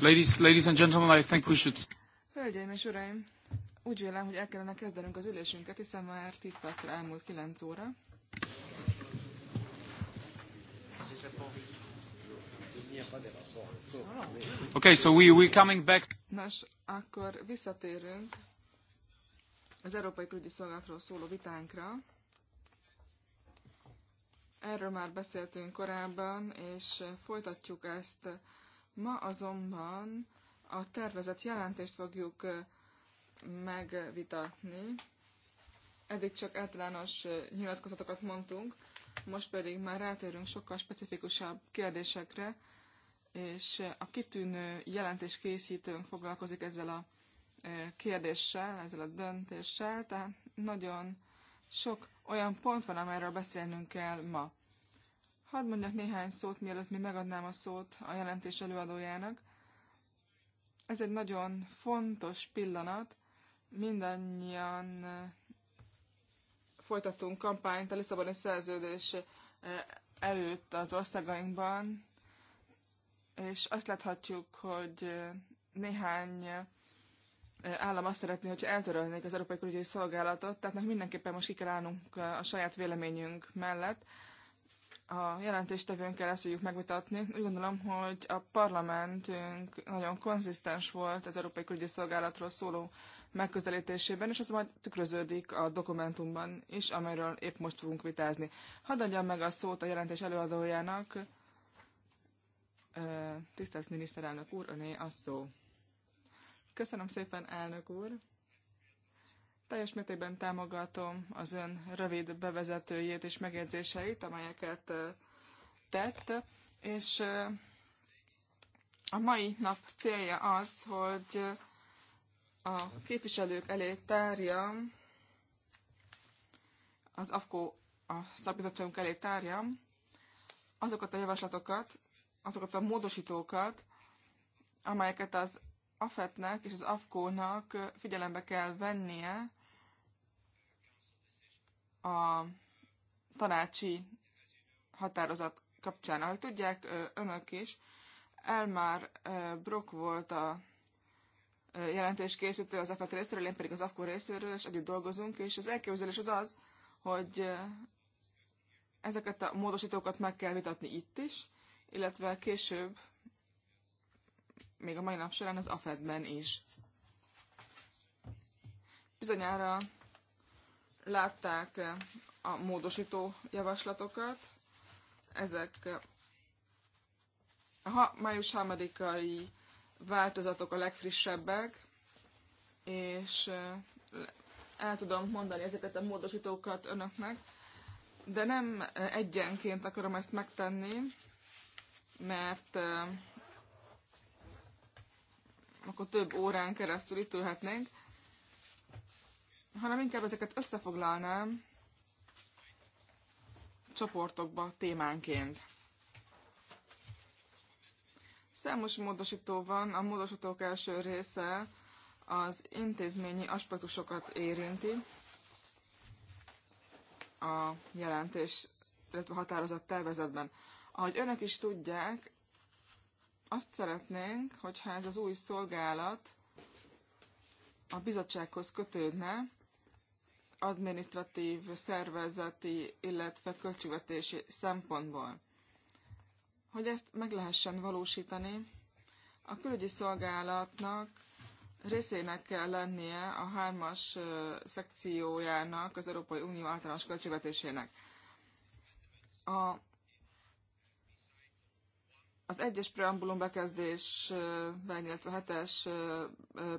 Ladies, ladies and gentlemen, I think we should... Hölgyeim és uraim, úgy vélem, hogy el kellene kezdenünk az ülésünket, hiszen már 10 percre elmúlt 9 óra. Okay, so we, we coming back. Nos, akkor visszatérünk az Európai Külügyi Szolgálatról szóló vitánkra. Erről már beszéltünk korábban, és folytatjuk ezt. Ma azonban a tervezett jelentést fogjuk megvitatni. Eddig csak általános nyilatkozatokat mondtunk, most pedig már rátérünk sokkal specifikusabb kérdésekre, és a kitűnő készítőnk foglalkozik ezzel a kérdéssel, ezzel a döntéssel, tehát nagyon sok olyan pont van, amelyről beszélnünk kell ma. Hadd mondjak néhány szót, mielőtt mi megadnám a szót a jelentés előadójának. Ez egy nagyon fontos pillanat. Mindannyian eh, folytatunk kampányt a Lisszaboni szerződés eh, előtt az országainkban, és azt láthatjuk, hogy eh, néhány állam azt szeretné, hogy eltörölnék az Európai Külügyi Szolgálatot, tehát meg mindenképpen most ki kell állnunk a saját véleményünk mellett. A jelentéstevőnkkel ezt fogjuk megvitatni. Úgy gondolom, hogy a parlamentünk nagyon konzisztens volt az Európai Külügyi Szolgálatról szóló megközelítésében, és ez majd tükröződik a dokumentumban is, amelyről épp most fogunk vitázni. Hadd adjam meg a szót a jelentés előadójának. Tisztelt miniszterelnök úr, öné a szó. Köszönöm szépen, elnök úr! Teljes mértékben támogatom az ön rövid bevezetőjét és megjegyzéseit, amelyeket tett, és a mai nap célja az, hogy a képviselők elé tárjam, az AFKO a szakbizottságunk elé tárjam azokat a javaslatokat, azokat a módosítókat, amelyeket az AFET-nek és az afco nak figyelembe kell vennie a tanácsi határozat kapcsán. Ahogy tudják önök is, Elmar Brock volt a jelentéskészítő az AFET részéről, én pedig az AFKÓ részéről, és együtt dolgozunk, és az elképzelés az az, hogy ezeket a módosítókat meg kell vitatni itt is, illetve később még a mai nap során az AFED-ben is. Bizonyára látták a módosító javaslatokat. Ezek a május 3-ai változatok a legfrissebbek, és el tudom mondani ezeket a módosítókat önöknek, de nem egyenként akarom ezt megtenni, mert akkor több órán keresztül itt ülhetnénk, hanem inkább ezeket összefoglalnám csoportokba témánként. Számos módosító van, a módosítók első része az intézményi aspektusokat érinti, a jelentés, illetve határozat tervezetben. Ahogy önök is tudják, azt szeretnénk, hogyha ez az új szolgálat a bizottsághoz kötődne, administratív, szervezeti, illetve költségvetési szempontból. Hogy ezt meg lehessen valósítani, a külügyi szolgálatnak részének kell lennie a hármas szekciójának, az Európai Unió általános költségvetésének. A az egyes preambulum bekezdés illetve a hetes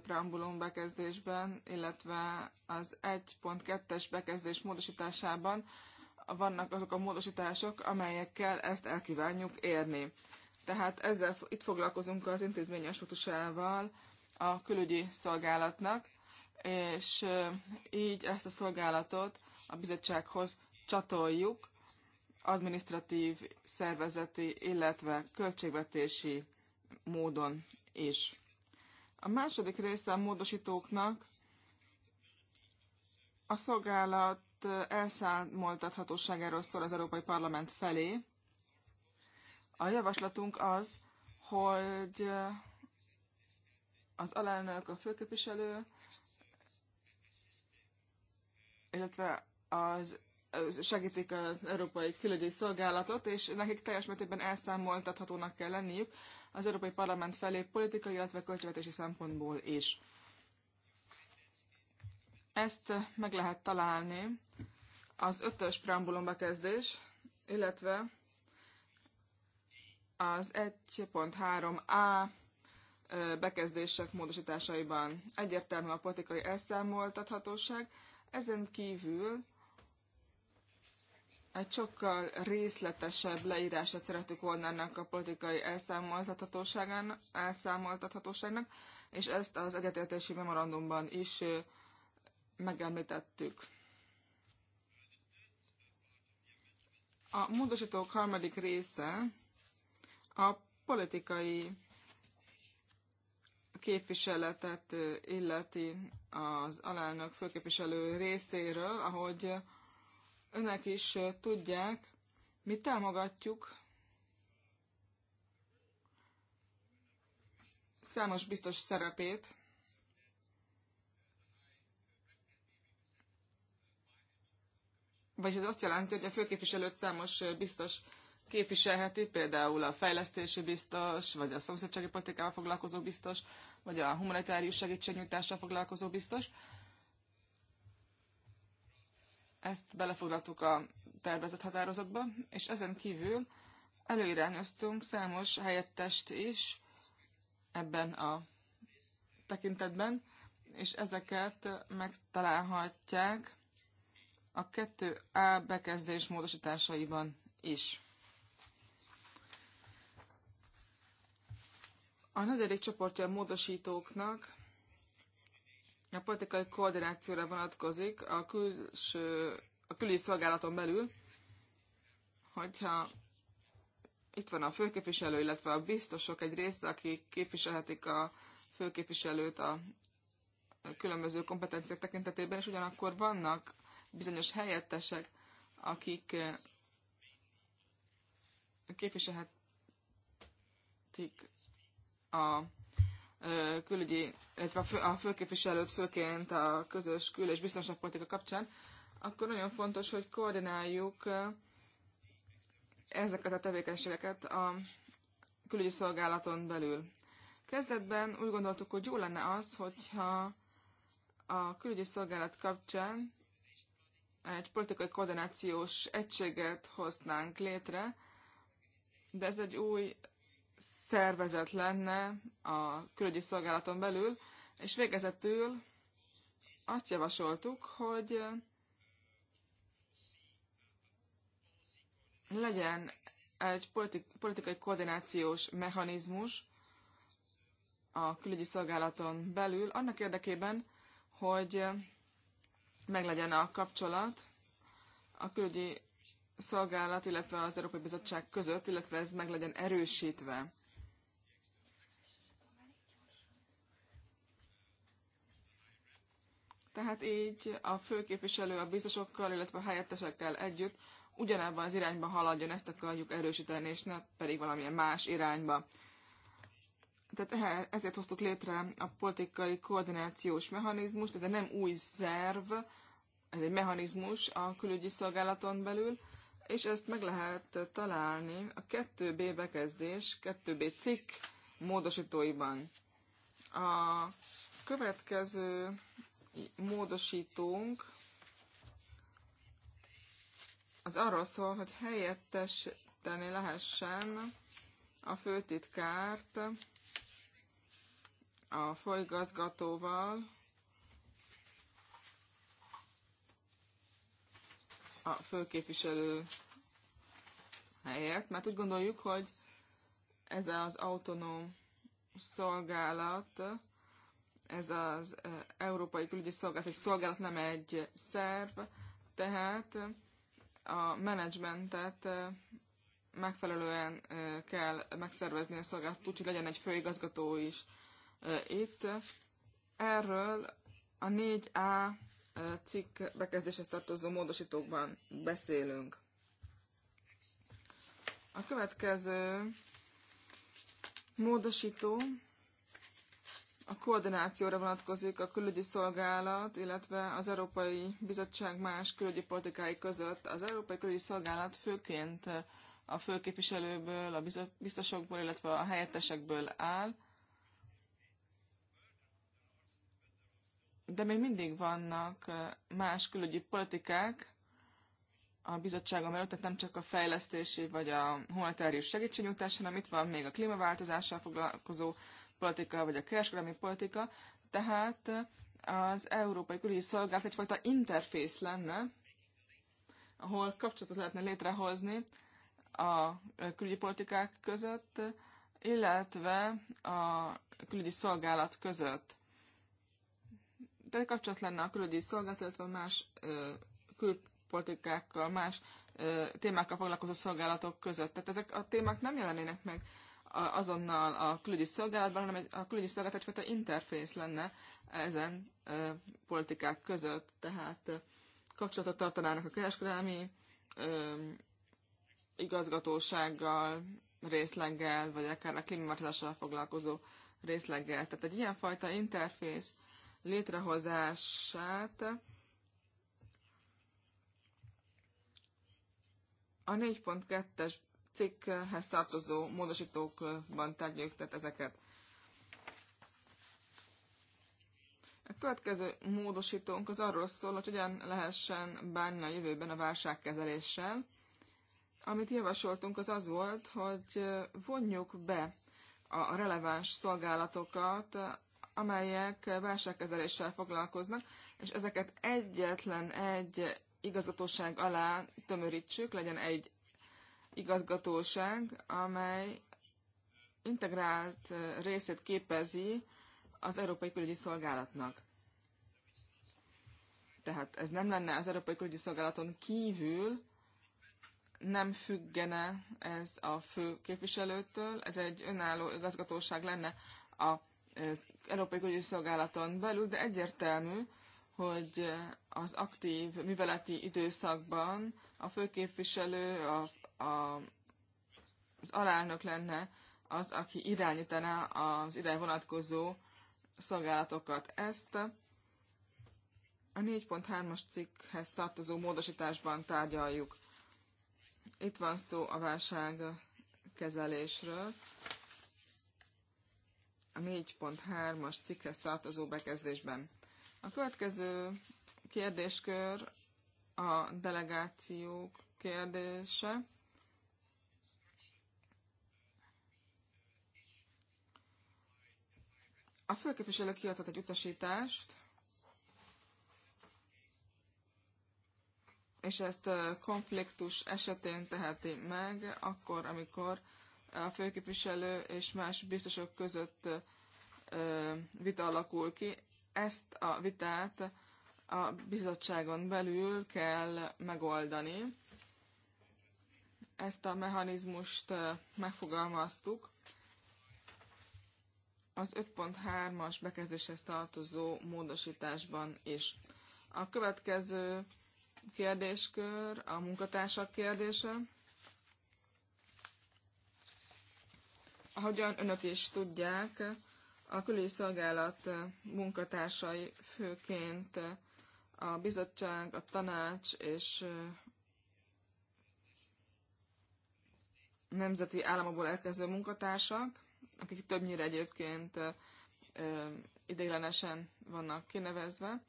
preambulum bekezdésben, illetve az 1.2-es bekezdés módosításában vannak azok a módosítások, amelyekkel ezt elkívánjuk érni. Tehát ezzel itt foglalkozunk az intézmény aspektusával a külügyi szolgálatnak, és így ezt a szolgálatot a bizottsághoz csatoljuk, administratív, szervezeti, illetve költségvetési módon is. A második része a módosítóknak a szolgálat elszámoltathatóságáról szól az Európai Parlament felé. A javaslatunk az, hogy az alelnök, a főképviselő, illetve az segítik az Európai Külügyi Szolgálatot, és nekik teljes mértékben elszámoltathatónak kell lenniük az Európai Parlament felé politikai, illetve költségvetési szempontból is. Ezt meg lehet találni az ötös preambulum bekezdés, illetve az 1.3a bekezdések módosításaiban egyértelmű a politikai elszámoltathatóság, ezen kívül egy sokkal részletesebb leírását szeretük volna ennek a politikai elszámoltathatóságnak, és ezt az egyetértési memorandumban is megemlítettük. A módosítók harmadik része a politikai képviseletet illeti az alelnök főképviselő részéről, ahogy önök is tudják, mi támogatjuk számos biztos szerepét, vagy ez azt jelenti, hogy a főképviselőt számos biztos képviselheti, például a fejlesztési biztos, vagy a szomszédsági politikával foglalkozó biztos, vagy a humanitárius segítségnyújtással foglalkozó biztos, ezt belefoglaltuk a tervezett határozatba, és ezen kívül előirányoztunk számos helyettest is ebben a tekintetben, és ezeket megtalálhatják a 2A bekezdés módosításaiban is. A negyedik csoportja a módosítóknak a politikai koordinációra vonatkozik a külső, a külügyi szolgálaton belül, hogyha itt van a főképviselő, illetve a biztosok egy része, akik képviselhetik a főképviselőt a különböző kompetenciák tekintetében, és ugyanakkor vannak bizonyos helyettesek, akik eh, képviselhetik a külügyi, illetve a, fő, a főképviselőt főként a közös kül- és biztonságpolitika kapcsán, akkor nagyon fontos, hogy koordináljuk ezeket a tevékenységeket a külügyi szolgálaton belül. Kezdetben úgy gondoltuk, hogy jó lenne az, hogyha a külügyi szolgálat kapcsán egy politikai koordinációs egységet hoznánk létre, de ez egy új szervezet lenne a külügyi szolgálaton belül, és végezetül azt javasoltuk, hogy legyen egy politikai koordinációs mechanizmus a külügyi szolgálaton belül, annak érdekében, hogy meglegyen a kapcsolat a külügyi Szolgálat, illetve az Európai Bizottság között, illetve ez meg legyen erősítve. Tehát így a főképviselő a biztosokkal, illetve a helyettesekkel együtt ugyanebben az irányba haladjon, ezt akarjuk erősíteni, és ne pedig valamilyen más irányba. Tehát ezért hoztuk létre a politikai koordinációs mechanizmust, ez egy nem új szerv, ez egy mechanizmus a külügyi szolgálaton belül, és ezt meg lehet találni a 2B bekezdés, 2B cikk módosítóiban. A következő módosítónk az arról szól, hogy helyettesíteni lehessen a főtitkárt a folygazgatóval, a főképviselő helyett, mert úgy gondoljuk, hogy ez az autonóm szolgálat, ez az e, Európai Külügyi Szolgálat, egy szolgálat nem egy szerv, tehát a menedzsmentet e, megfelelően e, kell megszervezni a szolgálatot, úgyhogy legyen egy főigazgató is itt. Erről a 4A cikk bekezdéshez tartozó módosítókban beszélünk. A következő módosító a koordinációra vonatkozik a külügyi szolgálat, illetve az Európai Bizottság más külügyi politikái között. Az Európai Külügyi Szolgálat főként a főképviselőből, a biztosokból, illetve a helyettesekből áll. de még mindig vannak más külügyi politikák a bizottságom előtt, tehát nem csak a fejlesztési vagy a humanitárius segítségnyújtás, hanem itt van még a klímaváltozással foglalkozó politika, vagy a kereskedelmi politika, tehát az Európai Külügyi Szolgálat egyfajta interfész lenne, ahol kapcsolatot lehetne létrehozni a külügyi politikák között, illetve a külügyi szolgálat között tehát kapcsolat lenne a külügyi szolgálat, illetve más ö, külpolitikákkal, más ö, témákkal foglalkozó szolgálatok között. Tehát ezek a témák nem jelenének meg azonnal a külügyi szolgálatban, hanem a külügyi szolgálat egyfajta interfész lenne ezen ö, politikák között. Tehát ö, kapcsolatot tartanának a kereskedelmi ö, igazgatósággal, részleggel, vagy akár a klímaváltozással foglalkozó részleggel. Tehát egy ilyenfajta interfész létrehozását a 4.2-es cikkhez tartozó módosítókban tárgyaljuk tehát ezeket. A következő módosítónk az arról szól, hogy hogyan lehessen bánni a jövőben a válságkezeléssel. Amit javasoltunk az az volt, hogy vonjuk be a releváns szolgálatokat amelyek válságkezeléssel foglalkoznak, és ezeket egyetlen egy igazgatóság alá tömörítsük, legyen egy igazgatóság, amely integrált részét képezi az Európai Külügyi Szolgálatnak. Tehát ez nem lenne az Európai Külügyi Szolgálaton kívül, nem függene ez a fő képviselőtől, ez egy önálló igazgatóság lenne a az Európai Külügyi Szolgálaton belül, de egyértelmű, hogy az aktív műveleti időszakban a főképviselő, a, a, az alelnök lenne az, aki irányítaná az ide vonatkozó szolgálatokat. Ezt a 4.3-as cikkhez tartozó módosításban tárgyaljuk. Itt van szó a kezelésről. 4.3-as cikkhez tartozó bekezdésben. A következő kérdéskör a delegációk kérdése. A főképviselő kiadhat egy utasítást, és ezt konfliktus esetén teheti meg, akkor, amikor a főképviselő és más biztosok között vita alakul ki. Ezt a vitát a bizottságon belül kell megoldani. Ezt a mechanizmust megfogalmaztuk. Az 5.3-as bekezdéshez tartozó módosításban is. A következő kérdéskör a munkatársak kérdése. Ahogyan önök is tudják, a külügyi szolgálat munkatársai főként a bizottság, a tanács és nemzeti államokból érkező munkatársak, akik többnyire egyébként ideiglenesen vannak kinevezve.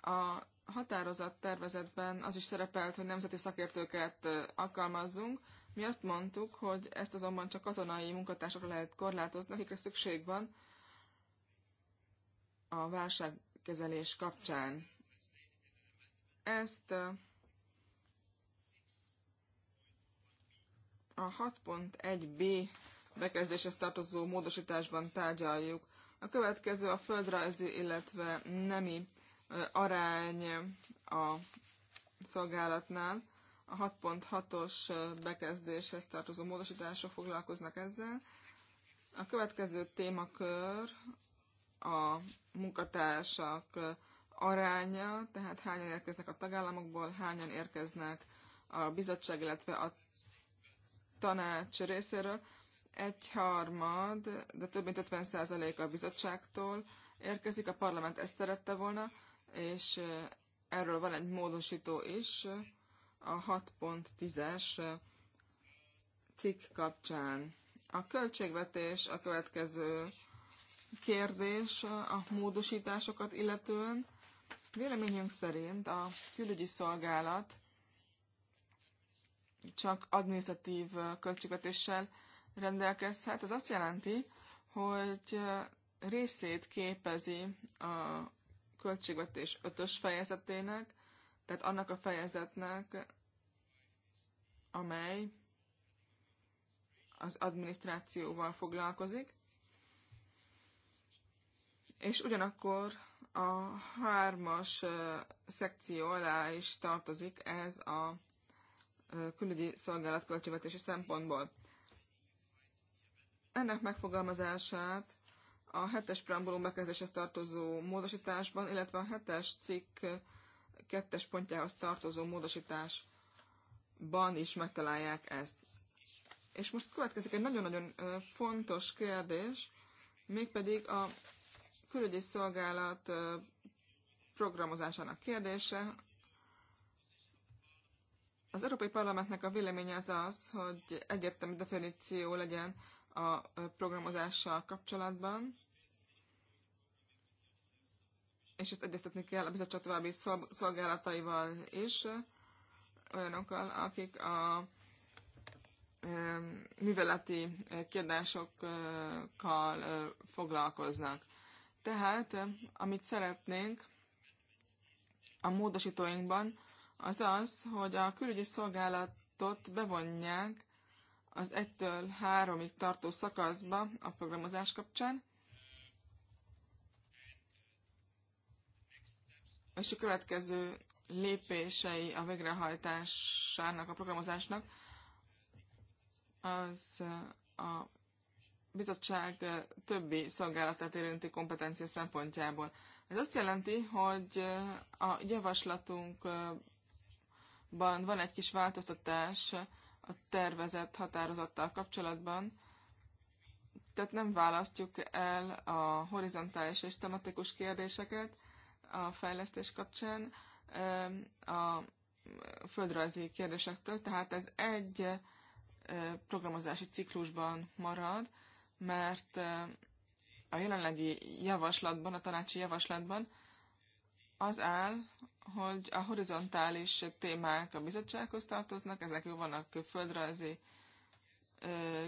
A határozat tervezetben az is szerepelt, hogy nemzeti szakértőket alkalmazzunk, mi azt mondtuk, hogy ezt azonban csak katonai munkatársakra lehet korlátozni, akikre szükség van a válságkezelés kapcsán. Ezt a 6.1b bekezdéshez tartozó módosításban tárgyaljuk. A következő a földrajzi, illetve nemi arány a szolgálatnál. A 6.6-os bekezdéshez tartozó módosítások foglalkoznak ezzel. A következő témakör a munkatársak aránya, tehát hányan érkeznek a tagállamokból, hányan érkeznek a bizottság, illetve a tanács részéről. Egy harmad, de több mint 50% a bizottságtól érkezik, a parlament ezt szerette volna, és erről van egy módosító is, a 6.10-es cikk kapcsán. A költségvetés a következő kérdés a módosításokat illetően. Véleményünk szerint a külügyi szolgálat csak administratív költségvetéssel rendelkezhet. Ez azt jelenti, hogy részét képezi a költségvetés ötös fejezetének, tehát annak a fejezetnek, amely az adminisztrációval foglalkozik, és ugyanakkor a hármas szekció alá is tartozik ez a külügyi szolgálat költségvetési szempontból. Ennek megfogalmazását a hetes preambulum bekezdéshez tartozó módosításban, illetve a hetes cikk kettes pontjához tartozó módosításban is megtalálják ezt. És most következik egy nagyon-nagyon fontos kérdés, mégpedig a külügyi szolgálat programozásának kérdése. Az Európai Parlamentnek a véleménye az az, hogy egyértelmű definíció legyen a programozással kapcsolatban, és ezt egyeztetni kell a bizottság további szolgálataival is, olyanokkal, akik a műveleti kérdésokkal foglalkoznak. Tehát, amit szeretnénk a módosítóinkban, az az, hogy a külügyi szolgálatot bevonják az 1-től 3-ig tartó szakaszba a programozás kapcsán, és a következő lépései a végrehajtásának, a programozásnak, az a bizottság többi szolgálatát érinti kompetencia szempontjából. Ez azt jelenti, hogy a javaslatunkban van egy kis változtatás a tervezett határozattal kapcsolatban, tehát nem választjuk el a horizontális és tematikus kérdéseket, a fejlesztés kapcsán a földrajzi kérdésektől, tehát ez egy programozási ciklusban marad, mert a jelenlegi javaslatban, a tanácsi javaslatban az áll, hogy a horizontális témák a bizottsághoz tartoznak, ezek vannak földrajzi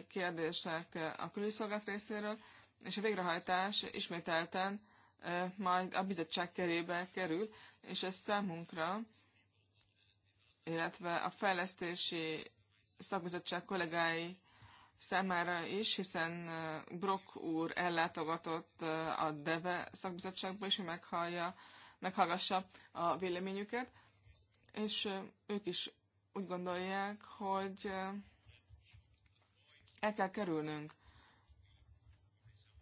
kérdések a külügyszolgált részéről, és a végrehajtás ismételten majd a bizottság kerébe kerül, és ez számunkra, illetve a fejlesztési szakbizottság kollégái számára is, hiszen Brock úr ellátogatott a DEVE szakbizottságba, és meghallja, meghallgassa a véleményüket, és ők is úgy gondolják, hogy el kell kerülnünk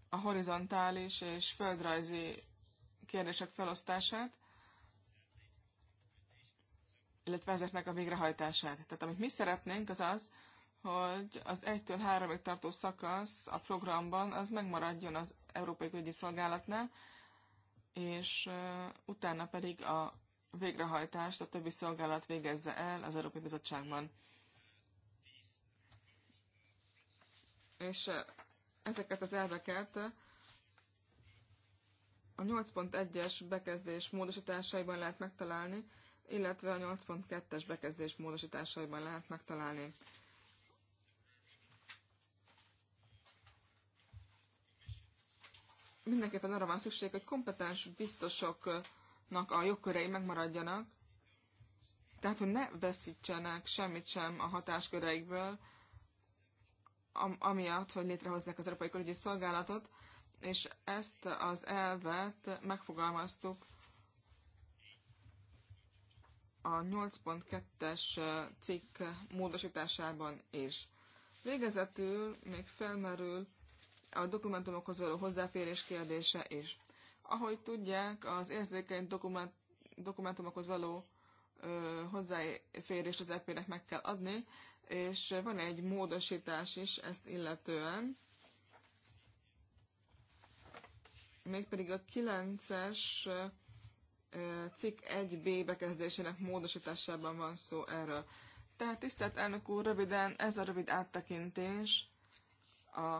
a horizontális és földrajzi kérdések felosztását, illetve ezeknek a végrehajtását. Tehát amit mi szeretnénk, az az, hogy az 1-től 3-ig tartó szakasz a programban az megmaradjon az Európai Ügyi Szolgálatnál, és utána pedig a végrehajtást a többi szolgálat végezze el az Európai Bizottságban. És Ezeket az elveket a 8.1-es bekezdés módosításaiban lehet megtalálni, illetve a 8.2-es bekezdés módosításaiban lehet megtalálni. Mindenképpen arra van szükség, hogy kompetens biztosoknak a jogkörei megmaradjanak, tehát hogy ne veszítsenek semmit sem a hatásköreikből, am, amiatt, hogy létrehozzák az Európai Körügyi Szolgálatot, és ezt az elvet megfogalmaztuk a 8.2-es cikk módosításában is. Végezetül még felmerül a dokumentumokhoz való hozzáférés kérdése is. Ahogy tudják, az érzékeny dokument, dokumentumokhoz való ö, hozzáférést az EP-nek meg kell adni, és van egy módosítás is ezt illetően, mégpedig a 9-es cikk 1b bekezdésének módosításában van szó erről. Tehát tisztelt elnök úr, röviden ez a rövid áttekintés a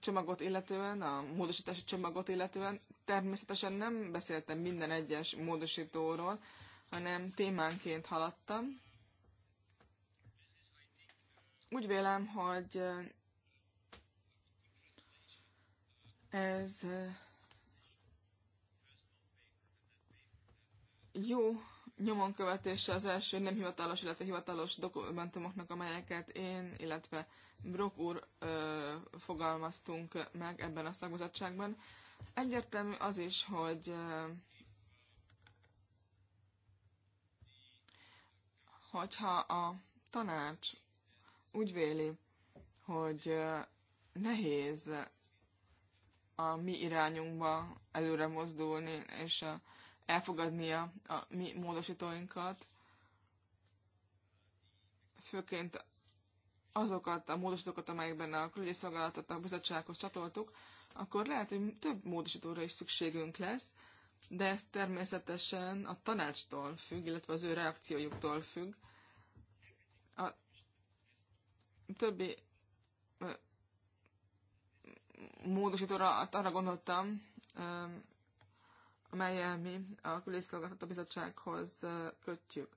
csomagot illetően, a módosítási csomagot illetően. Természetesen nem beszéltem minden egyes módosítóról, hanem témánként haladtam. Úgy vélem, hogy ez jó nyomon követése az első nem hivatalos, illetve hivatalos dokumentumoknak, amelyeket én, illetve Brok úr ö, fogalmaztunk meg ebben a szakbizottságban. Egyértelmű az is, hogy ö, hogyha a tanács úgy véli, hogy nehéz a mi irányunkba előre mozdulni, és elfogadnia a mi módosítóinkat, főként azokat a módosítókat, amelyekben a külügyi szolgálatot a bizottsághoz csatoltuk, akkor lehet, hogy több módosítóra is szükségünk lesz, de ez természetesen a tanácstól függ, illetve az ő reakciójuktól függ többi módosítóra arra gondoltam, amelyel mi a Külszolgáltató Bizottsághoz kötjük.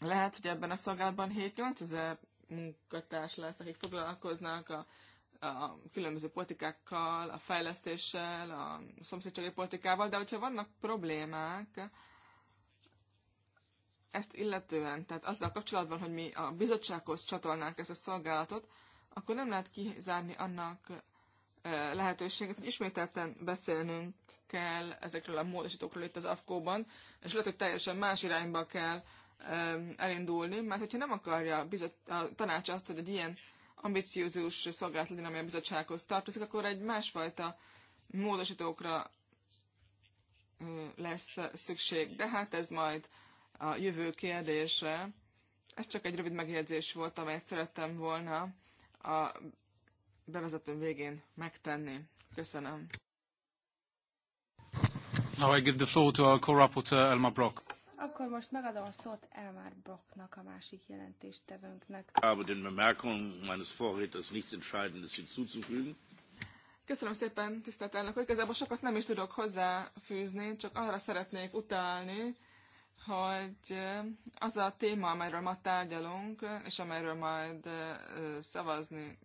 Lehet, hogy ebben a szolgálatban 7-8 ezer munkatárs lesz, akik foglalkoznak a, a különböző politikákkal, a fejlesztéssel, a szomszédsági politikával, de hogyha vannak problémák, ezt illetően, tehát azzal kapcsolatban, hogy mi a bizottsághoz csatolnánk ezt a szolgálatot, akkor nem lehet kizárni annak lehetőséget, hogy ismételten beszélnünk kell ezekről a módosítókról itt az AFKO-ban, és lehet, hogy teljesen más irányba kell elindulni, mert hogyha nem akarja a, bizot, a tanács azt, hogy egy ilyen ambiciózus szolgálat legyen, ami a bizottsághoz tartozik, akkor egy másfajta módosítókra lesz szükség. De hát ez majd a jövő kérdésre. Ez csak egy rövid megjegyzés volt, amelyet szerettem volna a bevezetőm végén megtenni. Köszönöm. Now I give the floor to our co-rapporteur Elmar Brock. Akkor most megadom a szót Elmar Brocknak, a másik jelentéstevőnknek. Habe den Bemerkungen meines Vorredners nichts Entscheidendes hinzuzufügen. Köszönöm szépen, tisztelt elnök hogy Igazából sokat nem is tudok hozzáfűzni, csak arra szeretnék utálni, hogy az a téma, amelyről ma tárgyalunk, és amelyről majd szavazni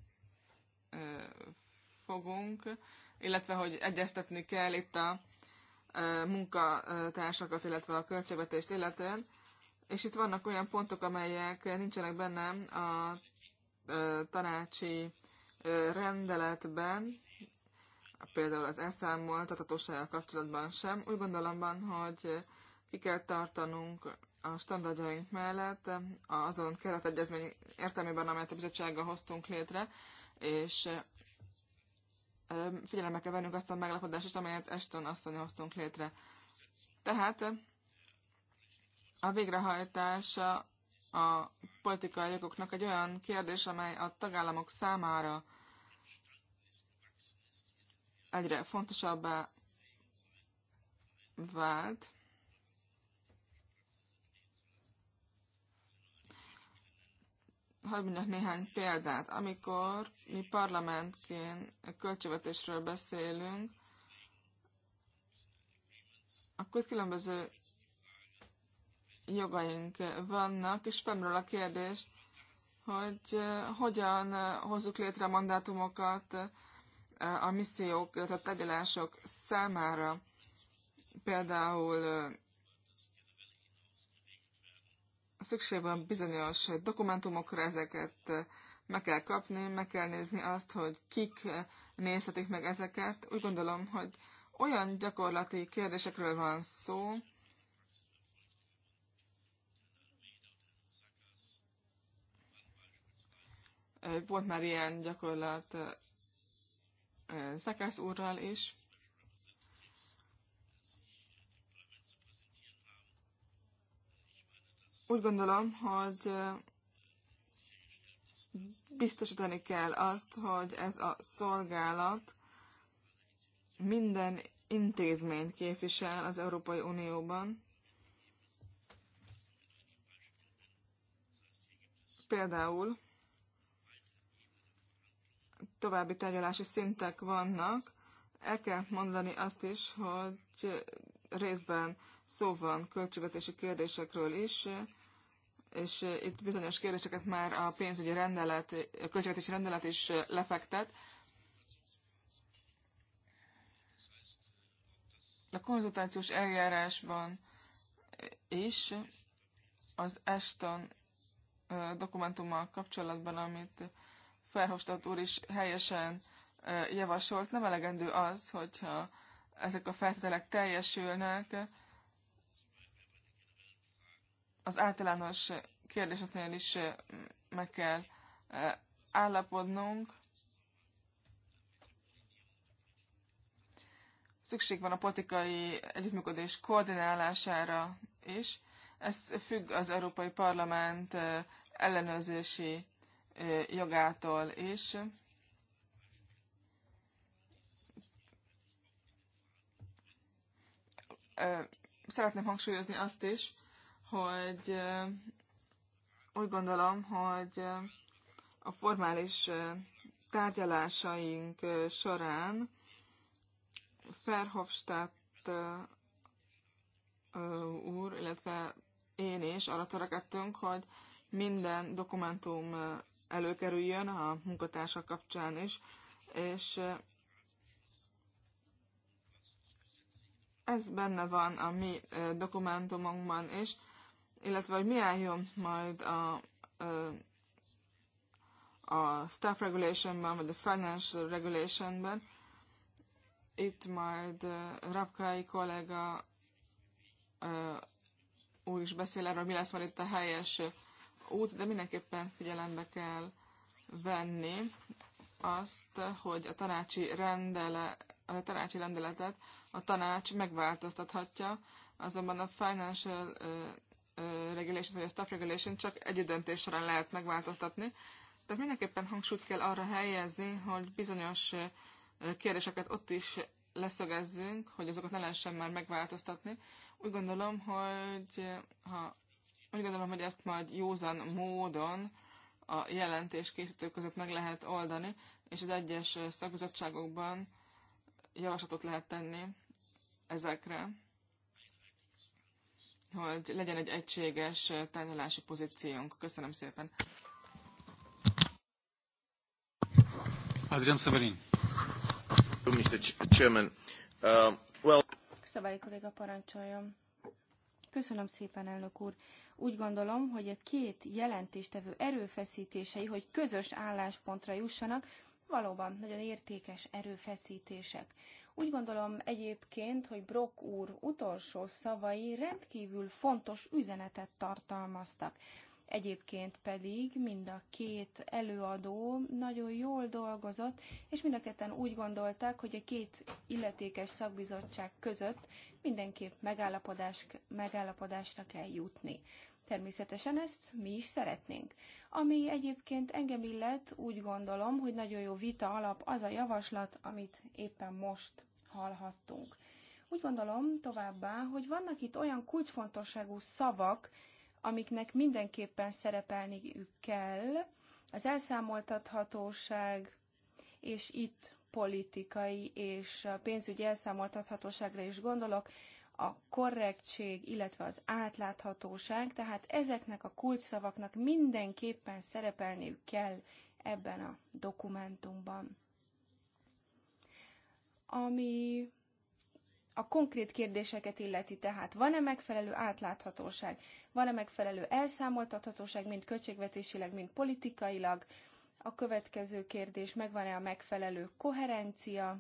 fogunk, illetve hogy egyeztetni kell itt a munkatársakat, illetve a költségvetést illetően, és itt vannak olyan pontok, amelyek nincsenek benne a tanácsi rendeletben, például az elszámoltatatósággal kapcsolatban sem. Úgy gondolom van, hogy ki kell tartanunk a standardjaink mellett azon keretegyezmény értelmében, amelyet a bizottsággal hoztunk létre, és figyelembe kell vennünk azt a is, amelyet Eston asszony hoztunk létre. Tehát a végrehajtása a politikai jogoknak egy olyan kérdés, amely a tagállamok számára egyre fontosabbá vált, hadd mondjak néhány példát. Amikor mi parlamentként költségvetésről beszélünk, akkor különböző jogaink vannak, és fennről a kérdés, hogy eh, hogyan eh, hozzuk létre mandátumokat eh, a missziók, tehát a tegyelások számára. Például szükség van bizonyos dokumentumokra, ezeket eh, meg kell kapni, meg kell nézni azt, hogy kik eh, nézhetik meg ezeket. Úgy gondolom, hogy olyan gyakorlati kérdésekről van szó, eh, volt már ilyen gyakorlat Szekász úrral is, Úgy gondolom, hogy biztosítani kell azt, hogy ez a szolgálat minden intézményt képvisel az Európai Unióban. Például további tárgyalási szintek vannak, el kell mondani azt is, hogy részben szó van költségvetési kérdésekről is, és itt bizonyos kérdéseket már a pénzügyi rendelet, a költségvetési rendelet is lefektet. A konzultációs eljárásban is az Eston dokumentummal kapcsolatban, amit Ferhofstadt úr is helyesen javasolt, nem elegendő az, hogyha ezek a feltételek teljesülnek, az általános kérdéseknél is meg kell állapodnunk. Szükség van a politikai együttműködés koordinálására is. Ez függ az Európai Parlament ellenőrzési jogától is. szeretném hangsúlyozni azt is, hogy úgy gondolom, hogy a formális tárgyalásaink során Ferhofstadt úr, illetve én is arra törekedtünk, hogy minden dokumentum előkerüljön a munkatársak kapcsán is, és Ez benne van a mi dokumentumunkban is, illetve hogy mi álljon majd a, a staff regulationben, vagy a financial regulationben. Itt majd Rapkai kollega úr is beszél erről, mi lesz majd itt a helyes út, de mindenképpen figyelembe kell venni azt, hogy a tanácsi rendele, a tanácsi rendeletet a tanács megváltoztathatja, azonban a financial regulation vagy a staff regulation csak egy döntés során lehet megváltoztatni. Tehát mindenképpen hangsúlyt kell arra helyezni, hogy bizonyos kérdéseket ott is leszögezzünk, hogy azokat ne lehessen már megváltoztatni. Úgy gondolom, hogy ha úgy gondolom, hogy ezt majd józan módon a jelentés készítők között meg lehet oldani, és az egyes szakbizottságokban javaslatot lehet tenni ezekre, hogy legyen egy egységes tárgyalási pozíciónk. Köszönöm szépen. Adrian Severin. Mr. Chairman, uh, well... Szabályi kolléga parancsoljon. Köszönöm szépen, elnök úr. Úgy gondolom, hogy a két jelentéstevő erőfeszítései, hogy közös álláspontra jussanak, valóban nagyon értékes erőfeszítések. Úgy gondolom egyébként, hogy Brock úr utolsó szavai rendkívül fontos üzenetet tartalmaztak. Egyébként pedig mind a két előadó nagyon jól dolgozott, és mind a ketten úgy gondolták, hogy a két illetékes szakbizottság között mindenképp megállapodás, megállapodásra kell jutni. Természetesen ezt mi is szeretnénk. Ami egyébként engem illet, úgy gondolom, hogy nagyon jó vita alap az a javaslat, amit éppen most hallhattunk. Úgy gondolom továbbá, hogy vannak itt olyan kulcsfontosságú szavak, amiknek mindenképpen szerepelniük kell, az elszámoltathatóság, és itt politikai és pénzügyi elszámoltathatóságra is gondolok, a korrektség, illetve az átláthatóság, tehát ezeknek a kulcsszavaknak mindenképpen szerepelniük kell ebben a dokumentumban. Ami a konkrét kérdéseket illeti, tehát van-e megfelelő átláthatóság, van-e megfelelő elszámoltathatóság, mind költségvetésileg, mind politikailag, a következő kérdés, megvan-e a megfelelő koherencia,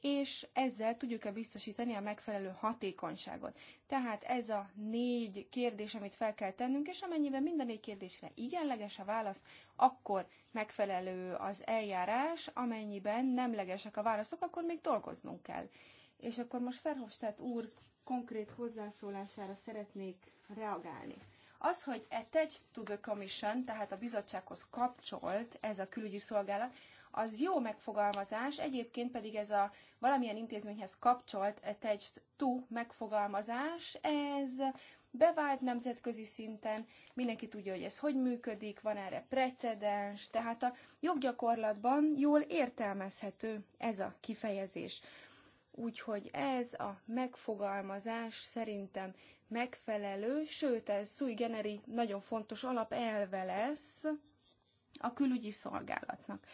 és ezzel tudjuk-e biztosítani a megfelelő hatékonyságot. Tehát ez a négy kérdés, amit fel kell tennünk, és amennyiben minden négy kérdésre igenleges a válasz, akkor megfelelő az eljárás, amennyiben nemlegesek a válaszok, akkor még dolgoznunk kell. És akkor most Ferhofstadt úr konkrét hozzászólására szeretnék reagálni. Az, hogy attached e to the commission, tehát a bizottsághoz kapcsolt ez a külügyi szolgálat, az jó megfogalmazás, egyébként pedig ez a valamilyen intézményhez kapcsolt attached to megfogalmazás, ez bevált nemzetközi szinten, mindenki tudja, hogy ez hogy működik, van erre precedens, tehát a joggyakorlatban jól értelmezhető ez a kifejezés. Úgyhogy ez a megfogalmazás szerintem megfelelő, sőt ez sui generi nagyon fontos alapelve lesz a külügyi szolgálatnak.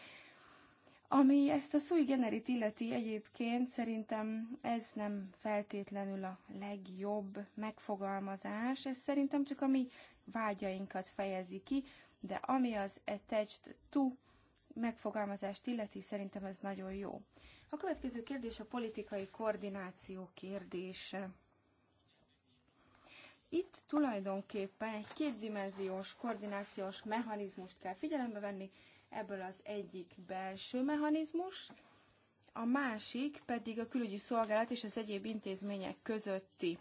Ami ezt a sui generit illeti egyébként, szerintem ez nem feltétlenül a legjobb megfogalmazás, ez szerintem csak a mi vágyainkat fejezi ki, de ami az attached to megfogalmazást illeti, szerintem ez nagyon jó. A következő kérdés a politikai koordináció kérdése. Itt tulajdonképpen egy kétdimenziós koordinációs mechanizmust kell figyelembe venni, Ebből az egyik belső mechanizmus, a másik pedig a külügyi szolgálat és az egyéb intézmények közötti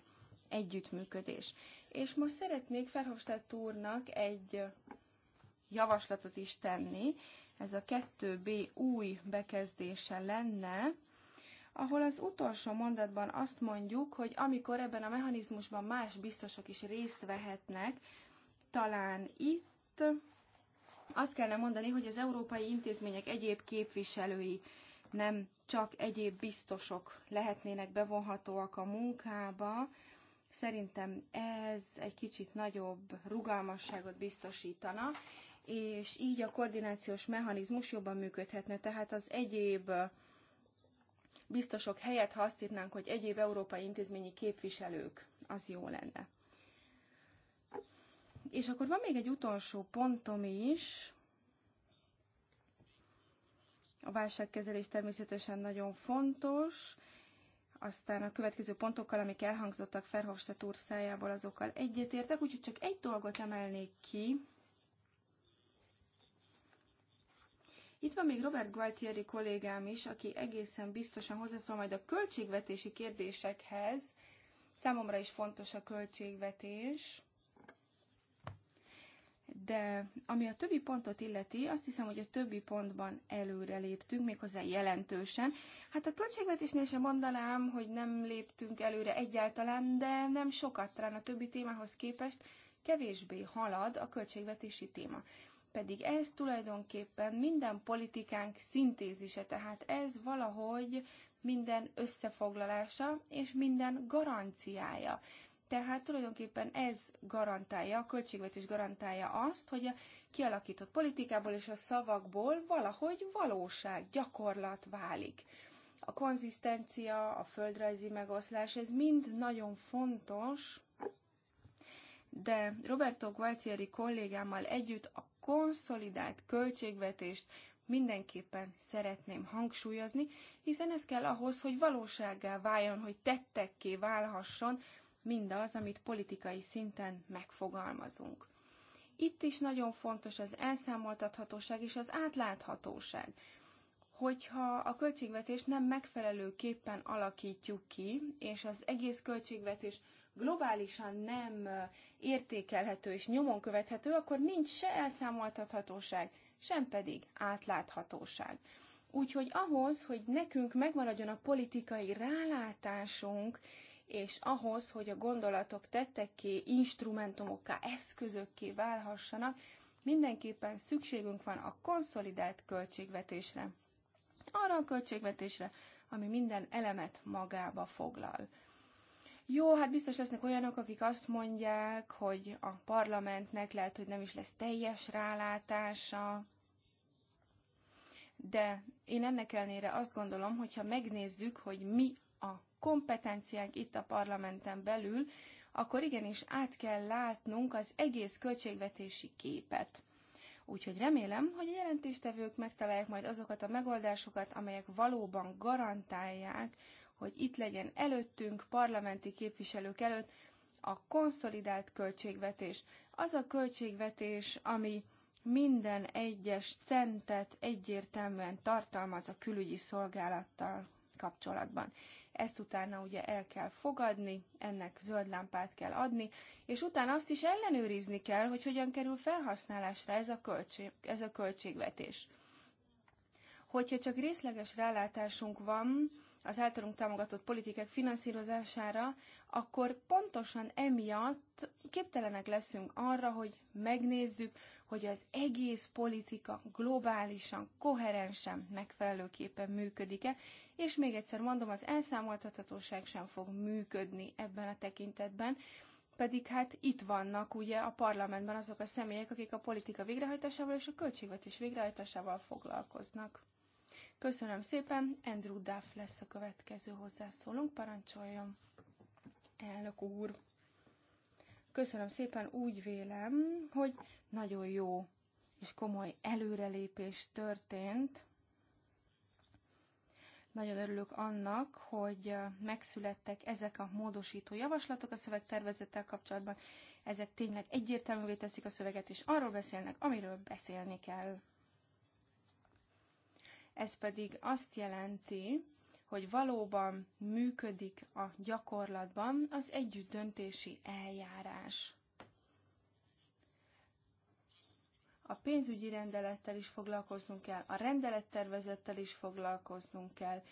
együttműködés. És most szeretnék Ferhofstadt úrnak egy javaslatot is tenni. Ez a 2B új bekezdése lenne, ahol az utolsó mondatban azt mondjuk, hogy amikor ebben a mechanizmusban más biztosok is részt vehetnek, talán itt azt kellene mondani, hogy az európai intézmények egyéb képviselői, nem csak egyéb biztosok lehetnének bevonhatóak a munkába. Szerintem ez egy kicsit nagyobb rugalmasságot biztosítana, és így a koordinációs mechanizmus jobban működhetne. Tehát az egyéb biztosok helyett, ha azt írnánk, hogy egyéb európai intézményi képviselők, az jó lenne. És akkor van még egy utolsó pontom is. A válságkezelés természetesen nagyon fontos, aztán a következő pontokkal, amik elhangzottak Ferhofstadt úr szájából, azokkal egyetértek, úgyhogy csak egy dolgot emelnék ki. Itt van még Robert Gualtieri kollégám is, aki egészen biztosan hozzászól majd a költségvetési kérdésekhez. Számomra is fontos a költségvetés de ami a többi pontot illeti, azt hiszem, hogy a többi pontban előre léptünk, méghozzá jelentősen. Hát a költségvetésnél sem mondanám, hogy nem léptünk előre egyáltalán, de nem sokat, talán a többi témához képest kevésbé halad a költségvetési téma. Pedig ez tulajdonképpen minden politikánk szintézise, tehát ez valahogy minden összefoglalása és minden garanciája. Tehát tulajdonképpen ez garantálja, a költségvetés garantálja azt, hogy a kialakított politikából és a szavakból valahogy valóság, gyakorlat válik. A konzisztencia, a földrajzi megoszlás, ez mind nagyon fontos, de Roberto Gualtieri kollégámmal együtt a konszolidált költségvetést mindenképpen szeretném hangsúlyozni, hiszen ez kell ahhoz, hogy valósággá váljon, hogy tettekké válhasson mindaz, amit politikai szinten megfogalmazunk. Itt is nagyon fontos az elszámoltathatóság és az átláthatóság. Hogyha a költségvetést nem megfelelőképpen alakítjuk ki, és az egész költségvetés globálisan nem értékelhető és nyomon követhető, akkor nincs se elszámoltathatóság, sem pedig átláthatóság. Úgyhogy ahhoz, hogy nekünk megmaradjon a politikai rálátásunk, és ahhoz, hogy a gondolatok tetteké, instrumentumokká, eszközökké válhassanak, mindenképpen szükségünk van a konszolidált költségvetésre. Arra a költségvetésre, ami minden elemet magába foglal. Jó, hát biztos lesznek olyanok, akik azt mondják, hogy a parlamentnek lehet, hogy nem is lesz teljes rálátása, de én ennek ellenére azt gondolom, hogyha megnézzük, hogy mi a kompetenciánk itt a parlamenten belül, akkor igenis át kell látnunk az egész költségvetési képet. Úgyhogy remélem, hogy a jelentéstevők megtalálják majd azokat a megoldásokat, amelyek valóban garantálják, hogy itt legyen előttünk, parlamenti képviselők előtt a konszolidált költségvetés. Az a költségvetés, ami minden egyes centet egyértelműen tartalmaz a külügyi szolgálattal kapcsolatban ezt utána ugye el kell fogadni, ennek zöld lámpát kell adni, és utána azt is ellenőrizni kell, hogy hogyan kerül felhasználásra ez a, költség, ez a költségvetés. Hogyha csak részleges rálátásunk van, az általunk támogatott politikák finanszírozására, akkor pontosan emiatt képtelenek leszünk arra, hogy megnézzük, hogy az egész politika globálisan, koherensen, megfelelőképpen működik-e, és még egyszer mondom, az elszámoltathatóság sem fog működni ebben a tekintetben, pedig hát itt vannak ugye a parlamentben azok a személyek, akik a politika végrehajtásával és a költségvetés végrehajtásával foglalkoznak. Köszönöm szépen, Andrew Duff lesz a következő hozzászólónk, parancsoljon, elnök úr. Köszönöm szépen, úgy vélem, hogy nagyon jó és komoly előrelépés történt. Nagyon örülök annak, hogy megszülettek ezek a módosító javaslatok a szövegtervezettel kapcsolatban. Ezek tényleg egyértelművé teszik a szöveget, és arról beszélnek, amiről beszélni kell. Ez pedig azt jelenti, hogy valóban működik a gyakorlatban az együttdöntési eljárás. A pénzügyi rendelettel is foglalkoznunk kell, a rendelettervezettel is foglalkoznunk kell,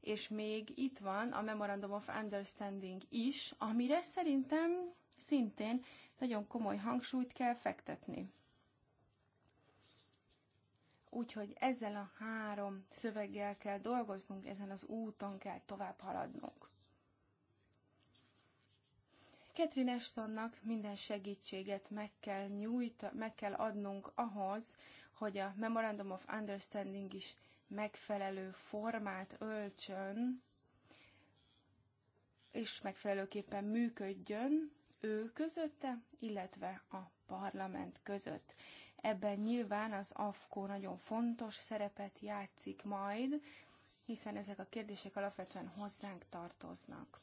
és még itt van a Memorandum of Understanding is, amire szerintem szintén nagyon komoly hangsúlyt kell fektetni. Úgyhogy ezzel a három szöveggel kell dolgoznunk, ezen az úton kell tovább haladnunk. Catherine Ashtonnak minden segítséget meg kell, nyújt, meg kell adnunk ahhoz, hogy a Memorandum of Understanding is megfelelő formát öltsön, és megfelelőképpen működjön ő közötte, illetve a parlament között. Ebben nyilván az AFKO nagyon fontos szerepet játszik majd, hiszen ezek a kérdések alapvetően hozzánk tartoznak.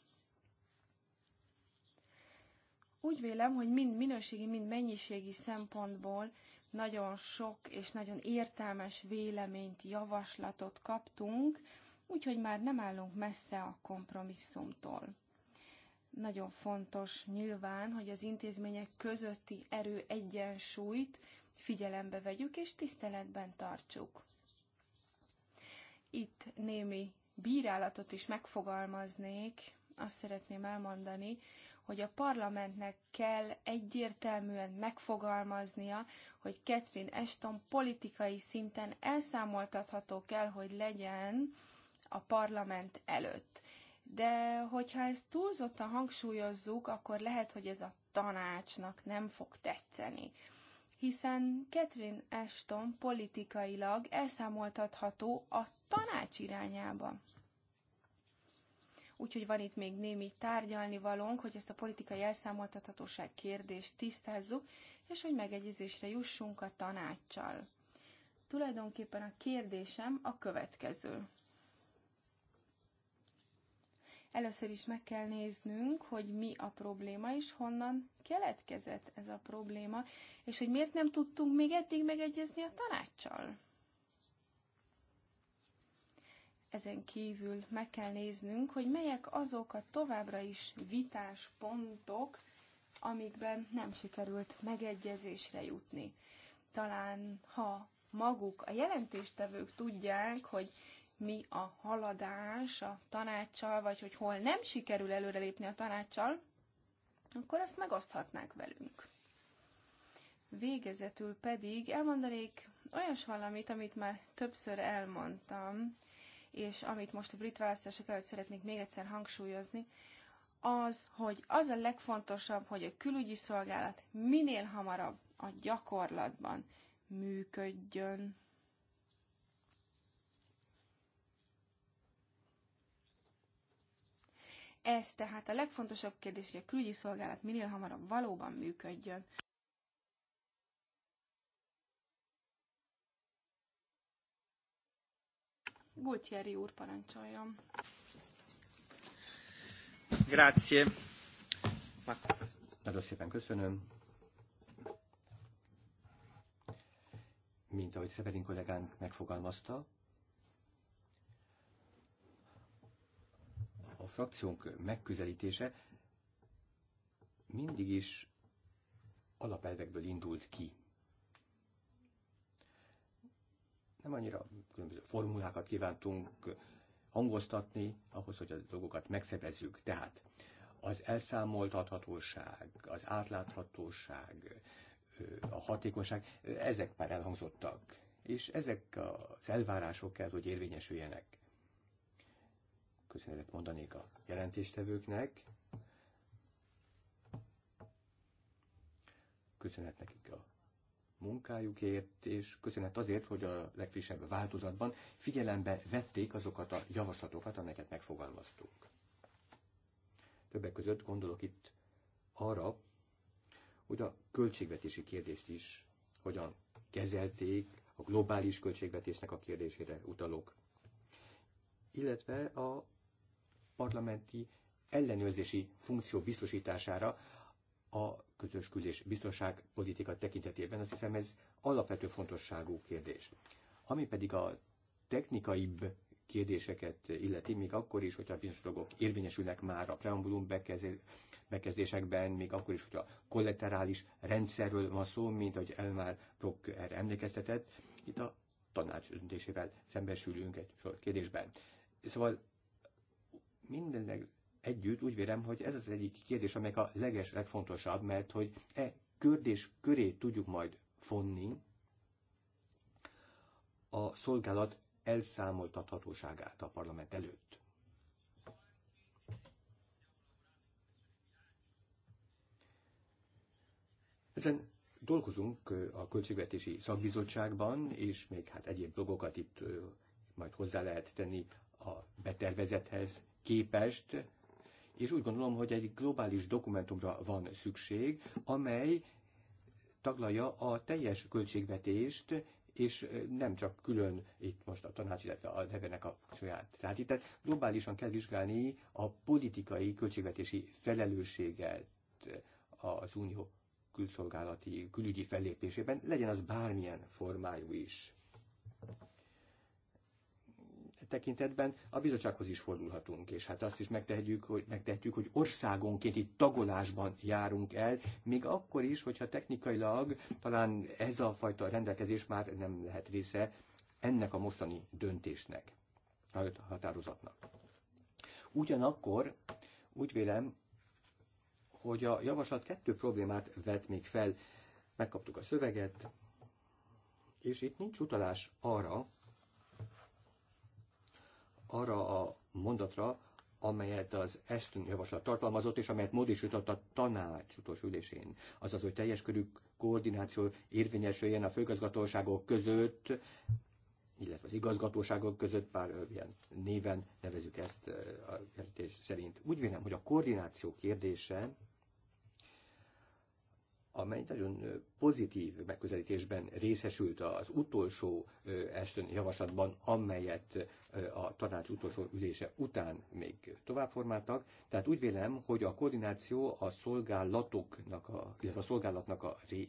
Úgy vélem, hogy mind minőségi, mind mennyiségi szempontból nagyon sok és nagyon értelmes véleményt, javaslatot kaptunk, úgyhogy már nem állunk messze a kompromisszumtól. Nagyon fontos nyilván, hogy az intézmények közötti erő egyensúlyt figyelembe vegyük és tiszteletben tartsuk. Itt némi bírálatot is megfogalmaznék, azt szeretném elmondani, hogy a parlamentnek kell egyértelműen megfogalmaznia, hogy Catherine Ashton politikai szinten elszámoltatható kell, hogy legyen a parlament előtt. De hogyha ezt túlzottan hangsúlyozzuk, akkor lehet, hogy ez a tanácsnak nem fog tetszeni hiszen Catherine Ashton politikailag elszámoltatható a tanács irányába. Úgyhogy van itt még némi tárgyalni valónk, hogy ezt a politikai elszámoltathatóság kérdést tisztázzuk, és hogy megegyezésre jussunk a tanácssal. Tulajdonképpen a kérdésem a következő. Először is meg kell néznünk, hogy mi a probléma, és honnan keletkezett ez a probléma, és hogy miért nem tudtunk még eddig megegyezni a tanácssal. Ezen kívül meg kell néznünk, hogy melyek azok a továbbra is vitás pontok, amikben nem sikerült megegyezésre jutni. Talán ha maguk a jelentéstevők tudják, hogy mi a haladás a tanácssal, vagy hogy hol nem sikerül előrelépni a tanácssal, akkor azt megoszthatnák velünk. Végezetül pedig elmondanék olyas valamit, amit már többször elmondtam, és amit most a brit választások előtt szeretnék még egyszer hangsúlyozni, az, hogy az a legfontosabb, hogy a külügyi szolgálat minél hamarabb a gyakorlatban működjön. Ez tehát a legfontosabb kérdés, hogy a külügyi szolgálat minél hamarabb valóban működjön. Gutieri úr parancsoljon. Grazie. Nagyon szépen köszönöm. Mint ahogy Szeverin kollégánk megfogalmazta, a frakciónk megközelítése mindig is alapelvekből indult ki. Nem annyira különböző formulákat kívántunk hangoztatni ahhoz, hogy a dolgokat megszervezzük. Tehát az elszámoltathatóság, az átláthatóság, a hatékonyság, ezek már elhangzottak. És ezek az elvárások kell, hogy érvényesüljenek köszönetet mondanék a jelentéstevőknek, köszönet nekik a munkájukért, és köszönet azért, hogy a legfrissebb változatban figyelembe vették azokat a javaslatokat, amelyeket megfogalmaztunk. Többek között gondolok itt arra, hogy a költségvetési kérdést is hogyan kezelték, a globális költségvetésnek a kérdésére utalok, illetve a parlamenti ellenőrzési funkció biztosítására a közös küldés biztonság politika tekintetében. Azt hiszem ez alapvető fontosságú kérdés. Ami pedig a technikaibb kérdéseket illeti, még akkor is, hogyha bizonyos dolgok érvényesülnek már a preambulum bekezdésekben, még akkor is, hogyha kollaterális rendszerről van szó, mint ahogy Elmár Brock erre emlékeztetett, itt a tanács döntésével szembesülünk egy sor kérdésben. Szóval mindennek együtt úgy vélem, hogy ez az egyik kérdés, amelyek a leges, legfontosabb, mert hogy e kérdés köré tudjuk majd fonni a szolgálat elszámoltathatóságát a parlament előtt. Ezen dolgozunk a Költségvetési Szakbizottságban, és még hát egyéb dolgokat itt majd hozzá lehet tenni a betervezethez, képest, és úgy gondolom, hogy egy globális dokumentumra van szükség, amely taglalja a teljes költségvetést, és nem csak külön itt most a tanács, illetve a nevenek a funkcióját. Tehát itt globálisan kell vizsgálni a politikai költségvetési felelősséget az unió külszolgálati, külügyi fellépésében, legyen az bármilyen formájú is tekintetben a bizottsághoz is fordulhatunk, és hát azt is megtehetjük, hogy, megtehetjük, hogy országonként itt tagolásban járunk el, még akkor is, hogyha technikailag talán ez a fajta rendelkezés már nem lehet része ennek a mostani döntésnek, a határozatnak. Ugyanakkor úgy vélem, hogy a javaslat kettő problémát vet még fel. Megkaptuk a szöveget, és itt nincs utalás arra, arra a mondatra, amelyet az Eston javaslat tartalmazott, és amelyet módosított a tanács utolsó ülésén. Azaz, hogy teljes körű koordináció érvényesüljön a főgazgatóságok között, illetve az igazgatóságok között, pár ilyen néven nevezük ezt a jelentés szerint. Úgy vélem, hogy a koordináció kérdése amely nagyon pozitív megközelítésben részesült az utolsó Ashton javaslatban, amelyet a tanács utolsó ülése után még továbbformáltak. Tehát úgy vélem, hogy a koordináció a szolgálatoknak, a, illetve a szolgálatnak a ré,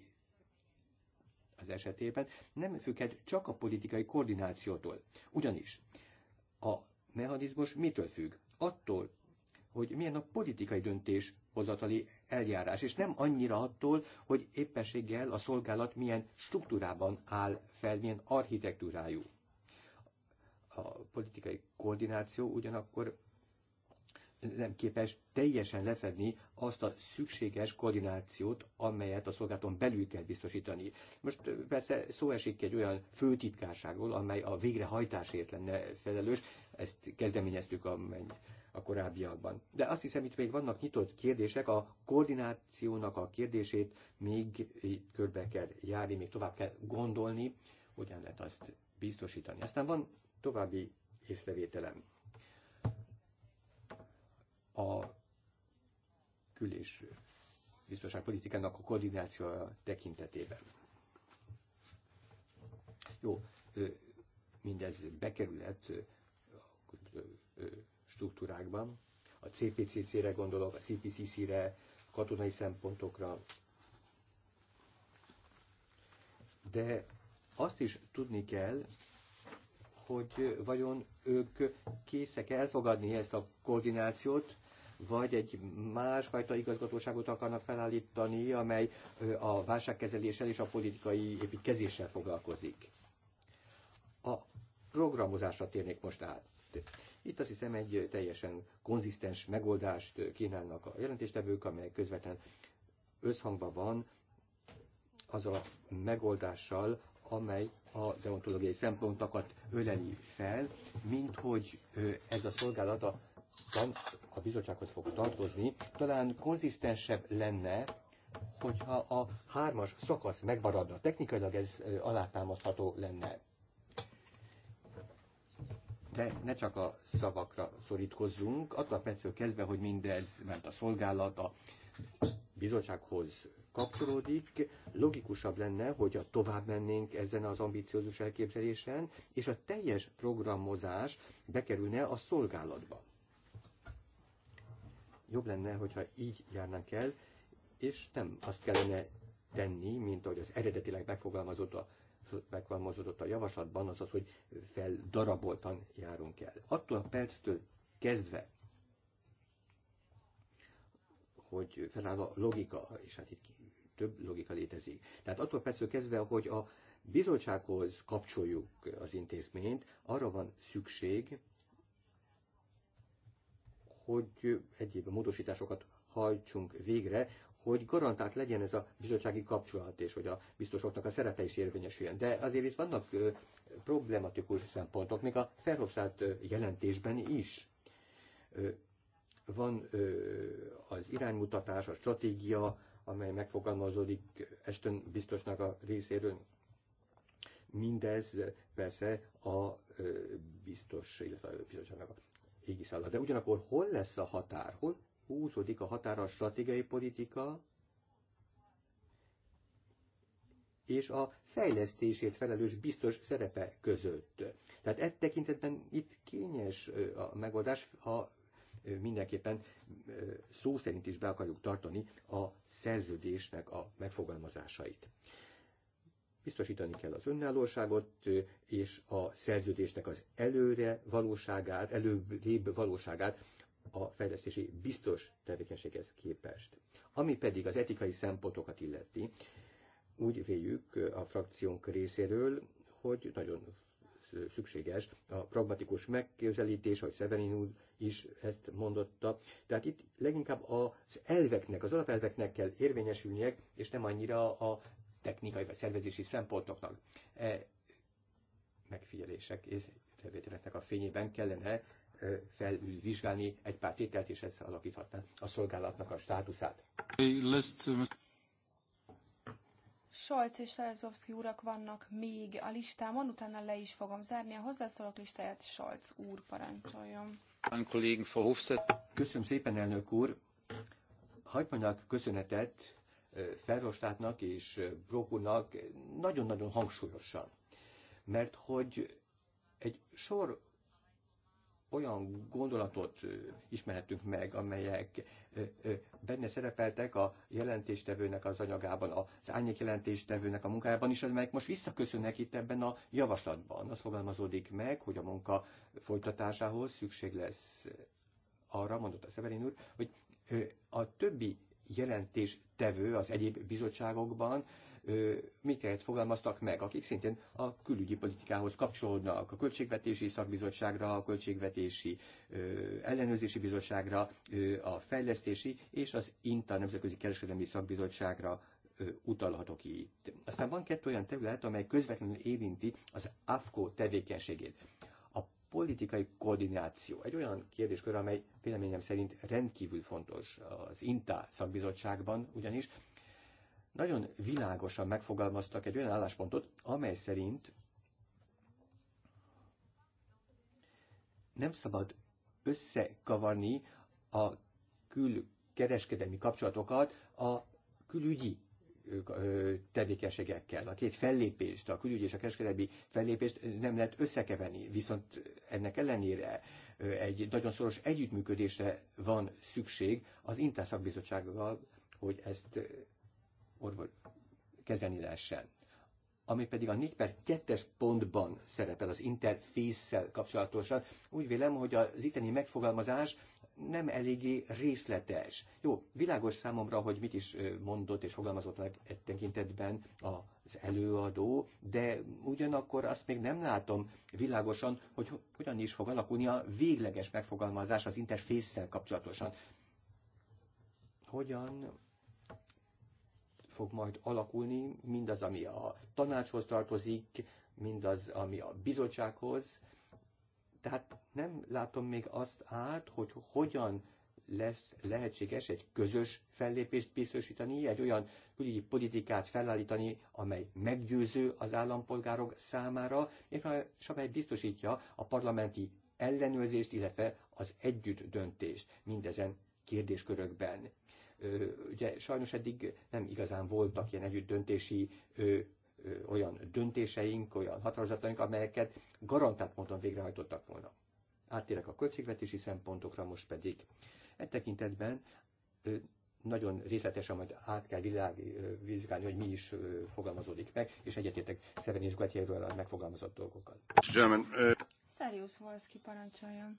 az esetében nem függhet csak a politikai koordinációtól. Ugyanis a mechanizmus mitől függ? Attól hogy milyen a politikai döntés hozatali eljárás, és nem annyira attól, hogy éppességgel a szolgálat milyen struktúrában áll fel, milyen architektúrájú. A politikai koordináció ugyanakkor nem képes teljesen lefedni azt a szükséges koordinációt, amelyet a szolgálaton belül kell biztosítani. Most persze szó esik egy olyan főtitkárságról, amely a végrehajtásért lenne felelős, ezt kezdeményeztük, amennyi a korábbiakban. De azt hiszem, itt még vannak nyitott kérdések, a koordinációnak a kérdését még körbe kell járni, még tovább kell gondolni, hogyan lehet azt biztosítani. Aztán van további észrevételem. A kül- és biztonságpolitikának a koordinációja tekintetében. Jó, mindez bekerülhet struktúrákban. A CPCC-re gondolok, a CPCC-re, katonai szempontokra. De azt is tudni kell, hogy vajon ők készek elfogadni ezt a koordinációt, vagy egy másfajta igazgatóságot akarnak felállítani, amely a válságkezeléssel és a politikai építkezéssel foglalkozik. A programozásra térnék most át. Itt azt hiszem egy teljesen konzisztens megoldást kínálnak a jelentéstevők, amely közvetlen összhangban van az a megoldással, amely a deontológiai szempontokat öleli fel, mint hogy ez a szolgálat a, a bizottsághoz fog tartozni, talán konzisztensebb lenne, hogyha a hármas szakasz megmaradna. Technikailag ez alátámasztható lenne de ne csak a szavakra szorítkozzunk, attól a percről kezdve, hogy mindez, mert a szolgálat a bizottsághoz kapcsolódik, logikusabb lenne, hogy a tovább mennénk ezen az ambiciózus elképzelésen, és a teljes programozás bekerülne a szolgálatba. Jobb lenne, hogyha így járnánk el, és nem azt kellene tenni, mint ahogy az eredetileg megfogalmazott a megfogalmazódott a javaslatban, az az, hogy feldaraboltan járunk el. Attól a perctől kezdve, hogy feláll a logika, és hát itt több logika létezik. Tehát attól perctől kezdve, hogy a bizottsághoz kapcsoljuk az intézményt, arra van szükség, hogy egyéb módosításokat hajtsunk végre, hogy garantált legyen ez a bizottsági kapcsolat, és hogy a biztosoknak a szerepe is érvényesüljön. De azért itt vannak problematikus szempontok, még a felhasznált jelentésben is. Van az iránymutatás, a stratégia, amely megfogalmazódik Esten biztosnak a részéről. Mindez persze a biztos, illetve a bizottságnak a égisz De ugyanakkor hol lesz a határ, hol húzódik a határa a stratégiai politika és a fejlesztésért felelős biztos szerepe között. Tehát ett tekintetben itt kényes a megoldás, ha mindenképpen szó szerint is be akarjuk tartani a szerződésnek a megfogalmazásait. Biztosítani kell az önállóságot és a szerződésnek az előre valóságát, előrébb valóságát a fejlesztési biztos tevékenységhez képest. Ami pedig az etikai szempontokat illeti, úgy véljük a frakciónk részéről, hogy nagyon szükséges a pragmatikus megközelítés, ahogy Severin úr is ezt mondotta. Tehát itt leginkább az elveknek, az alapelveknek kell érvényesülnie, és nem annyira a technikai vagy szervezési szempontoknak. E megfigyelések és felvételeknek a fényében kellene felvizsgálni egy pár tételt, és ez alakíthatná a szolgálatnak a státuszát. Solc uh, és Szerezovszki urak vannak még a listámon, utána le is fogom zárni a hozzászólók listáját. Solc úr, parancsoljon. Köszönöm szépen, elnök úr. Hagy mondjak köszönetet Ferrostátnak és Brokurnak nagyon-nagyon hangsúlyosan, mert hogy egy sor olyan gondolatot ismerhetünk meg, amelyek benne szerepeltek a jelentéstevőnek az anyagában, az árnyék jelentéstevőnek a munkájában is, amelyek most visszaköszönnek itt ebben a javaslatban. Az fogalmazódik meg, hogy a munka folytatásához szükség lesz arra, mondott a Szeverin úr, hogy a többi jelentéstevő az egyéb bizottságokban miket fogalmaztak meg, akik szintén a külügyi politikához kapcsolódnak, a költségvetési szakbizottságra, a költségvetési ellenőrzési bizottságra, a fejlesztési és az INTA Nemzetközi Kereskedelmi Szakbizottságra utalhatok itt. Aztán van kettő olyan terület, amely közvetlenül érinti az AFKO tevékenységét. A politikai koordináció egy olyan kérdéskör, amely véleményem szerint rendkívül fontos az INTA szakbizottságban, ugyanis nagyon világosan megfogalmaztak egy olyan álláspontot, amely szerint nem szabad összekavarni a külkereskedelmi kapcsolatokat a külügyi tevékenységekkel. A két fellépést, a külügyi és a kereskedelmi fellépést nem lehet összekeverni, viszont ennek ellenére egy nagyon szoros együttműködésre van szükség az Intászakbizottsággal, hogy ezt orvos kezelni lehessen. Ami pedig a 4 per 2-es pontban szerepel az interfésszel kapcsolatosan, úgy vélem, hogy az itteni megfogalmazás nem eléggé részletes. Jó, világos számomra, hogy mit is mondott és fogalmazott meg e tekintetben az előadó, de ugyanakkor azt még nem látom világosan, hogy hogyan is fog alakulni a végleges megfogalmazás az interfésszel kapcsolatosan. Hogyan fog majd alakulni, mindaz, ami a tanácshoz tartozik, mindaz, ami a bizottsághoz. Tehát nem látom még azt át, hogy hogyan lesz lehetséges egy közös fellépést biztosítani, egy olyan külügyi politikát felállítani, amely meggyőző az állampolgárok számára, és amely biztosítja a parlamenti ellenőrzést, illetve az együtt döntést mindezen kérdéskörökben. Ugye sajnos eddig nem igazán voltak ilyen együtt döntési olyan döntéseink, olyan határozataink, amelyeket garantált módon végrehajtottak volna. Áttérek a költségvetési szempontokra most pedig. E tekintetben nagyon részletesen majd át kell világ, vizsgálni, hogy mi is fogalmazódik meg, és egyetértek Szeren és Gatyéről a megfogalmazott dolgokkal. Szerjusz Volszki parancsoljon.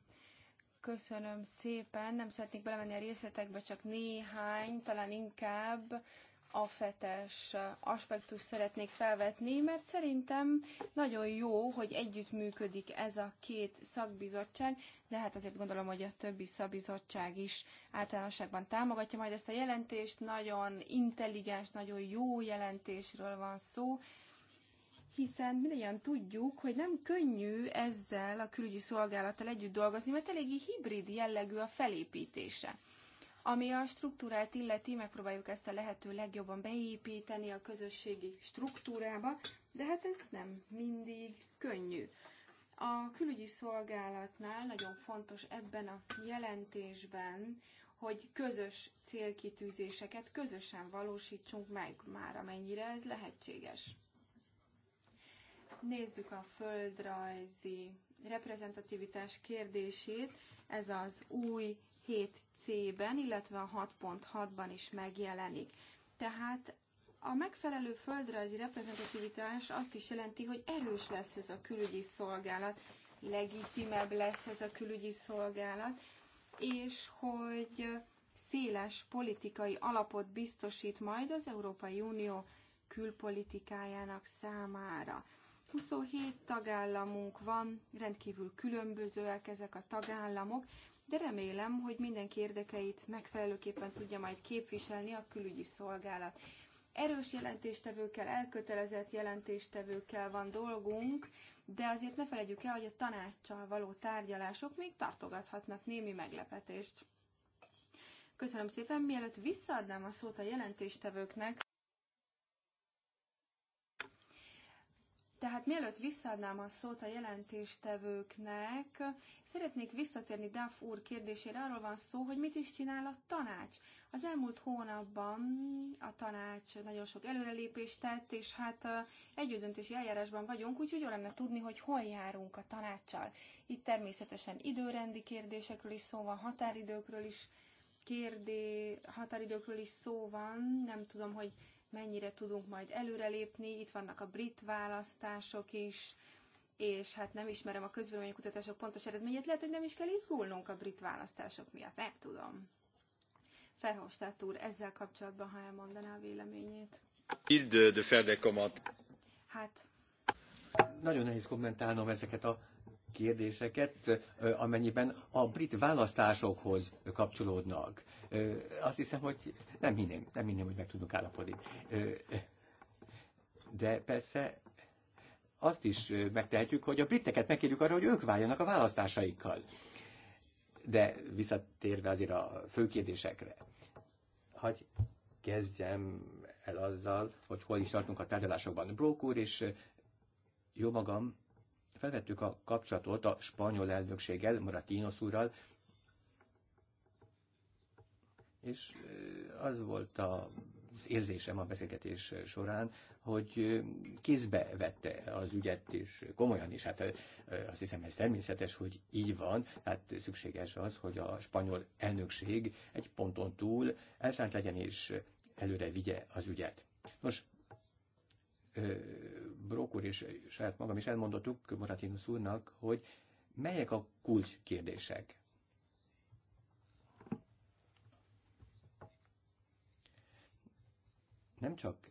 Köszönöm szépen, nem szeretnék belemenni a részletekbe, csak néhány, talán inkább a fetes aspektus szeretnék felvetni, mert szerintem nagyon jó, hogy együttműködik ez a két szakbizottság, de hát azért gondolom, hogy a többi szakbizottság is általánosságban támogatja majd ezt a jelentést. Nagyon intelligens, nagyon jó jelentésről van szó, hiszen mindannyian tudjuk, hogy nem könnyű ezzel a külügyi szolgálattal együtt dolgozni, mert eléggé hibrid jellegű a felépítése. Ami a struktúrát illeti, megpróbáljuk ezt a lehető legjobban beépíteni a közösségi struktúrába, de hát ez nem mindig könnyű. A külügyi szolgálatnál nagyon fontos ebben a jelentésben, hogy közös célkitűzéseket közösen valósítsunk meg már, amennyire ez lehetséges nézzük a földrajzi reprezentativitás kérdését, ez az új 7C-ben, illetve a 6.6-ban is megjelenik. Tehát a megfelelő földrajzi reprezentativitás azt is jelenti, hogy erős lesz ez a külügyi szolgálat, legitimebb lesz ez a külügyi szolgálat, és hogy széles politikai alapot biztosít majd az Európai Unió külpolitikájának számára. 27 tagállamunk van, rendkívül különbözőek ezek a tagállamok, de remélem, hogy mindenki érdekeit megfelelőképpen tudja majd képviselni a külügyi szolgálat. Erős jelentéstevőkkel, elkötelezett jelentéstevőkkel van dolgunk, de azért ne felejtjük el, hogy a tanácssal való tárgyalások még tartogathatnak némi meglepetést. Köszönöm szépen, mielőtt visszaadnám a szót a jelentéstevőknek, Tehát mielőtt visszaadnám a szót a jelentéstevőknek, szeretnék visszatérni Duff úr kérdésére. Arról van szó, hogy mit is csinál a tanács. Az elmúlt hónapban a tanács nagyon sok előrelépést tett, és hát együttdöntési eljárásban vagyunk, úgyhogy jó lenne tudni, hogy hol járunk a tanácssal. Itt természetesen időrendi kérdésekről is szó van, határidőkről is kérdé, határidőkről is szó van. Nem tudom, hogy mennyire tudunk majd előrelépni. Itt vannak a brit választások is, és hát nem ismerem a közvéleménykutatások pontos eredményét, lehet, hogy nem is kell izgulnunk a brit választások miatt, nem tudom. Ferhofstadt úr, ezzel kapcsolatban, ha elmondaná a véleményét. De, de Hát... Nagyon nehéz kommentálnom ezeket a kérdéseket, amennyiben a brit választásokhoz kapcsolódnak. Azt hiszem, hogy nem hinném, nem hinném, hogy meg tudunk állapodni. De persze azt is megtehetjük, hogy a briteket megkérjük arra, hogy ők váljanak a választásaikkal. De visszatérve azért a fő kérdésekre, hogy kezdjem el azzal, hogy hol is tartunk a tárgyalásokban. Brók úr és jó magam, felvettük a kapcsolatot a spanyol elnökséggel, Maratinos úrral, és az volt a az érzésem a beszélgetés során, hogy kézbe vette az ügyet, és komolyan is, hát azt hiszem ez természetes, hogy így van, hát szükséges az, hogy a spanyol elnökség egy ponton túl elszánt legyen és előre vigye az ügyet. Nos, Brokkur és saját magam is elmondottuk Moratinus úrnak, hogy melyek a kulcs kérdések. Nem csak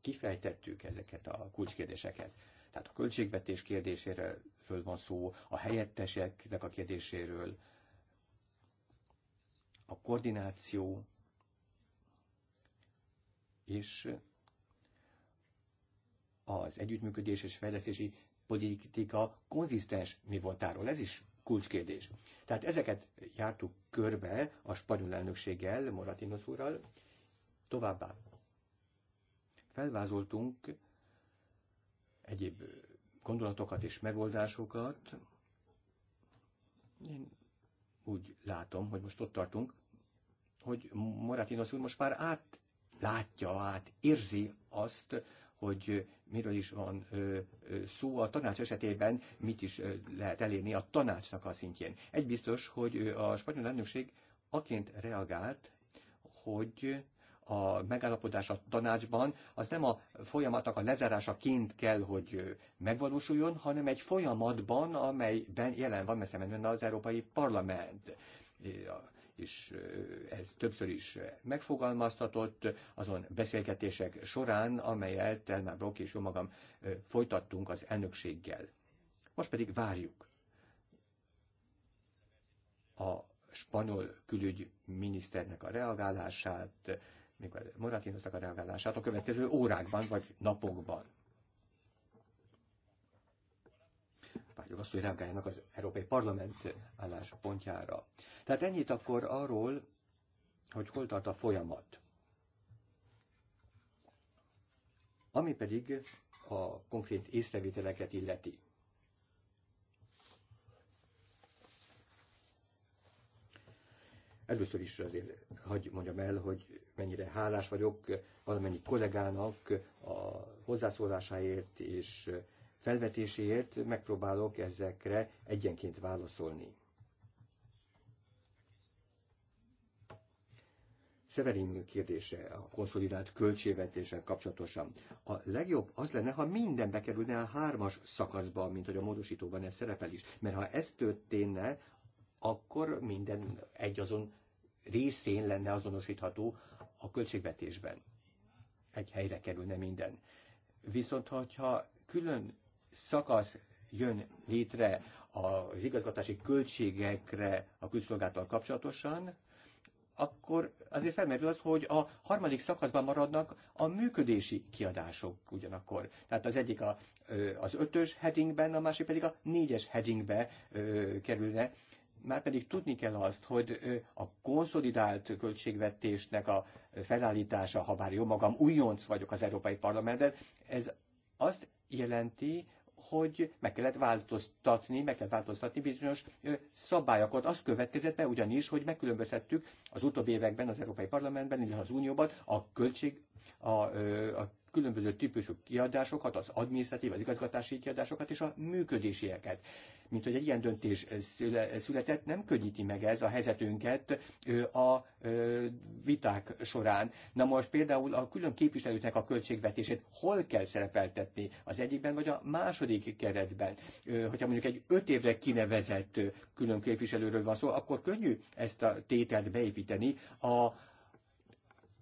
kifejtettük ezeket a kulcskérdéseket, tehát a költségvetés kérdéséről van szó, a helyetteseknek a kérdéséről, a koordináció és az együttműködés és fejlesztési politika konzisztens mi voltáról. Ez is kulcskérdés. Tehát ezeket jártuk körbe a spanyol elnökséggel, Moratinos úrral. Továbbá felvázoltunk egyéb gondolatokat és megoldásokat. Én úgy látom, hogy most ott tartunk, hogy Moratinos úr most már át látja, át érzi azt, hogy miről is van szó a tanács esetében, mit is lehet elérni a tanácsnak a szintjén. Egy biztos, hogy a spanyol elnökség aként reagált, hogy a megállapodás a tanácsban, az nem a folyamatnak a lezárásaként kell, hogy megvalósuljon, hanem egy folyamatban, amelyben jelen van messze menően az Európai Parlament és ez többször is megfogalmaztatott azon beszélgetések során, amelyet Telmár Brock és jó magam folytattunk az elnökséggel. Most pedig várjuk a spanyol külügyminiszternek a reagálását, még a Moratinosnak a reagálását a következő órákban vagy napokban. vágyok azt, hogy reagáljanak az Európai Parlament álláspontjára. Tehát ennyit akkor arról, hogy hol tart a folyamat. Ami pedig a konkrét észrevételeket illeti. Először is azért hagy mondjam el, hogy mennyire hálás vagyok valamennyi kollégának a hozzászólásáért és felvetéséért megpróbálok ezekre egyenként válaszolni. Severin kérdése a konszolidált költségvetéssel kapcsolatosan. A legjobb az lenne, ha minden bekerülne a hármas szakaszba, mint hogy a módosítóban ez szerepel is. Mert ha ez történne, akkor minden egy azon részén lenne azonosítható a költségvetésben. Egy helyre kerülne minden. Viszont ha külön szakasz jön létre az igazgatási költségekre a külszolgáltal kapcsolatosan, akkor azért felmerül az, hogy a harmadik szakaszban maradnak a működési kiadások ugyanakkor. Tehát az egyik a, az ötös headingben, a másik pedig a négyes headingbe kerülne. Már pedig tudni kell azt, hogy a konszolidált költségvetésnek a felállítása, ha bár jó magam újonc vagyok az Európai Parlamentben, ez azt jelenti, hogy meg kellett változtatni, meg kellett változtatni bizonyos szabályokat. Az következett be ugyanis, hogy megkülönböztettük az utóbbi években az Európai Parlamentben, illetve az Unióban a költség, a, a különböző típusú kiadásokat, az adminisztratív, az igazgatási kiadásokat és a működésieket. Mint hogy egy ilyen döntés született, nem könnyíti meg ez a helyzetünket a viták során. Na most például a külön képviselőknek a költségvetését hol kell szerepeltetni? Az egyikben vagy a második keretben? Hogyha mondjuk egy öt évre kinevezett külön képviselőről van szó, akkor könnyű ezt a tételt beépíteni a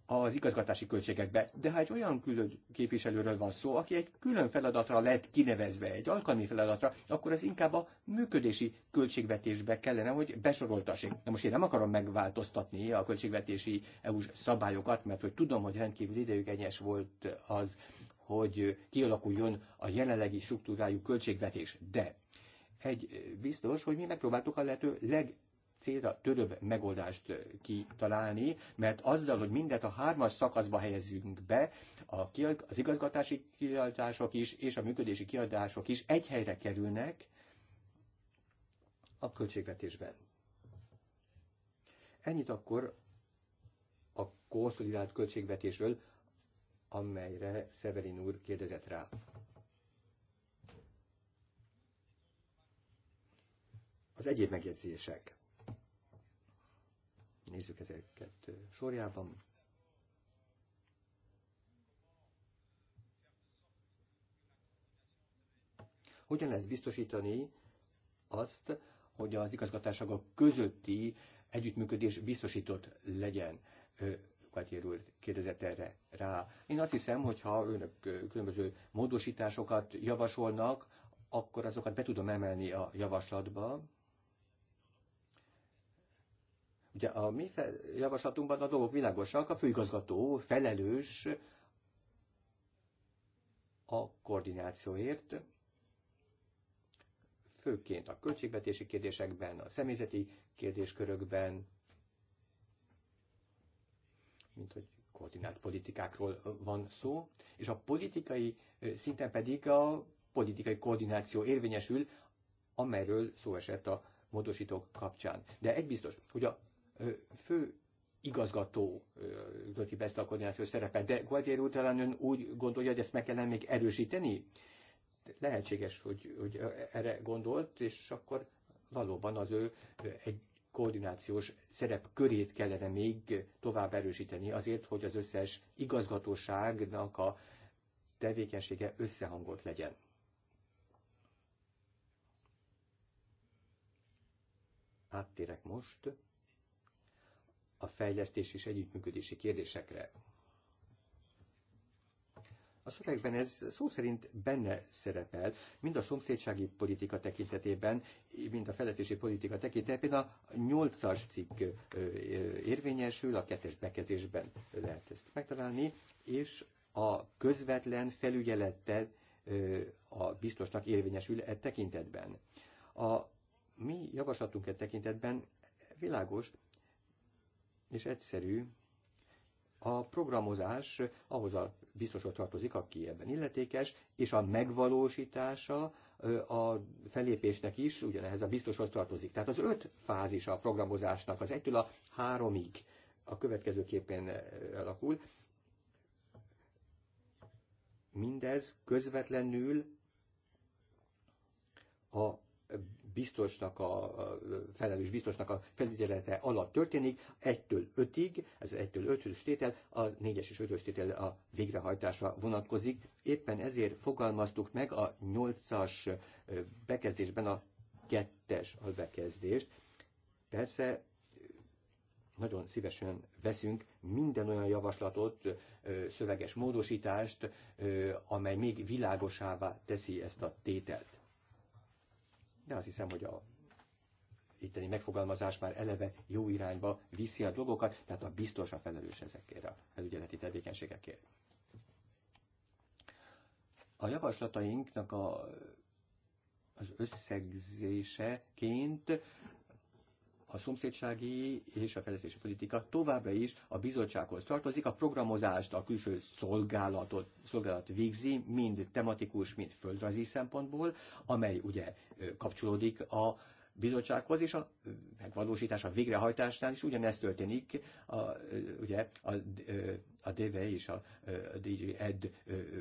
az igazgatási költségekbe. De ha egy olyan külön képviselőről van szó, aki egy külön feladatra lett kinevezve, egy alkalmi feladatra, akkor ez inkább a működési költségvetésbe kellene, hogy besoroltassék. Na most én nem akarom megváltoztatni a költségvetési eu szabályokat, mert hogy tudom, hogy rendkívül idejükenyes volt az, hogy kialakuljon a jelenlegi struktúrájú költségvetés. De egy biztos, hogy mi megpróbáltuk a lehető leg célra törőbb megoldást kitalálni, mert azzal, hogy mindet a hármas szakaszba helyezünk be, a kiad, az igazgatási kiadások is és a működési kiadások is egy helyre kerülnek a költségvetésben. Ennyit akkor a konszolidált költségvetésről, amelyre Severin úr kérdezett rá. Az egyéb megjegyzések. Nézzük ezeket sorjában. Hogyan lehet biztosítani azt, hogy az igazgatásokok közötti együttműködés biztosított legyen? Kvátyér úr kérdezett erre rá. Én azt hiszem, hogy ha önök különböző módosításokat javasolnak, akkor azokat be tudom emelni a javaslatba, Ugye a mi javaslatunkban a dolgok világosak, a főigazgató felelős a koordinációért, főként a költségvetési kérdésekben, a személyzeti kérdéskörökben, mint hogy koordinált politikákról van szó, és a politikai szinten pedig a politikai koordináció érvényesül, amelyről szó esett a módosítók kapcsán. De egy biztos, hogy a fő igazgató tölti be ezt a koordinációs szerepet, de Guadier úr talán ön úgy gondolja, hogy ezt meg kellene még erősíteni? Lehetséges, hogy, hogy erre gondolt, és akkor valóban az ő egy koordinációs szerep körét kellene még tovább erősíteni azért, hogy az összes igazgatóságnak a tevékenysége összehangolt legyen. Áttérek most a fejlesztés és együttműködési kérdésekre. A szövegben ez szó szerint benne szerepel, mind a szomszédsági politika tekintetében, mind a fejlesztési politika tekintetében a nyolcas cikk érvényesül, a kettes bekezésben bekezdésben lehet ezt megtalálni, és a közvetlen felügyelettel a biztosnak érvényesül e tekintetben. A mi javaslatunk e tekintetben világos, és egyszerű. A programozás ahhoz a biztosra tartozik, aki ebben illetékes, és a megvalósítása a felépésnek is ugyanehez a biztoshoz tartozik. Tehát az öt fázis a programozásnak, az egytől a háromig a következőképpen alakul. Mindez közvetlenül a biztosnak a, a felelős biztosnak a felügyelete alatt történik, 1-től 5-ig, ez 1-től 5-ös tétel, a 4-es és 5-ös tétel a végrehajtásra vonatkozik. Éppen ezért fogalmaztuk meg a 8-as bekezdésben a 2-es albekezdést. Persze nagyon szívesen veszünk minden olyan javaslatot, szöveges módosítást, amely még világosává teszi ezt a tételt de azt hiszem, hogy a itteni megfogalmazás már eleve jó irányba viszi a dolgokat, tehát a biztos a felelős ezekért a felügyeleti tevékenységekért. A javaslatainknak a, az összegzéseként a szomszédsági és a fejlesztési politika továbbra is a bizottsághoz tartozik, a programozást a külső szolgálatot, szolgálat végzi, mind tematikus, mind földrajzi szempontból, amely ugye kapcsolódik a bizottsághoz, és a megvalósítás, a végrehajtásnál is ugyanezt történik, a, ugye a, a DV és a, a DJ Ed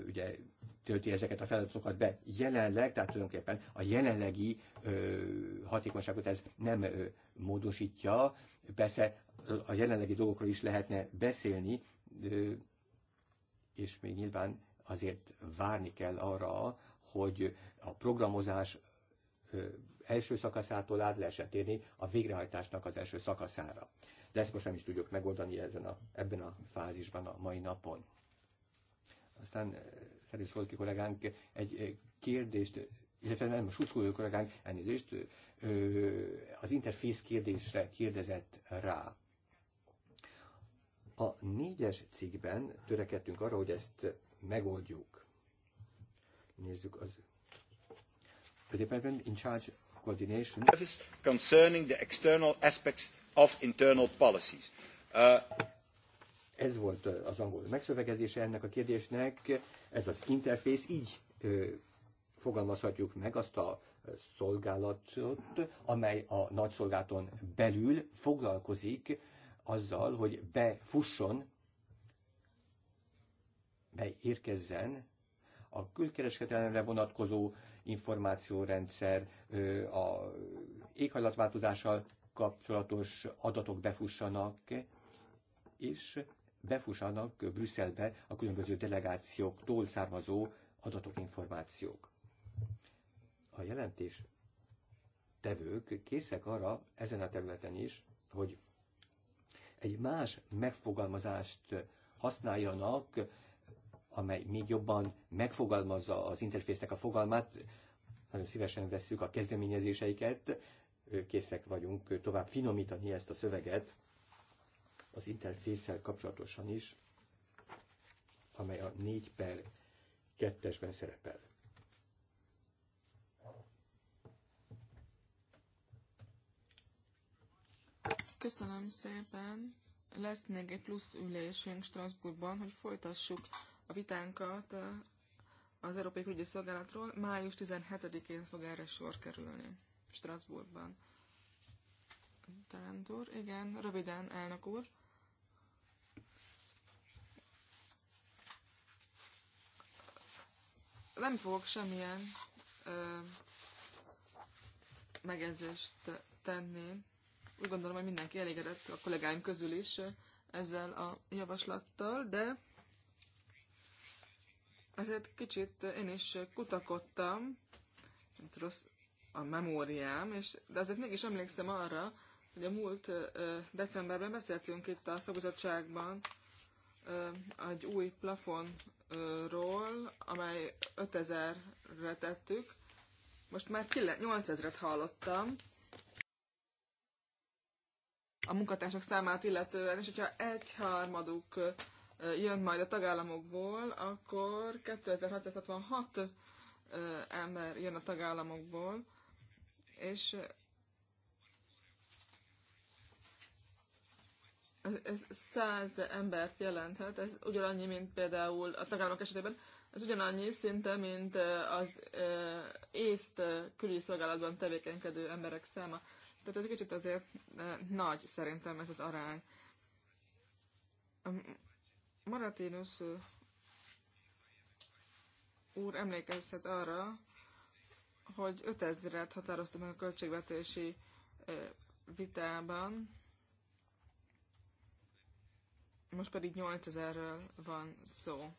ugye tölti ezeket a feladatokat be jelenleg, tehát tulajdonképpen a jelenlegi ö, hatékonyságot ez nem ö, módosítja, persze a jelenlegi dolgokról is lehetne beszélni, ö, és még nyilván azért várni kell arra, hogy a programozás első szakaszától át lehessen térni a végrehajtásnak az első szakaszára. De ezt most nem is tudjuk megoldani ezen a, ebben a fázisban a mai napon. Aztán eh, Szerint Szolki kollégánk egy eh, kérdést illetve nem, a Suckó kollégánk, elnézést, eh, az interfész kérdésre kérdezett rá. A négyes cikkben törekedtünk arra, hogy ezt megoldjuk. Nézzük az. The department in charge coordination concerning the external aspects of internal policies. Uh... Ez volt uh, az angol megszövegezése ennek a kérdésnek, ez az interfész, így ö, fogalmazhatjuk meg azt a uh, szolgálatot, amely a nagyszolgálaton belül foglalkozik azzal, hogy befusson, beérkezzen a külkereskedelemre vonatkozó információrendszer, a éghajlatváltozással kapcsolatos adatok befussanak, és befussanak Brüsszelbe a különböző delegációktól származó adatok, információk. A jelentés tevők készek arra ezen a területen is, hogy egy más megfogalmazást használjanak amely még jobban megfogalmazza az interfésznek a fogalmát. Nagyon szívesen vesszük a kezdeményezéseiket, készek vagyunk tovább finomítani ezt a szöveget az interfészsel kapcsolatosan is, amely a 4 per 2-esben szerepel. Köszönöm szépen! Lesz még egy plusz ülésünk Strasbourgban, hogy folytassuk a vitánkat az Európai Külügyi Szolgálatról. Május 17-én fog erre sor kerülni Strasbourgban. Talán úr, igen, röviden, elnök úr. Nem fogok semmilyen ö, megjegyzést tenni. Úgy gondolom, hogy mindenki elégedett a kollégáim közül is ezzel a javaslattal, de ezért kicsit én is kutakodtam, mert rossz a memóriám, és, de azért mégis emlékszem arra, hogy a múlt decemberben beszéltünk itt a szabizottságban egy új plafonról, amely 5000-re tettük. Most már 8000-et hallottam a munkatársak számát illetően, és hogyha egyharmaduk jön majd a tagállamokból, akkor 2666 ember jön a tagállamokból, és ez 100 embert jelenthet, ez ugyanannyi, mint például a tagállamok esetében, ez ugyanannyi szinte, mint az észt külügyi szolgálatban tevékenykedő emberek száma. Tehát ez kicsit azért nagy szerintem ez az arány. Maratinus úr emlékezhet arra, hogy 5000-et határozta meg a költségvetési vitában, most pedig 8000-ről van szó.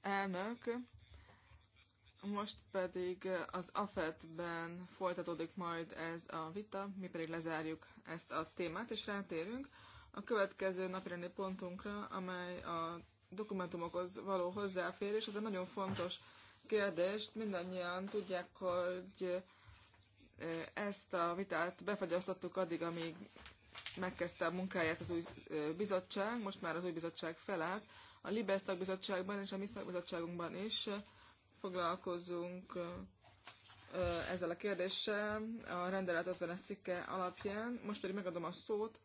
Elnök, most pedig az AFET-ben folytatódik majd ez a vita, mi pedig lezárjuk ezt a témát, és rátérünk a következő napirendi pontunkra, amely a dokumentumokhoz való hozzáférés. Ez egy nagyon fontos kérdést. Mindannyian tudják, hogy eh, ezt a vitát befagyasztottuk addig, amíg megkezdte a munkáját az új eh, bizottság, most már az új bizottság felállt. A Libes szakbizottságban és a mi szakbizottságunkban is eh, foglalkozunk ezzel a kérdéssel a rendelet 50 cikke alapján. Most pedig megadom a szót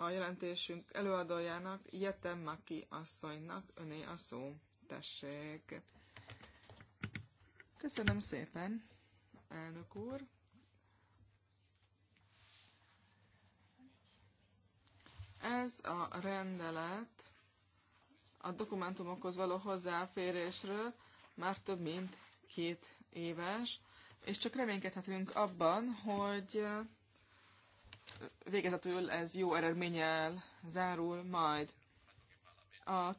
a jelentésünk előadójának, Jete Maki asszonynak. Öné a szó. Tessék. Köszönöm szépen, elnök úr. Ez a rendelet a dokumentumokhoz való hozzáférésről már több mint két éves, és csak reménykedhetünk abban, hogy végezetül ez jó eredménnyel zárul majd. A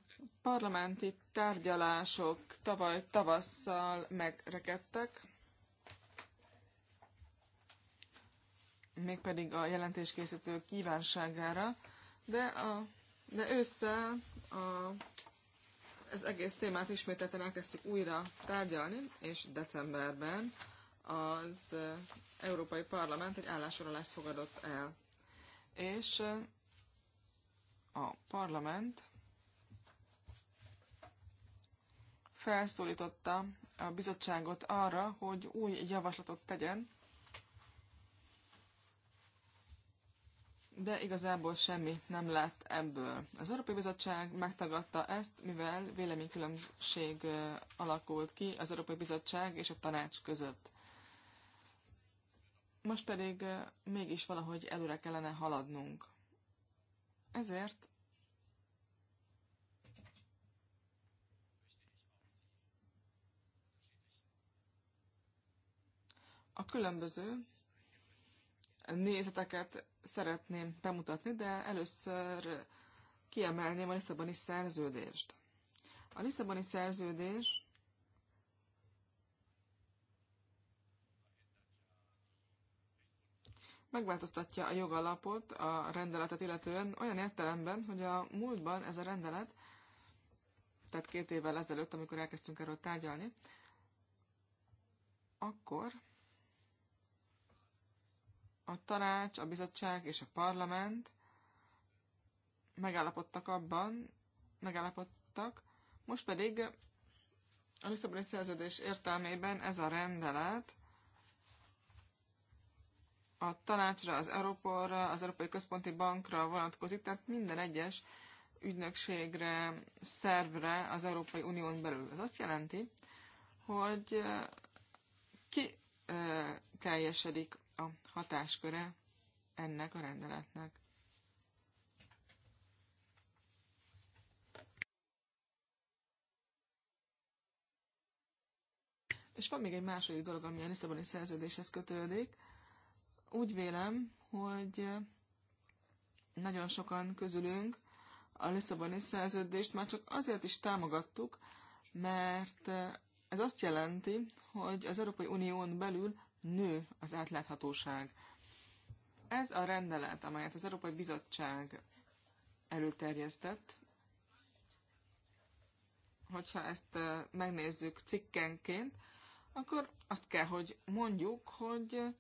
parlamenti tárgyalások tavaly tavasszal megrekedtek, mégpedig a jelentéskészítő kívánságára, de, a, de ősszel a, ez egész témát ismételten elkezdtük újra tárgyalni, és decemberben az Európai Parlament egy állásorolást fogadott el. És a parlament felszólította a bizottságot arra, hogy új javaslatot tegyen, de igazából semmi nem lett ebből. Az Európai Bizottság megtagadta ezt, mivel véleménykülönbség alakult ki az Európai Bizottság és a tanács között. Most pedig mégis valahogy előre kellene haladnunk. Ezért a különböző nézeteket szeretném bemutatni, de először kiemelném a Lisszaboni szerződést. A Lisszaboni szerződés megváltoztatja a jogalapot, a rendeletet illetően olyan értelemben, hogy a múltban ez a rendelet, tehát két évvel ezelőtt, amikor elkezdtünk erről tárgyalni, akkor a tanács, a bizottság és a parlament megállapodtak abban, megállapodtak, most pedig a Lisszaboni szerződés értelmében ez a rendelet a tanácsra, az Európóra, az Európai Központi Bankra vonatkozik, tehát minden egyes ügynökségre, szervre az Európai Unión belül. Ez azt jelenti, hogy eh, ki teljesedik eh, a hatásköre ennek a rendeletnek. És van még egy második dolog, ami a Lisszaboni szerződéshez kötődik, úgy vélem, hogy nagyon sokan közülünk a Lisszaboni szerződést már csak azért is támogattuk, mert ez azt jelenti, hogy az Európai Unión belül nő az átláthatóság. Ez a rendelet, amelyet az Európai Bizottság előterjesztett, hogyha ezt eh, megnézzük cikkenként, akkor azt kell, hogy mondjuk, hogy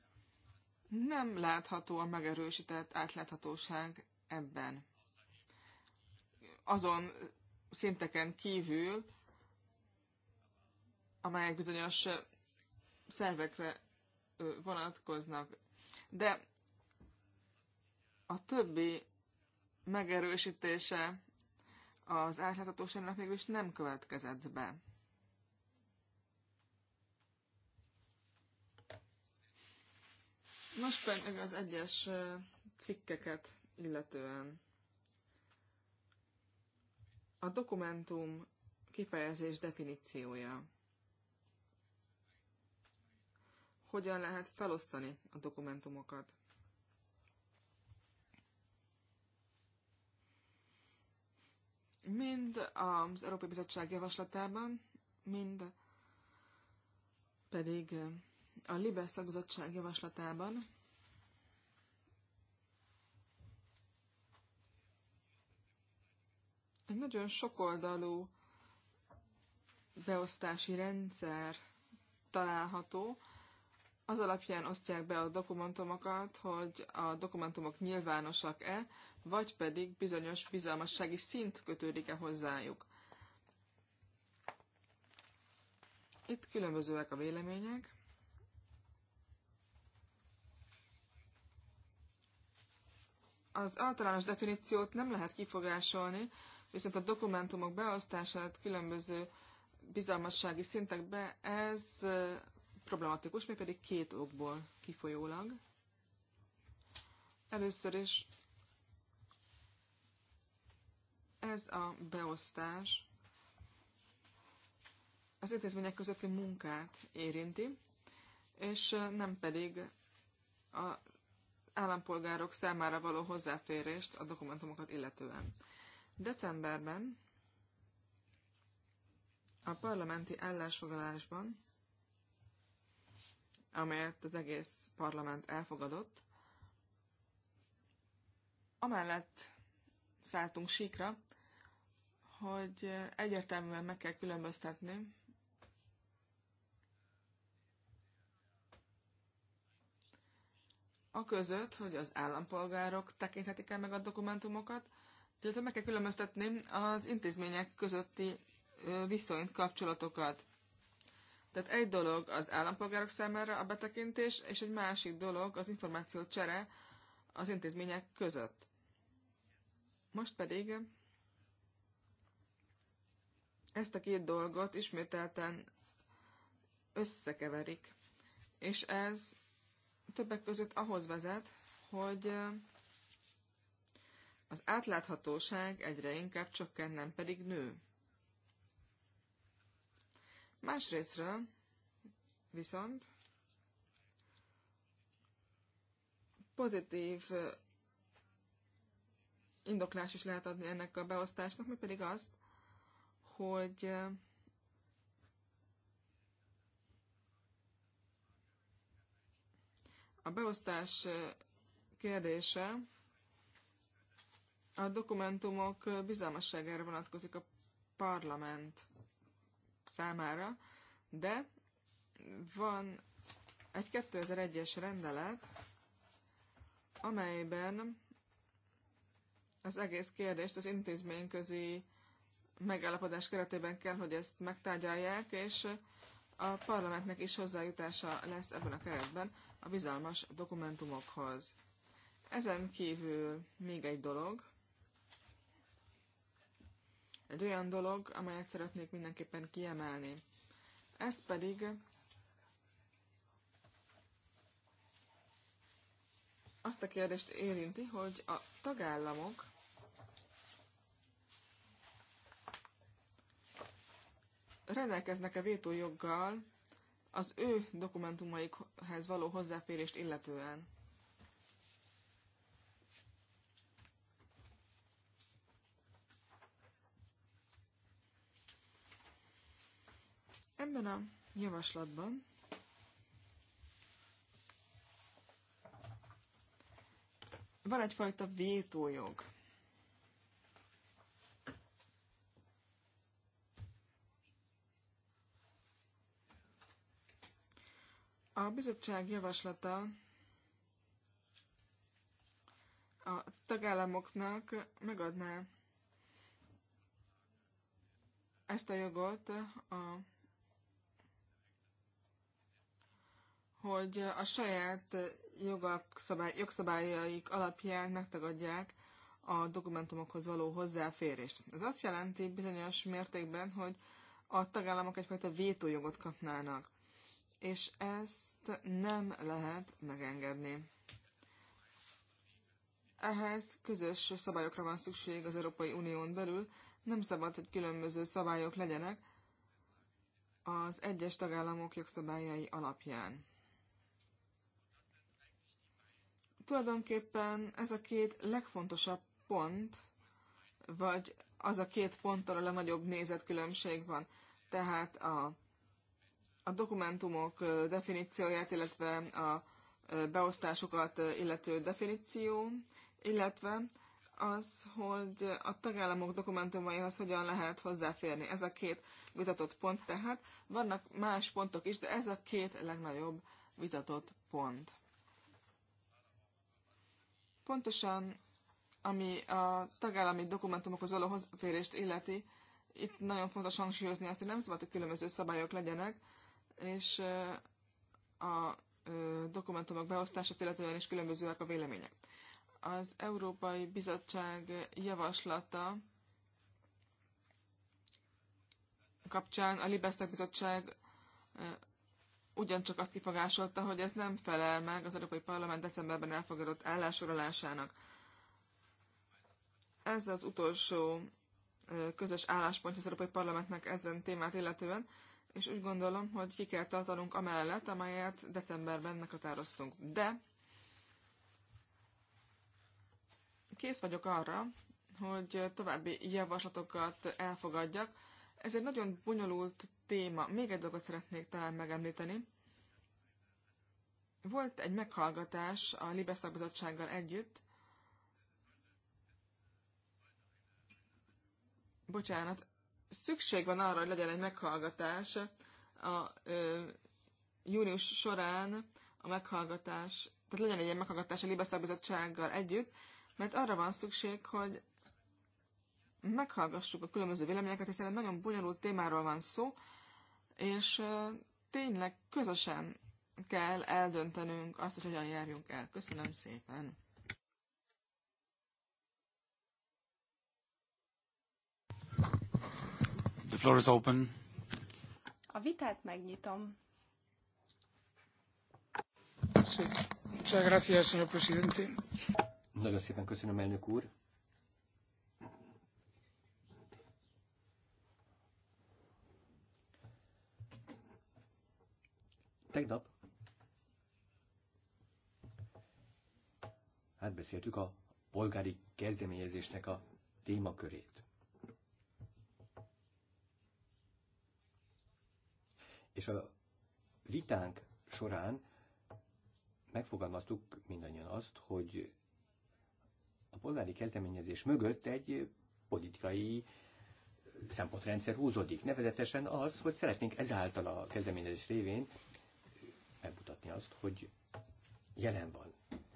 nem látható a megerősített átláthatóság ebben. Azon szinteken kívül, amelyek bizonyos szervekre vonatkoznak. De a többi megerősítése az átláthatóságnak mégis nem következett be. Most pedig az egyes cikkeket illetően. A dokumentum kifejezés definíciója. Hogyan lehet felosztani a dokumentumokat? Mind az Európai Bizottság javaslatában, mind pedig a Libe szakbizottság javaslatában egy nagyon sokoldalú beosztási rendszer található. Az alapján osztják be a dokumentumokat, hogy a dokumentumok nyilvánosak-e, vagy pedig bizonyos bizalmassági szint kötődik-e hozzájuk. Itt különbözőek a vélemények. Az általános definíciót nem lehet kifogásolni, viszont a dokumentumok beosztását különböző bizalmassági szintekbe ez problematikus, mégpedig két okból kifolyólag. Először is ez a beosztás az intézmények közötti munkát érinti, és nem pedig a állampolgárok számára való hozzáférést a dokumentumokat illetően. Decemberben a parlamenti állásfoglalásban, amelyet az egész parlament elfogadott, amellett szálltunk síkra, hogy egyértelműen meg kell különböztetni a között, hogy az állampolgárok tekinthetik el meg a dokumentumokat, illetve meg kell különböztetni az intézmények közötti viszonyt, kapcsolatokat. Tehát egy dolog az állampolgárok számára a betekintés, és egy másik dolog az információ csere az intézmények között. Most pedig ezt a két dolgot ismételten összekeverik, és ez többek között ahhoz vezet, hogy az átláthatóság egyre inkább csökken, nem pedig nő. Másrésztről viszont pozitív indoklás is lehet adni ennek a beosztásnak, mi pedig azt, hogy A beosztás kérdése a dokumentumok bizalmasságára vonatkozik a parlament számára, de van egy 2001-es rendelet, amelyben az egész kérdést az intézményközi megállapodás keretében kell, hogy ezt megtárgyalják, és a parlamentnek is hozzájutása lesz ebben a keretben a bizalmas dokumentumokhoz. Ezen kívül még egy dolog, egy olyan dolog, amelyet szeretnék mindenképpen kiemelni. Ez pedig azt a kérdést érinti, hogy a tagállamok rendelkeznek-e vétójoggal az ő dokumentumaikhez való hozzáférést illetően? Ebben a javaslatban van egyfajta vétójog. A bizottság javaslata a tagállamoknak megadná ezt a jogot, a, hogy a saját jogszabály, jogszabályaik alapján megtagadják a dokumentumokhoz való hozzáférést. Ez azt jelenti bizonyos mértékben, hogy a tagállamok egyfajta vétójogot kapnának és ezt nem lehet megengedni. Ehhez közös szabályokra van szükség az Európai Unión belül, nem szabad, hogy különböző szabályok legyenek az egyes tagállamok jogszabályai alapján. Tulajdonképpen ez a két legfontosabb pont, vagy az a két pont, ahol a legnagyobb nézetkülönbség van. Tehát a a dokumentumok definícióját, illetve a beosztásokat illető definíció, illetve az, hogy a tagállamok dokumentumaihoz hogyan lehet hozzáférni. Ez a két vitatott pont tehát. Vannak más pontok is, de ez a két legnagyobb vitatott pont. Pontosan, ami a tagállami dokumentumokhoz való hozzáférést illeti, itt nagyon fontos hangsúlyozni azt, hogy nem szabad, hogy különböző szabályok legyenek, és a dokumentumok beosztását illetően is különbözőek a vélemények. Az Európai Bizottság javaslata kapcsán a Libesztek Bizottság ugyancsak azt kifogásolta, hogy ez nem felel meg az Európai Parlament decemberben elfogadott állásorolásának. Ez az utolsó közös álláspont az Európai Parlamentnek ezen témát illetően, és úgy gondolom, hogy ki kell tartanunk amellett, amelyet decemberben meghatároztunk. De kész vagyok arra, hogy további javaslatokat elfogadjak. Ez egy nagyon bonyolult téma. Még egy dolgot szeretnék talán megemlíteni. Volt egy meghallgatás a Libe szakbizottsággal együtt. Bocsánat, szükség van arra, hogy legyen egy meghallgatás. A ö, június során a meghallgatás, tehát legyen egy ilyen meghallgatás a Libeszakbizottsággal együtt, mert arra van szükség, hogy meghallgassuk a különböző véleményeket, hiszen egy nagyon bonyolult témáról van szó, és ö, tényleg közösen kell eldöntenünk azt, hogy hogyan járjunk el. Köszönöm szépen! The floor is open. A vitát megnyitom. Nagyon szépen köszönöm, elnök úr. Tegnap átbeszéltük a polgári kezdeményezésnek a témakörét. és a vitánk során megfogalmaztuk mindannyian azt, hogy a polgári kezdeményezés mögött egy politikai szempontrendszer húzódik. Nevezetesen az, hogy szeretnénk ezáltal a kezdeményezés révén megmutatni azt, hogy jelen van,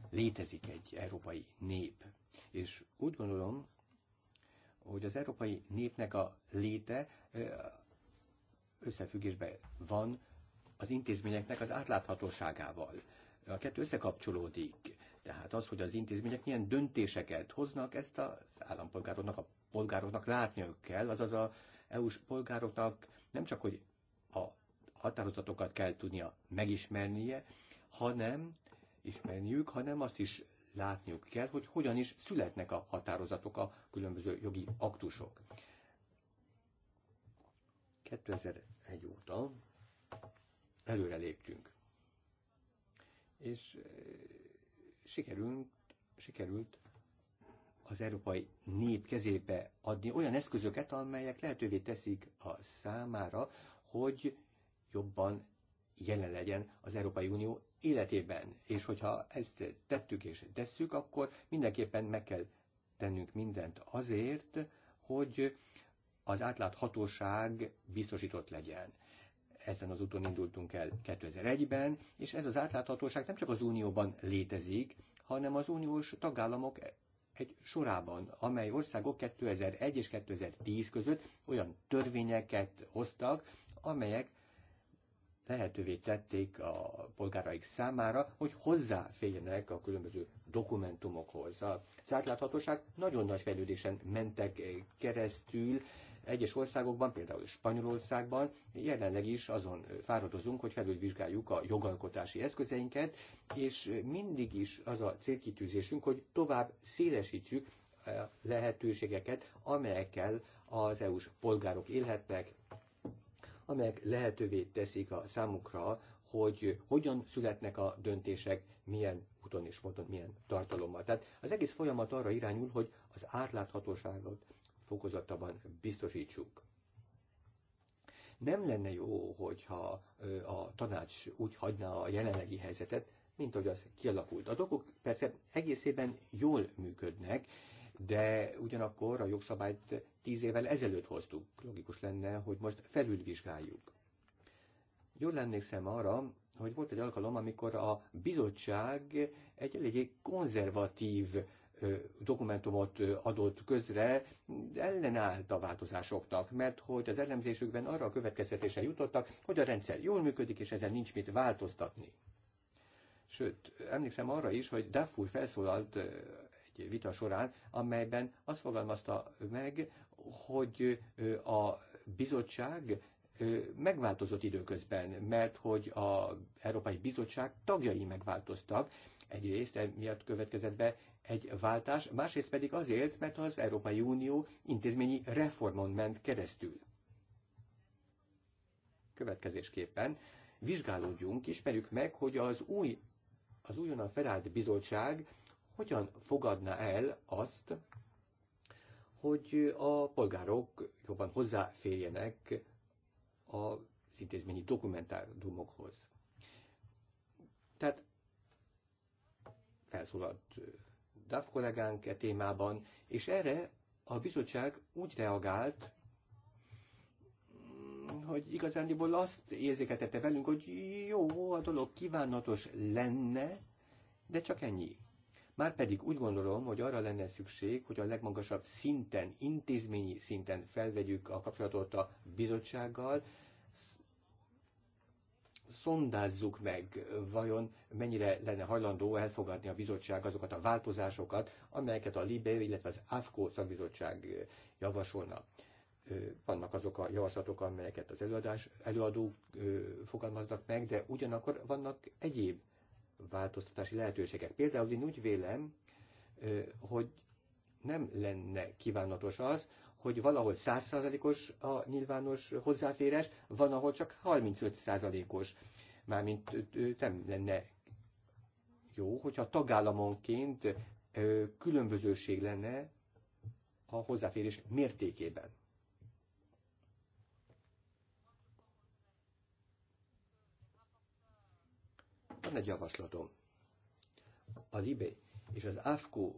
létezik egy európai nép. És úgy gondolom, hogy az európai népnek a léte összefüggésben van az intézményeknek az átláthatóságával. A kettő összekapcsolódik. Tehát az, hogy az intézmények milyen döntéseket hoznak, ezt az állampolgároknak, a polgároknak látniuk kell, azaz a EU-s polgároknak nem csak, hogy a határozatokat kell tudnia megismernie, hanem ismerniük, hanem azt is látniuk kell, hogy hogyan is születnek a határozatok, a különböző jogi aktusok. 2000 egy óta előre léptünk. És eh, sikerült, sikerült az európai nép kezébe adni olyan eszközöket, amelyek lehetővé teszik a számára, hogy jobban jelen legyen az Európai Unió életében. És hogyha ezt tettük és tesszük, akkor mindenképpen meg kell tennünk mindent azért, hogy az átláthatóság biztosított legyen. Ezen az úton indultunk el 2001-ben, és ez az átláthatóság nem csak az Unióban létezik, hanem az uniós tagállamok egy sorában, amely országok 2001 és 2010 között olyan törvényeket hoztak, amelyek lehetővé tették a polgáraik számára, hogy hozzáférjenek a különböző dokumentumokhoz. Az átláthatóság nagyon nagy fejlődésen mentek keresztül, egyes országokban, például Spanyolországban jelenleg is azon fáradozunk, hogy felülvizsgáljuk a jogalkotási eszközeinket, és mindig is az a célkitűzésünk, hogy tovább szélesítsük eh, lehetőségeket, amelyekkel az EU-s polgárok élhetnek, amelyek lehetővé teszik a számukra, hogy hogyan születnek a döntések, milyen úton és módon, milyen tartalommal. Tehát az egész folyamat arra irányul, hogy az átláthatóságot fokozatában biztosítsuk. Nem lenne jó, hogyha a tanács úgy hagyná a jelenlegi helyzetet, mint hogy az kialakult. A dolgok persze egészében jól működnek, de ugyanakkor a jogszabályt tíz évvel ezelőtt hoztuk. Logikus lenne, hogy most felülvizsgáljuk. Jól szem arra, hogy volt egy alkalom, amikor a bizottság egy eléggé konzervatív dokumentumot adott közre, ellenállt a változásoknak, mert hogy az elemzésükben arra a következtetése jutottak, hogy a rendszer jól működik, és ezen nincs mit változtatni. Sőt, emlékszem arra is, hogy Duff felszólalt egy vita során, amelyben azt fogalmazta meg, hogy a bizottság megváltozott időközben, mert hogy az Európai Bizottság tagjai megváltoztak, egyrészt emiatt következett be egy váltás, másrészt pedig azért, mert az Európai Unió intézményi reformon ment keresztül. Következésképpen vizsgálódjunk, ismerjük meg, hogy az új, az újonnan felállt bizottság hogyan fogadna el azt, hogy a polgárok jobban hozzáférjenek az intézményi dokumentumokhoz. Tehát felszólalt DAF kollégánk e témában, és erre a bizottság úgy reagált, hogy igazándiból azt érzékeltette velünk, hogy jó, a dolog kívánatos lenne, de csak ennyi. Márpedig úgy gondolom, hogy arra lenne szükség, hogy a legmagasabb szinten, intézményi szinten felvegyük a kapcsolatot a bizottsággal, szondázzuk meg, vajon mennyire lenne hajlandó elfogadni a bizottság azokat a változásokat, amelyeket a LIBE, illetve az AFKO szakbizottság javasolna. Vannak azok a javaslatok, amelyeket az előadás, előadók fogalmaznak meg, de ugyanakkor vannak egyéb változtatási lehetőségek. Például én úgy vélem, hogy nem lenne kívánatos az, hogy valahol 100%-os a nyilvános hozzáférés, van, ahol csak 35%-os. Mármint nem lenne jó, hogyha tagállamonként különbözőség lenne a hozzáférés mértékében. Van egy javaslatom. A Libé és az AFKO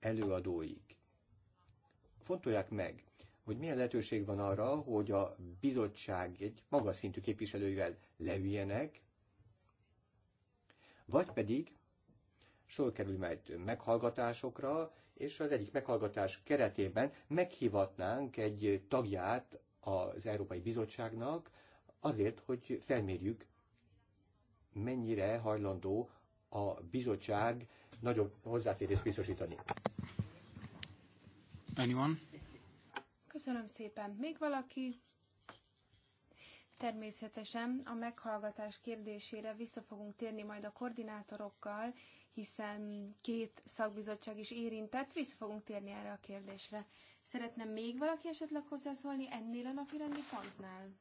előadóik fontolják meg, hogy milyen lehetőség van arra, hogy a bizottság egy magas szintű képviselőivel leüljenek, vagy pedig sor kerül majd meghallgatásokra, és az egyik meghallgatás keretében meghivatnánk egy tagját az Európai Bizottságnak azért, hogy felmérjük, mennyire hajlandó a bizottság nagyobb hozzáférést biztosítani. Anyone? Köszönöm szépen. Még valaki? Természetesen a meghallgatás kérdésére vissza fogunk térni majd a koordinátorokkal, hiszen két szakbizottság is érintett, vissza fogunk térni erre a kérdésre. Szeretne még valaki esetleg hozzászólni ennél a napi rendi pontnál?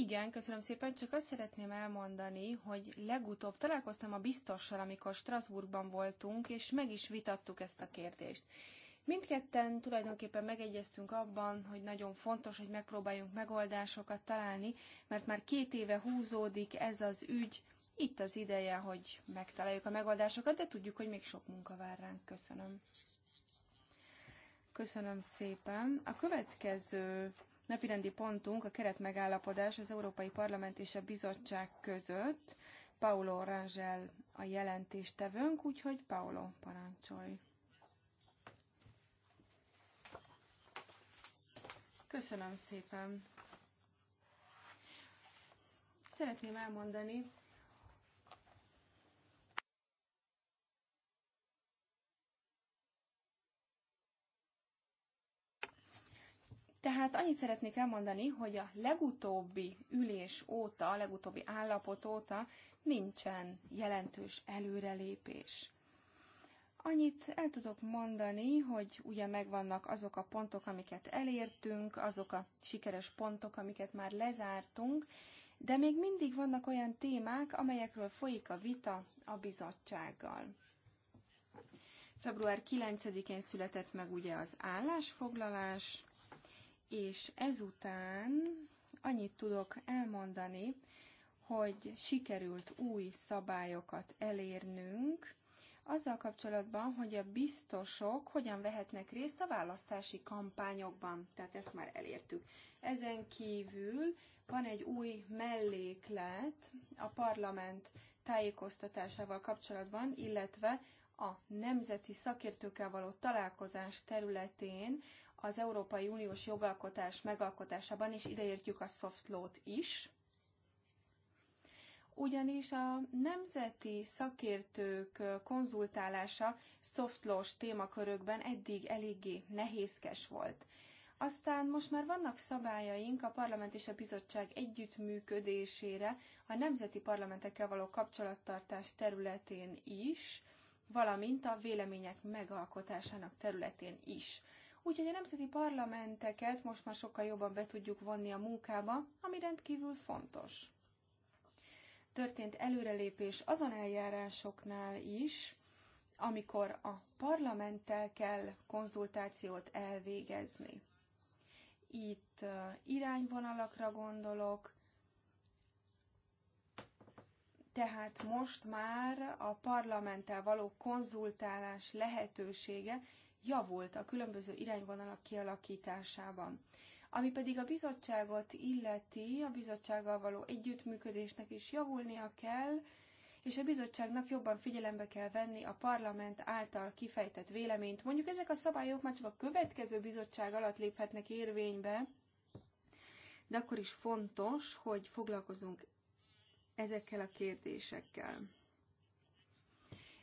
Igen, köszönöm szépen. Csak azt szeretném elmondani, hogy legutóbb találkoztam a biztossal, amikor Strasbourgban voltunk, és meg is vitattuk ezt a kérdést. Mindketten tulajdonképpen megegyeztünk abban, hogy nagyon fontos, hogy megpróbáljunk megoldásokat találni, mert már két éve húzódik ez az ügy, itt az ideje, hogy megtaláljuk a megoldásokat, de tudjuk, hogy még sok munka vár ránk. Köszönöm. Köszönöm szépen. A következő napirendi pontunk a keretmegállapodás az Európai Parlament és a Bizottság között. Paulo Rangel a jelentéstevőnk, úgyhogy Paulo, parancsolj! Köszönöm szépen! Szeretném elmondani, Tehát annyit szeretnék elmondani, hogy a legutóbbi ülés óta, a legutóbbi állapot óta nincsen jelentős előrelépés. Annyit el tudok mondani, hogy ugye megvannak azok a pontok, amiket elértünk, azok a sikeres pontok, amiket már lezártunk, de még mindig vannak olyan témák, amelyekről folyik a vita a bizottsággal. Február 9-én született meg ugye az állásfoglalás, és ezután annyit tudok elmondani, hogy sikerült új szabályokat elérnünk, azzal kapcsolatban, hogy a biztosok hogyan vehetnek részt a választási kampányokban. Tehát ezt már elértük. Ezen kívül van egy új melléklet a parlament tájékoztatásával kapcsolatban, illetve a nemzeti szakértőkkel való találkozás területén, az Európai Uniós jogalkotás megalkotásában, és ideértjük a soft law-t is, ugyanis a nemzeti szakértők konzultálása soft law-s témakörökben eddig eléggé nehézkes volt. Aztán most már vannak szabályaink a parlament és a bizottság együttműködésére a nemzeti parlamentekkel való kapcsolattartás területén is, valamint a vélemények megalkotásának területén is úgyhogy a nemzeti parlamenteket most már sokkal jobban be tudjuk vonni a munkába, ami rendkívül fontos. Történt előrelépés azon eljárásoknál is, amikor a parlamenttel kell konzultációt elvégezni. Itt irányvonalakra gondolok, tehát most már a parlamenttel való konzultálás lehetősége javult a különböző irányvonalak kialakításában. Ami pedig a bizottságot illeti, a bizottsággal való együttműködésnek is javulnia kell, és a bizottságnak jobban figyelembe kell venni a parlament által kifejtett véleményt. Mondjuk ezek a szabályok már csak a következő bizottság alatt léphetnek érvénybe, de akkor is fontos, hogy foglalkozunk ezekkel a kérdésekkel.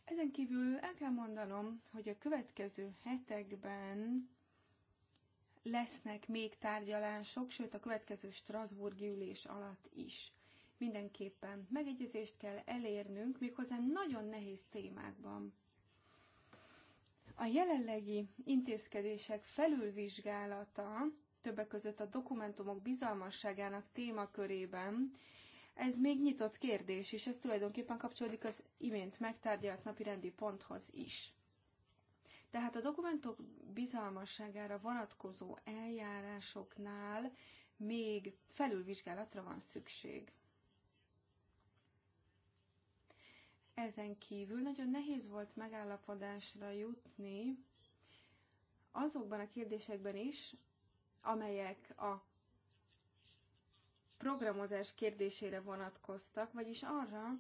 Ezen kívül el kell mondanom, hogy a következő hetekben lesznek még tárgyalások, sőt a következő Strasburgi ülés alatt is. Mindenképpen megegyezést kell elérnünk, méghozzá nagyon nehéz témákban. A jelenlegi intézkedések felülvizsgálata, többek között a dokumentumok bizalmasságának témakörében ez még nyitott kérdés, és ez tulajdonképpen kapcsolódik az imént megtárgyalt napi rendi ponthoz is. Tehát a dokumentok bizalmasságára vonatkozó eljárásoknál még felülvizsgálatra van szükség. Ezen kívül nagyon nehéz volt megállapodásra jutni azokban a kérdésekben is, amelyek a programozás kérdésére vonatkoztak, vagyis arra,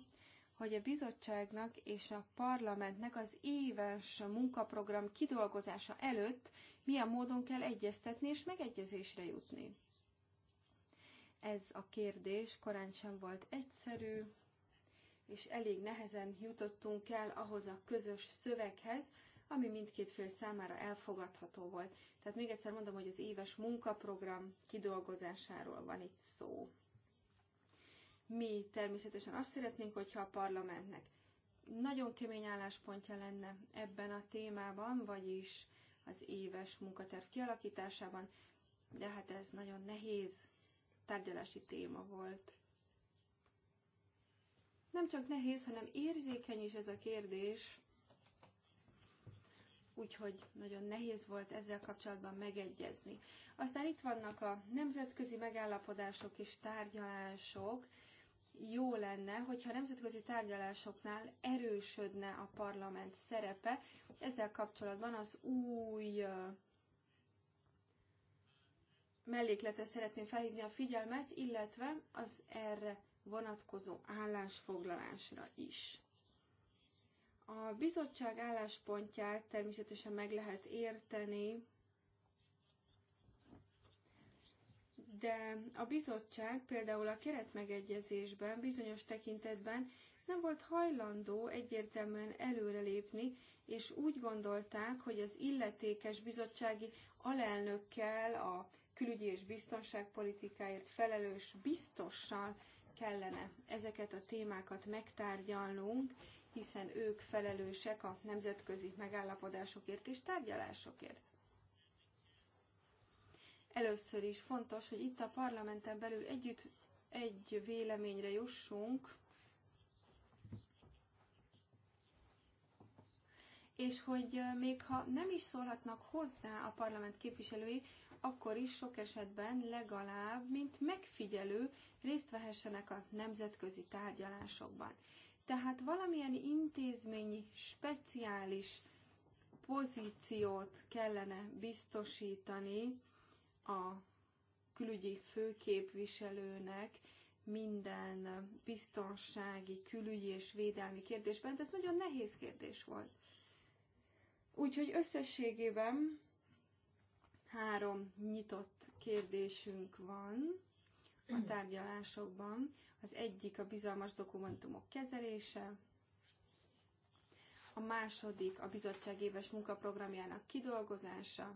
hogy a bizottságnak és a parlamentnek az éves munkaprogram kidolgozása előtt milyen módon kell egyeztetni és megegyezésre jutni. Ez a kérdés korán sem volt egyszerű, és elég nehezen jutottunk el ahhoz a közös szöveghez, ami mindkét fél számára elfogadható volt. Tehát még egyszer mondom, hogy az éves munkaprogram kidolgozásáról van itt szó. Mi természetesen azt szeretnénk, hogyha a parlamentnek nagyon kemény álláspontja lenne ebben a témában, vagyis az éves munkaterv kialakításában, de hát ez nagyon nehéz tárgyalási téma volt. Nem csak nehéz, hanem érzékeny is ez a kérdés, úgyhogy nagyon nehéz volt ezzel kapcsolatban megegyezni. Aztán itt vannak a nemzetközi megállapodások és tárgyalások. Jó lenne, hogyha a nemzetközi tárgyalásoknál erősödne a parlament szerepe. Ezzel kapcsolatban az új mellékletre szeretném felhívni a figyelmet, illetve az erre vonatkozó állásfoglalásra is. A bizottság álláspontját természetesen meg lehet érteni, de a bizottság például a keretmegegyezésben bizonyos tekintetben nem volt hajlandó egyértelműen előrelépni, és úgy gondolták, hogy az illetékes bizottsági alelnökkel, a külügyi és biztonságpolitikáért felelős biztossal kellene ezeket a témákat megtárgyalnunk, hiszen ők felelősek a nemzetközi megállapodásokért és tárgyalásokért. Először is fontos, hogy itt a parlamenten belül együtt egy véleményre jussunk, és hogy még ha nem is szólhatnak hozzá a parlament képviselői, akkor is sok esetben legalább, mint megfigyelő részt vehessenek a nemzetközi tárgyalásokban. Tehát valamilyen intézményi speciális pozíciót kellene biztosítani a külügyi főképviselőnek minden biztonsági, külügyi és védelmi kérdésben, de ez nagyon nehéz kérdés volt. Úgyhogy összességében három nyitott kérdésünk van a tárgyalásokban. Az egyik a bizalmas dokumentumok kezelése, a második a bizottság éves munkaprogramjának kidolgozása.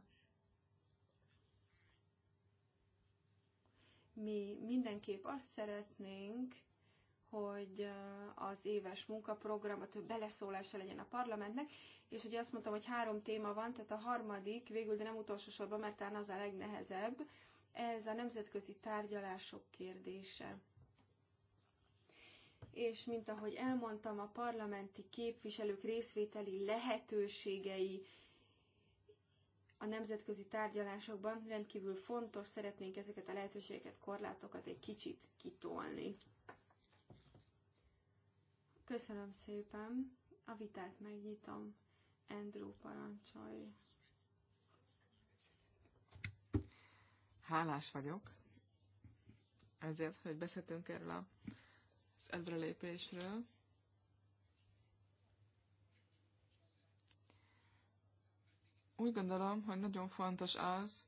Mi mindenképp azt szeretnénk, hogy uh, az éves munkaprogram, a több beleszólása legyen a parlamentnek, és ugye azt mondtam, hogy három téma van, tehát a harmadik, végül, de nem utolsó sorban, mert talán az a legnehezebb, ez a nemzetközi tárgyalások kérdése és mint ahogy elmondtam, a parlamenti képviselők részvételi lehetőségei a nemzetközi tárgyalásokban rendkívül fontos, szeretnénk ezeket a lehetőségeket, korlátokat egy kicsit kitolni. Köszönöm szépen, a vitát megnyitom. Andrew parancsolj. Hálás vagyok ezért, hogy beszéltünk erről a az előrelépésről. Úgy gondolom, hogy nagyon fontos az,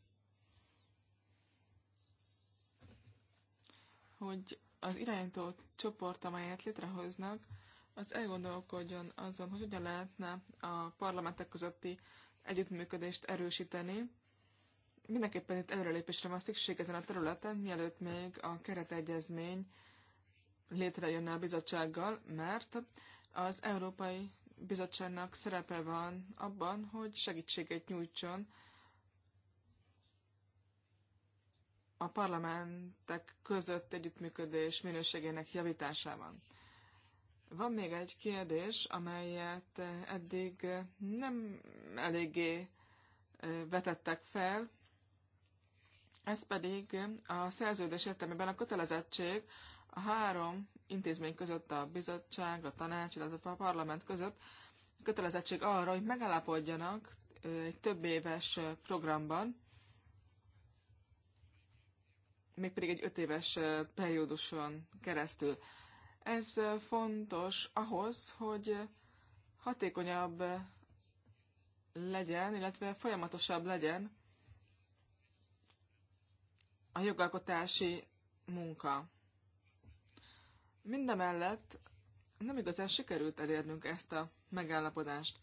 hogy az irányító csoport, amelyet létrehoznak, az elgondolkodjon azon, hogy hogyan lehetne a parlamentek közötti együttműködést erősíteni. Mindenképpen itt előrelépésre van szükség ezen a területen, mielőtt még a keretegyezmény létrejönne a bizottsággal, mert az Európai Bizottságnak szerepe van abban, hogy segítséget nyújtson a parlamentek között együttműködés minőségének javításában. Van még egy kérdés, amelyet eddig nem eléggé vetettek fel, ez pedig a szerződés értelmében a kötelezettség, a három intézmény között, a bizottság, a tanács, illetve a parlament között kötelezettség arra, hogy megállapodjanak egy több éves programban, mégpedig egy öt éves perióduson keresztül. Ez fontos ahhoz, hogy hatékonyabb legyen, illetve folyamatosabb legyen a jogalkotási munka. Mindemellett nem igazán sikerült elérnünk ezt a megállapodást.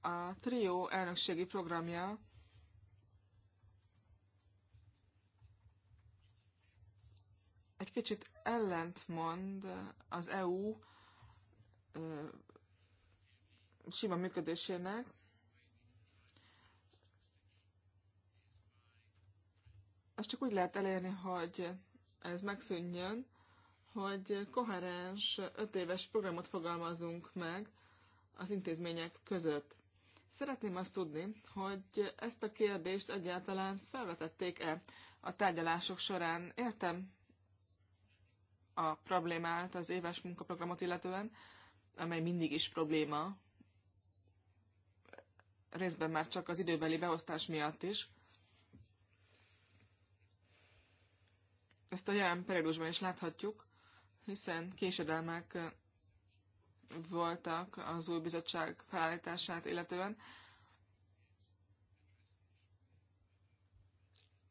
A trió elnökségi programja egy kicsit ellentmond az EU ö, sima működésének. Ezt csak úgy lehet elérni, hogy ez megszűnjön, hogy koherens öt éves programot fogalmazunk meg az intézmények között. Szeretném azt tudni, hogy ezt a kérdést egyáltalán felvetették-e a tárgyalások során. Értem a problémát az éves munkaprogramot illetően, amely mindig is probléma, részben már csak az időbeli beosztás miatt is. Ezt a jelen periódusban is láthatjuk hiszen késedelmek voltak az új bizottság felállítását illetően.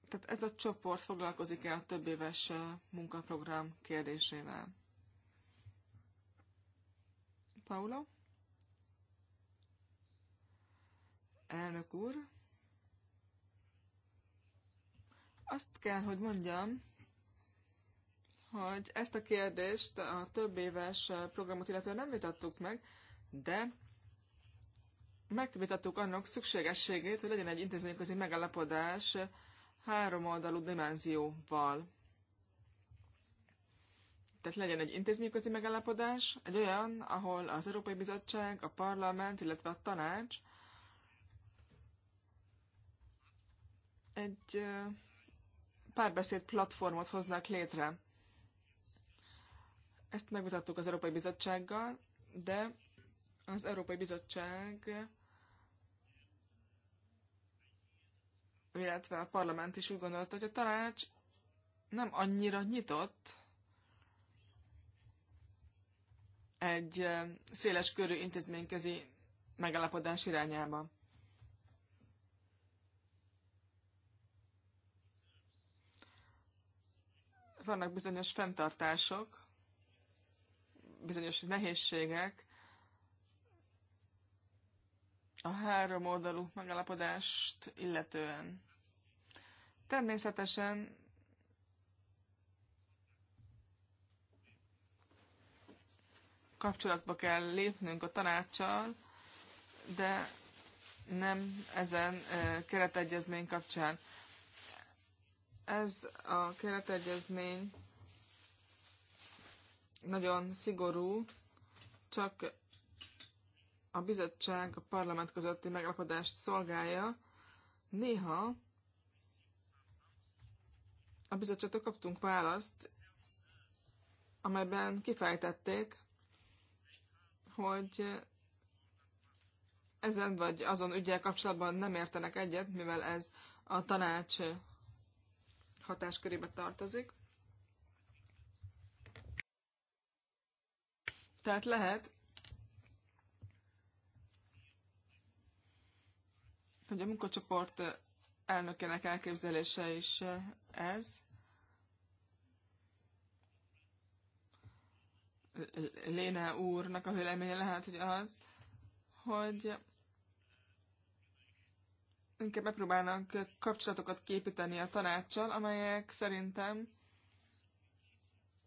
Tehát ez a csoport foglalkozik e a több éves munkaprogram kérdésével. Paula? Elnök úr? Azt kell, hogy mondjam, hogy ezt a kérdést a több éves programot illetően nem vitattuk meg, de megvitattuk annak szükségességét, hogy legyen egy intézményközi megállapodás három oldalú dimenzióval. Tehát legyen egy intézményközi megállapodás, egy olyan, ahol az Európai Bizottság, a Parlament, illetve a Tanács egy párbeszéd platformot hoznak létre. Ezt megmutattuk az Európai Bizottsággal, de az Európai Bizottság, illetve a parlament is úgy gondolta, hogy a tanács nem annyira nyitott egy széles körű intézményközi megállapodás irányába. Vannak bizonyos fenntartások, bizonyos nehézségek a három oldalú megállapodást illetően. Természetesen kapcsolatba kell lépnünk a tanácssal, de nem ezen keretegyezmény kapcsán. Ez a keretegyezmény nagyon szigorú, csak a bizottság a parlament közötti megalapodást szolgálja. Néha a bizottságtól kaptunk választ, amelyben kifejtették, hogy ezen vagy azon ügyel kapcsolatban nem értenek egyet, mivel ez a tanács hatáskörébe tartozik. Tehát lehet, hogy a munkacsoport elnökének elképzelése is ez. Léne úrnak a véleménye lehet, hogy az, hogy inkább megpróbálnak kapcsolatokat képíteni a tanácssal, amelyek szerintem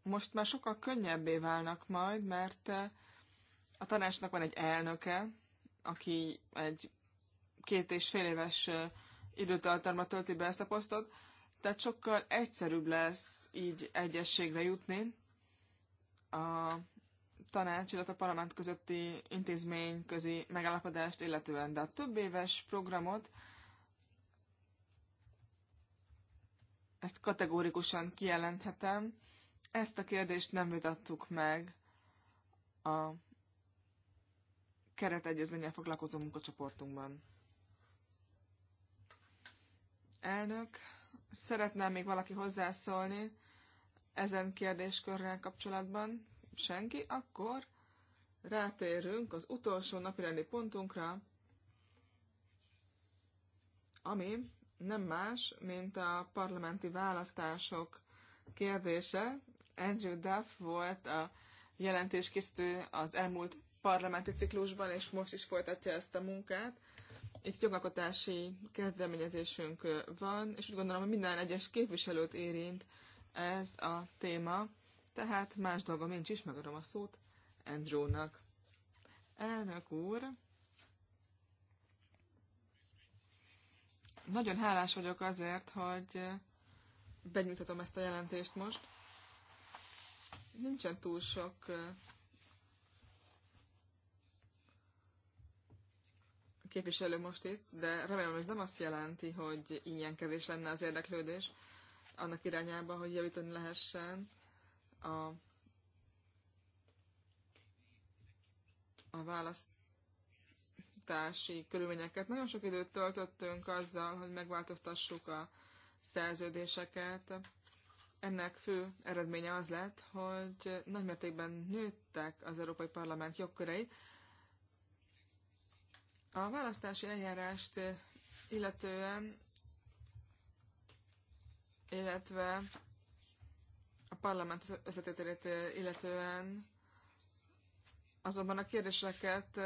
most már sokkal könnyebbé válnak majd, mert eh, a tanácsnak van egy elnöke, aki egy két és fél éves eh, időtartalma tölti be ezt a posztot, tehát sokkal egyszerűbb lesz így egyességre jutni a tanács, illetve a parlament közötti intézmény közi megállapodást illetően, de a több éves programot ezt kategórikusan kijelenthetem, ezt a kérdést nem vitattuk meg a keretegyezménnyel foglalkozó munkacsoportunkban. Elnök, szeretném még valaki hozzászólni ezen kérdéskörrel kapcsolatban? Senki? Akkor rátérünk az utolsó napirendi pontunkra, ami nem más, mint a parlamenti választások kérdése, Andrew Duff volt a jelentéskészítő az elmúlt parlamenti ciklusban, és most is folytatja ezt a munkát. Itt jogalkotási kezdeményezésünk van, és úgy gondolom, hogy minden egyes képviselőt érint ez a téma, tehát más dolga nincs is, megadom a szót Andrewnak. Elnök úr, nagyon hálás vagyok azért, hogy benyújtatom ezt a jelentést most nincsen túl sok képviselő most itt, de remélem ez nem azt jelenti, hogy ilyen kevés lenne az érdeklődés annak irányába, hogy javítani lehessen a, a választási körülményeket. Nagyon sok időt töltöttünk azzal, hogy megváltoztassuk a szerződéseket, ennek fő eredménye az lett, hogy nagymértékben nőttek az Európai Parlament jogkörei. A választási eljárást illetően, illetve a parlament összetételét illetően azonban a kérdéseket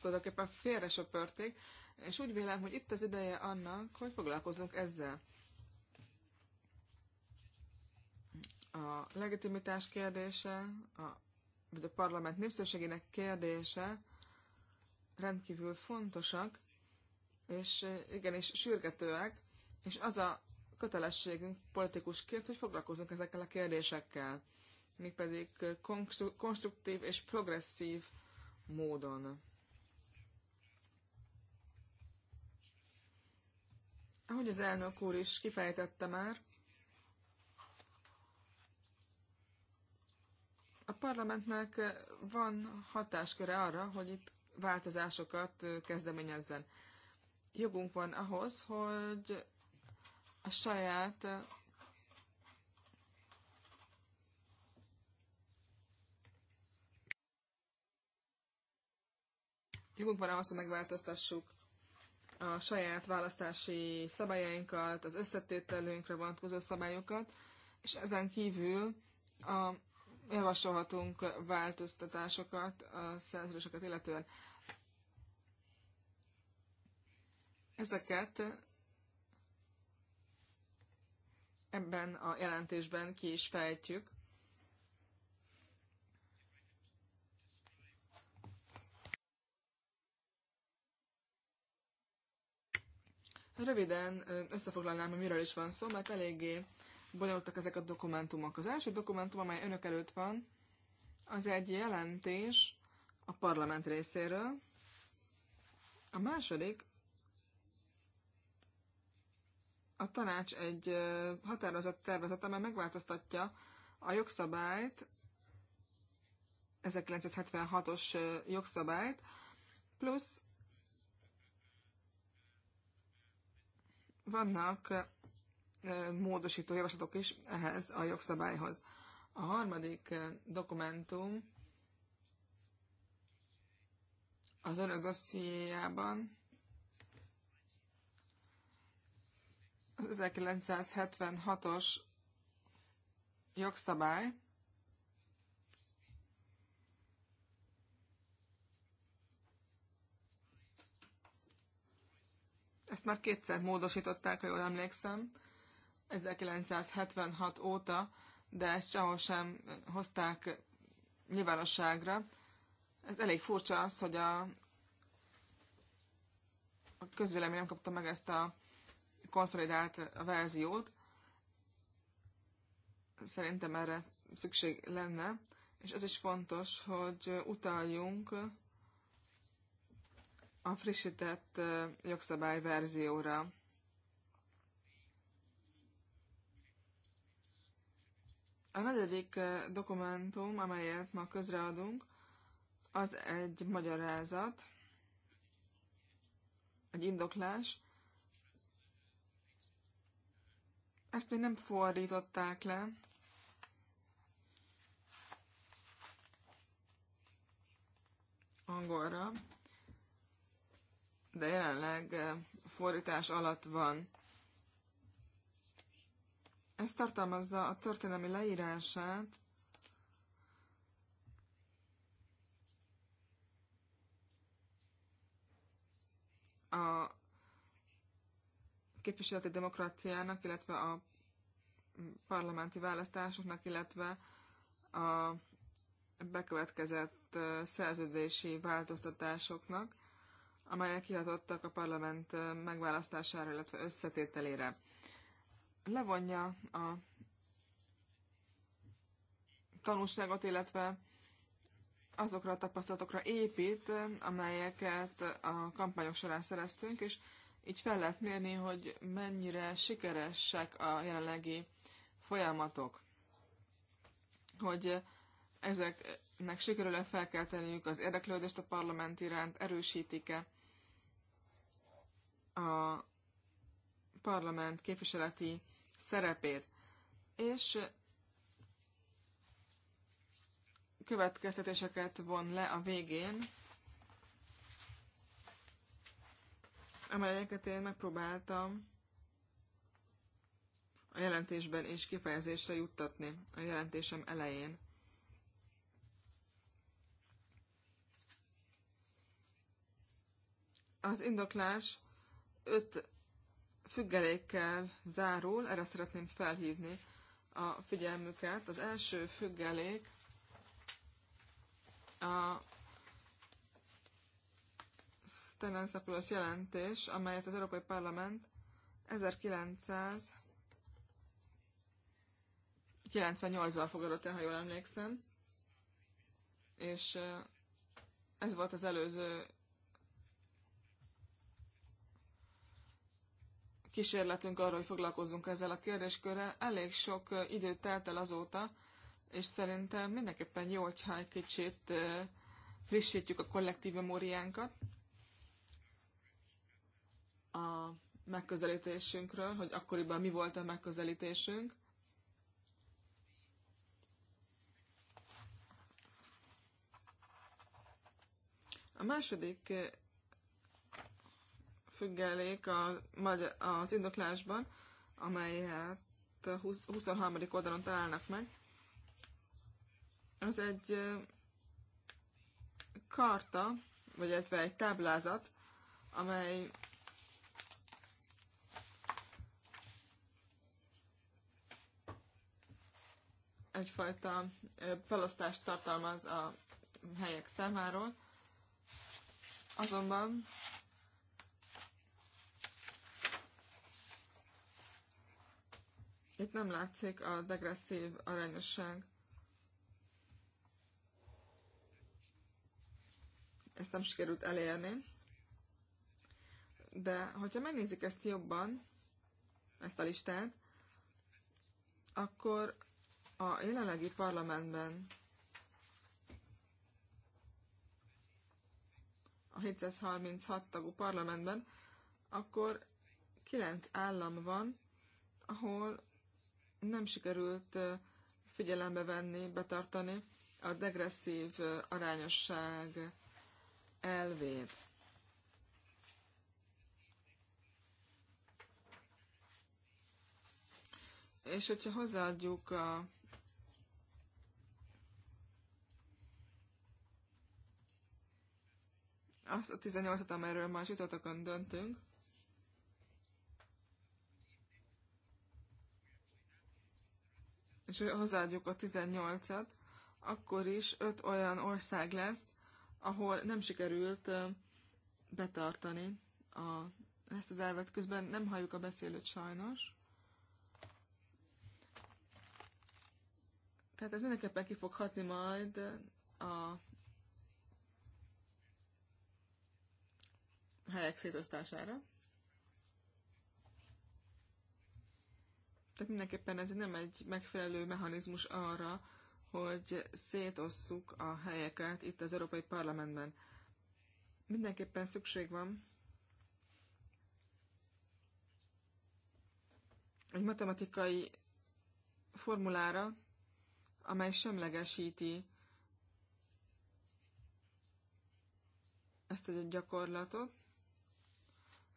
tulajdonképpen félre söpörték, és úgy vélem, hogy itt az ideje annak, hogy foglalkozzunk ezzel. a legitimitás kérdése, a, vagy a parlament népszerűségének kérdése rendkívül fontosak, és eh, igenis sürgetőek, és az a kötelességünk politikusként, hogy foglalkozunk ezekkel a kérdésekkel, mégpedig eh, konstruktív és progresszív módon. Ahogy az elnök úr is kifejtette már, A parlamentnek van hatásköre arra, hogy itt változásokat kezdeményezzen. Jogunk van ahhoz, hogy a saját jogunk van ahhoz, hogy megváltoztassuk a saját választási szabályainkat, az összetételünkre vonatkozó szabályokat, és ezen kívül a javasolhatunk változtatásokat a szerződéseket illetően. Ezeket ebben a jelentésben ki is fejtjük. Röviden összefoglalnám, hogy miről is van szó, mert eléggé bonyolultak ezek a dokumentumok. Az első dokumentum, amely önök előtt van, az egy jelentés a parlament részéről. A második a tanács egy határozat tervezet, amely megváltoztatja a jogszabályt, 1976-os jogszabályt, plusz vannak módosító javaslatok is ehhez a jogszabályhoz. A harmadik dokumentum az örök dossziéjában az 1976-os jogszabály, ezt már kétszer módosították, ha jól emlékszem. 1976 óta, de ezt sehol sem hozták nyilvánosságra. Ez elég furcsa az, hogy a, a közvélemény nem kapta meg ezt a konszolidált verziót. Szerintem erre szükség lenne. És ez is fontos, hogy utaljunk a frissített jogszabály verzióra. A negyedik eh, dokumentum, amelyet ma közreadunk, az egy magyarázat, egy indoklás. Ezt még nem fordították le. Angolra. De jelenleg eh, fordítás alatt van. Ez tartalmazza a történelmi leírását a képviseleti demokráciának, illetve a parlamenti választásoknak, illetve a bekövetkezett szerződési változtatásoknak, amelyek kihatottak a parlament megválasztására, illetve összetételére levonja a tanulságot, illetve azokra a tapasztalatokra épít, amelyeket a kampányok során szereztünk, és így fel lehet mérni, hogy mennyire sikeresek a jelenlegi folyamatok, hogy ezeknek sikerül-e felkelteniük az érdeklődést a parlament iránt, erősítik-e a parlament képviseleti szerepét. És következtetéseket von le a végén, amelyeket én megpróbáltam a jelentésben is kifejezésre juttatni a jelentésem elején. Az indoklás öt függelékkel zárul, erre szeretném felhívni a figyelmüket. Az első függelék a Stenenszapulos jelentés, amelyet az Európai Parlament 1998-ban fogadott el, ha jól emlékszem, és eh, ez volt az előző kísérletünk arra, hogy foglalkozzunk ezzel a kérdéskörrel. Elég sok időt telt el azóta, és szerintem mindenképpen jó, hogyha egy kicsit frissítjük a kollektív memóriánkat a megközelítésünkről, hogy akkoriban mi volt a megközelítésünk. A második függelék a, az indoklásban, amelyet 23. oldalon találnak meg. Az egy karta, vagy illetve egy táblázat, amely egyfajta felosztást tartalmaz a helyek számáról. Azonban Itt nem látszik a degresszív arányosság. Ezt nem sikerült elérni. De hogyha megnézik ezt jobban, ezt a listát, akkor a jelenlegi parlamentben a 736 tagú parlamentben, akkor 9 állam van, ahol nem sikerült figyelembe venni, betartani a degresszív arányosság elvét. És hogyha hozzáadjuk a azt a 18-at, amelyről majd csütörtökön döntünk, és hozzáadjuk a 18-at, akkor is öt olyan ország lesz, ahol nem sikerült betartani a, ezt az elvet. Közben nem halljuk a beszélőt sajnos. Tehát ez mindenképpen ki fog hatni majd a helyek szétosztására. Tehát mindenképpen ez nem egy megfelelő mechanizmus arra, hogy szétosszuk a helyeket itt az Európai Parlamentben. Mindenképpen szükség van egy matematikai formulára, amely semlegesíti ezt a gyakorlatot,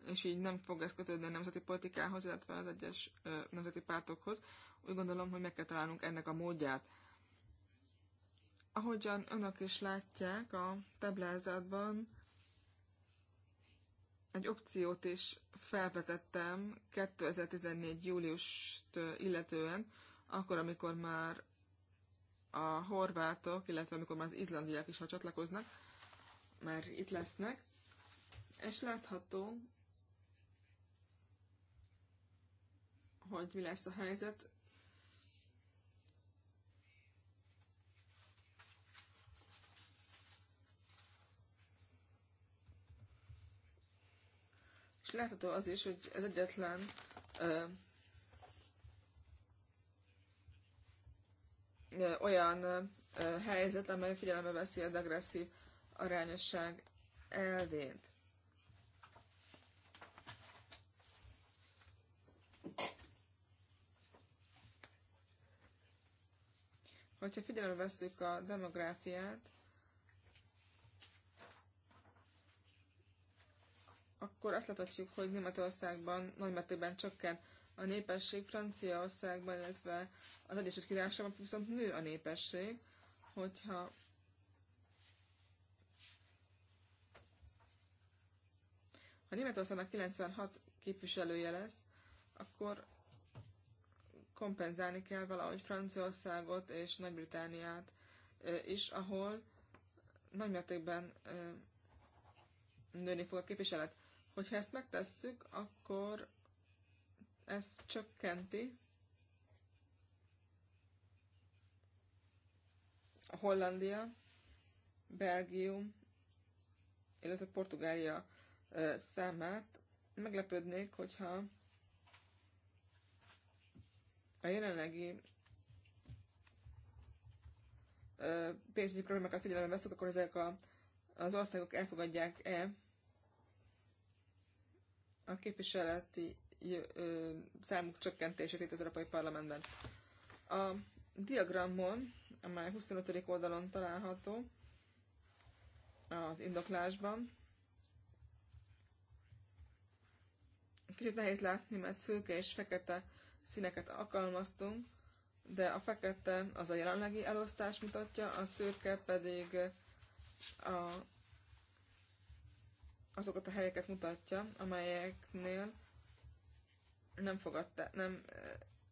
és így nem fog ez kötődni a nemzeti politikához, illetve az egyes nemzeti pártokhoz. Úgy gondolom, hogy meg kell találnunk ennek a módját. Ahogyan önök is látják a táblázatban, egy opciót is felvetettem 2014. júliust illetően, akkor, amikor már a horvátok, illetve amikor már az izlandiak is, ha csatlakoznak, már itt lesznek, és látható, hogy mi lesz a helyzet. És látható az is, hogy ez egyetlen ö, ö, olyan ö, helyzet, amely figyelembe veszi a degresszív arányosság elvét. Hogyha figyelembe vesszük a demográfiát, akkor azt láthatjuk, hogy Németországban nagymértékben csökken a népesség, Franciaországban, illetve az Egyesült Királyságban viszont nő a népesség, hogyha ha Németországnak 96 képviselője lesz, akkor kompenzálni kell valahogy Franciaországot és Nagy-Britániát is, ahol nagymértékben nőni fog a képviselet. Hogyha ezt megtesszük, akkor ez csökkenti a Hollandia, Belgium, illetve Portugália számát. Meglepődnék, hogyha a jelenlegi pénzügyi problémákat figyelembe veszük, akkor ezek a, az országok elfogadják-e a képviseleti számuk csökkentését itt az Európai Parlamentben. A diagramon, amely 25. oldalon található az indoklásban, kicsit nehéz látni, mert szürke és fekete színeket alkalmaztunk, de a fekete az a jelenlegi elosztás mutatja, a szürke pedig a, azokat a helyeket mutatja, amelyeknél nem fogadta, nem,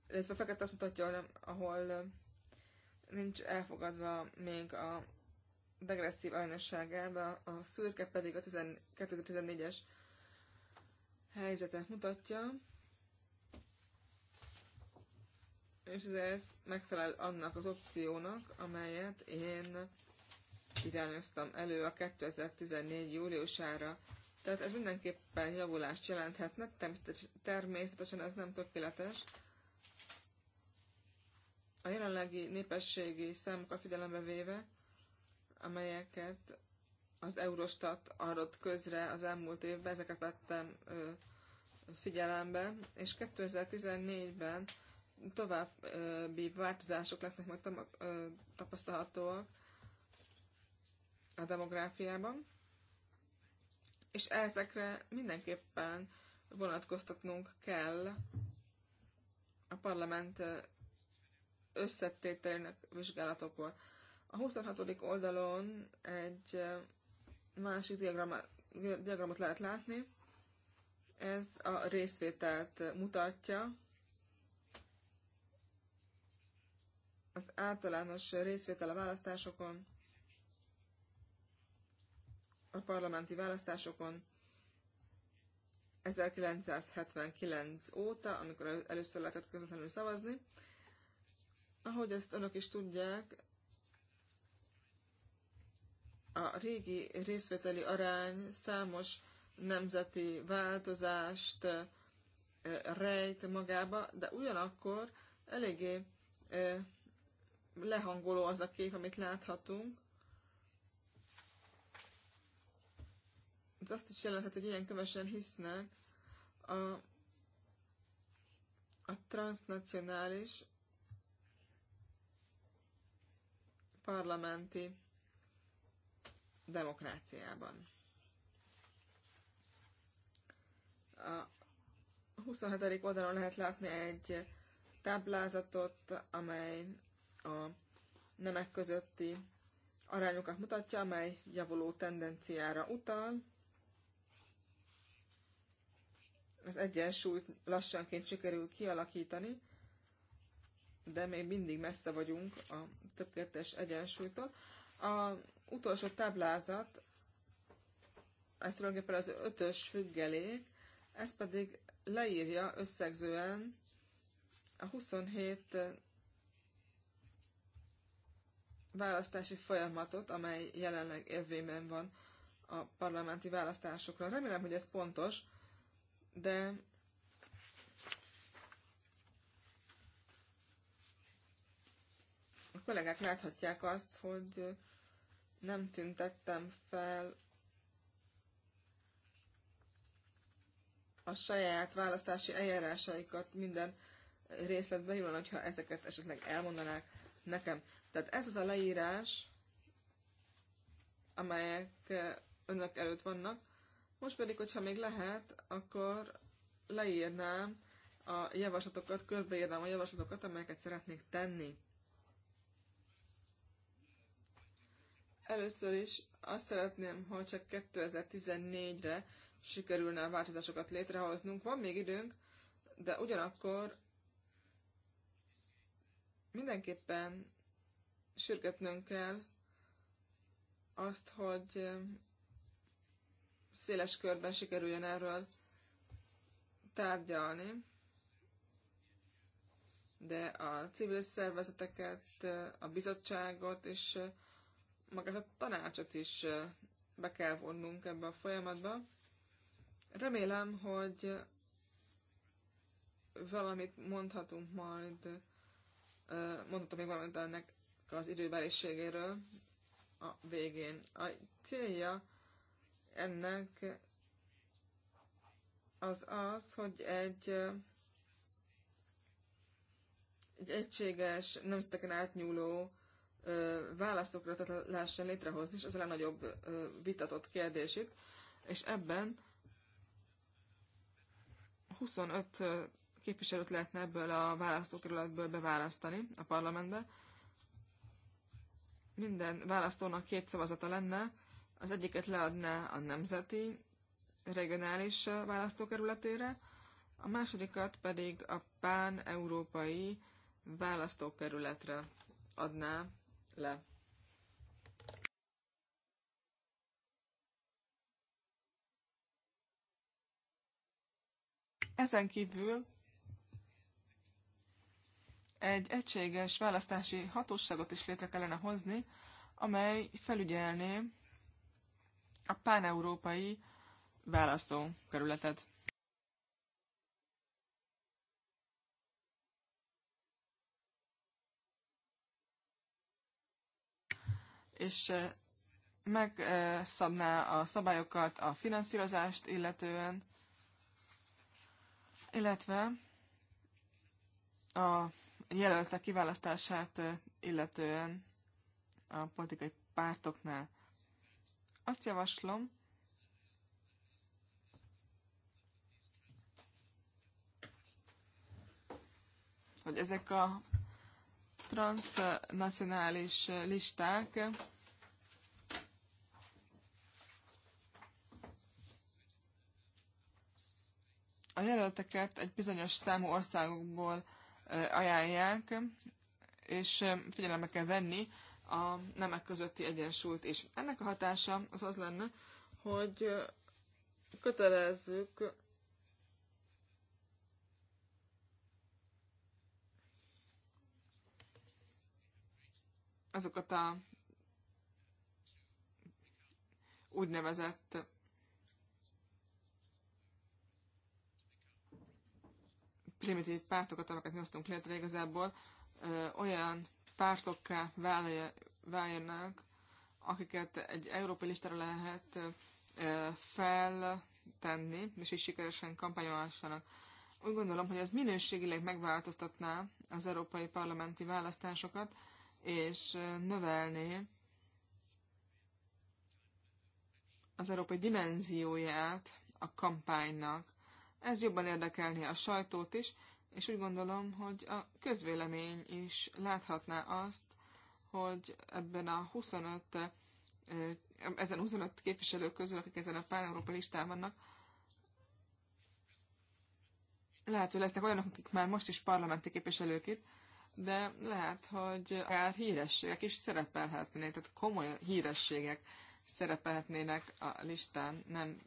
illetve a fekete azt mutatja, nem, ahol nincs elfogadva még a degresszív ajnosságába, a szürke pedig a 2014-es helyzetet mutatja. és ez megfelel annak az opciónak, amelyet én irányoztam elő a 2014. júliusára. Tehát ez mindenképpen javulást jelenthetne, természetesen ez nem tökéletes. A jelenlegi népességi számokat figyelembe véve, amelyeket az Eurostat adott közre az elmúlt évben, ezeket vettem figyelembe, és 2014-ben további változások lesznek majd tapasztalhatóak a demográfiában, és ezekre mindenképpen vonatkoztatnunk kell a parlament összetételének vizsgálatokból. A 26. oldalon egy másik diagramot lehet látni, ez a részvételt mutatja, az általános részvétel a választásokon, a parlamenti választásokon 1979 óta, amikor először lehetett közvetlenül szavazni. Ahogy ezt önök is tudják, a régi részvételi arány számos nemzeti változást rejt magába, de ugyanakkor eléggé lehangoló az a kép, amit láthatunk. Ez azt is jelenthet, hogy ilyen kövesen hisznek a, a transnacionális parlamenti demokráciában. A 27. oldalon lehet látni egy táblázatot, amely a nemek közötti arányokat mutatja, amely javuló tendenciára utal. Az egyensúlyt lassanként sikerül kialakítani, de még mindig messze vagyunk a tökéletes egyensúlytól. A utolsó táblázat, ez tulajdonképpen az ötös függelék, ez pedig leírja összegzően a 27 választási folyamatot, amely jelenleg érvényben van a parlamenti választásokra. Remélem, hogy ez pontos, de a kollégák láthatják azt, hogy nem tüntettem fel a saját választási eljárásaikat minden részletben, jól hogyha ezeket esetleg elmondanák nekem. Tehát ez az a leírás, amelyek eh, önök előtt vannak. Most pedig, hogyha még lehet, akkor leírnám a javaslatokat, körbeírnám a javaslatokat, amelyeket szeretnék tenni. Először is azt szeretném, ha csak 2014-re sikerülne a változásokat létrehoznunk. Van még időnk, de ugyanakkor mindenképpen sürgetnünk kell azt, hogy széles körben sikerüljön erről tárgyalni, de a civil szervezeteket, a bizottságot és eh, magát a tanácsot is eh, be kell vonnunk ebbe a folyamatba. Remélem, hogy valamit mondhatunk majd, eh, mondhatom még valamit ennek az időbeliségéről a végén. A célja ennek az az, hogy egy, egy egységes, nemzeteken átnyúló választókratot lehessen létrehozni, és ez a nagyobb vitatott kérdés itt, és ebben 25 képviselőt lehetne ebből a választókerületből beválasztani a parlamentbe, minden választónak két szavazata lenne, az egyiket leadná a nemzeti, regionális választókerületére, a másodikat pedig a pán-európai választókerületre adná le. Ezen kívül egy egységes választási hatóságot is létre kellene hozni, amely felügyelné a páneurópai választókerületet. És eh, megszabná a szabályokat a finanszírozást illetően, illetve a jelöltek kiválasztását illetően a politikai pártoknál. Azt javaslom, hogy ezek a transnacionális listák a jelölteket egy bizonyos számú országokból ajánlják, és figyelembe kell venni a nemek közötti egyensúlyt is. Ennek a hatása az az lenne, hogy kötelezzük azokat a úgynevezett primitív pártokat, amiket mi hoztunk létre, igazából ö, olyan pártokká váljanak, akiket egy európai listára lehet ö, feltenni, és is sikeresen kampányolhassanak. Úgy gondolom, hogy ez minőségileg megváltoztatná az európai parlamenti választásokat, és növelné az európai dimenzióját a kampánynak. Ez jobban érdekelné a sajtót is, és úgy gondolom, hogy a közvélemény is láthatná azt, hogy ebben a 25, ezen 25 képviselő közül, akik ezen a pán-európa listán vannak, lehet, hogy lesznek olyanok, akik már most is parlamenti képviselők itt, de lehet, hogy akár hírességek is szerepelhetnének, tehát komoly hírességek szerepelhetnének a listán, nem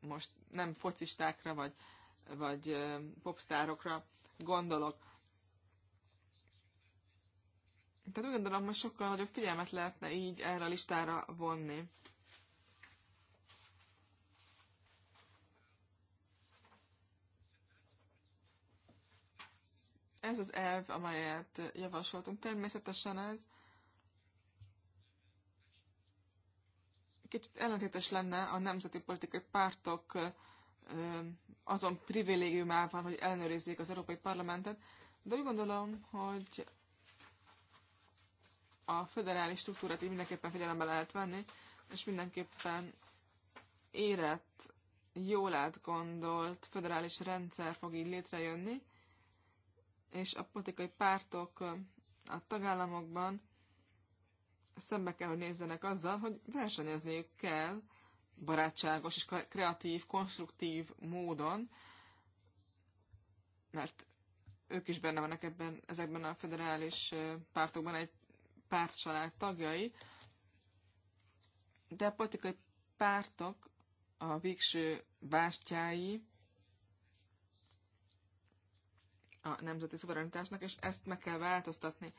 most nem focistákra vagy, vagy popstárokra gondolok. Tehát úgy gondolom, hogy sokkal nagyobb figyelmet lehetne így erre a listára vonni. Ez az elv, amelyet javasoltunk. Természetesen ez kicsit ellentétes lenne a nemzeti politikai pártok azon privilégiumával, hogy ellenőrizzék az Európai Parlamentet, de úgy gondolom, hogy a föderális struktúrát így mindenképpen figyelembe lehet venni, és mindenképpen érett, jól átgondolt föderális rendszer fog így létrejönni, és a politikai pártok a tagállamokban szembe kell, hogy nézzenek azzal, hogy versenyezniük kell barátságos és kreatív, konstruktív módon, mert ők is benne vannak ebben, ezekben a federális pártokban egy pártcsalád tagjai, de a politikai pártok a végső bástyái a nemzeti szuverenitásnak, és ezt meg kell változtatni.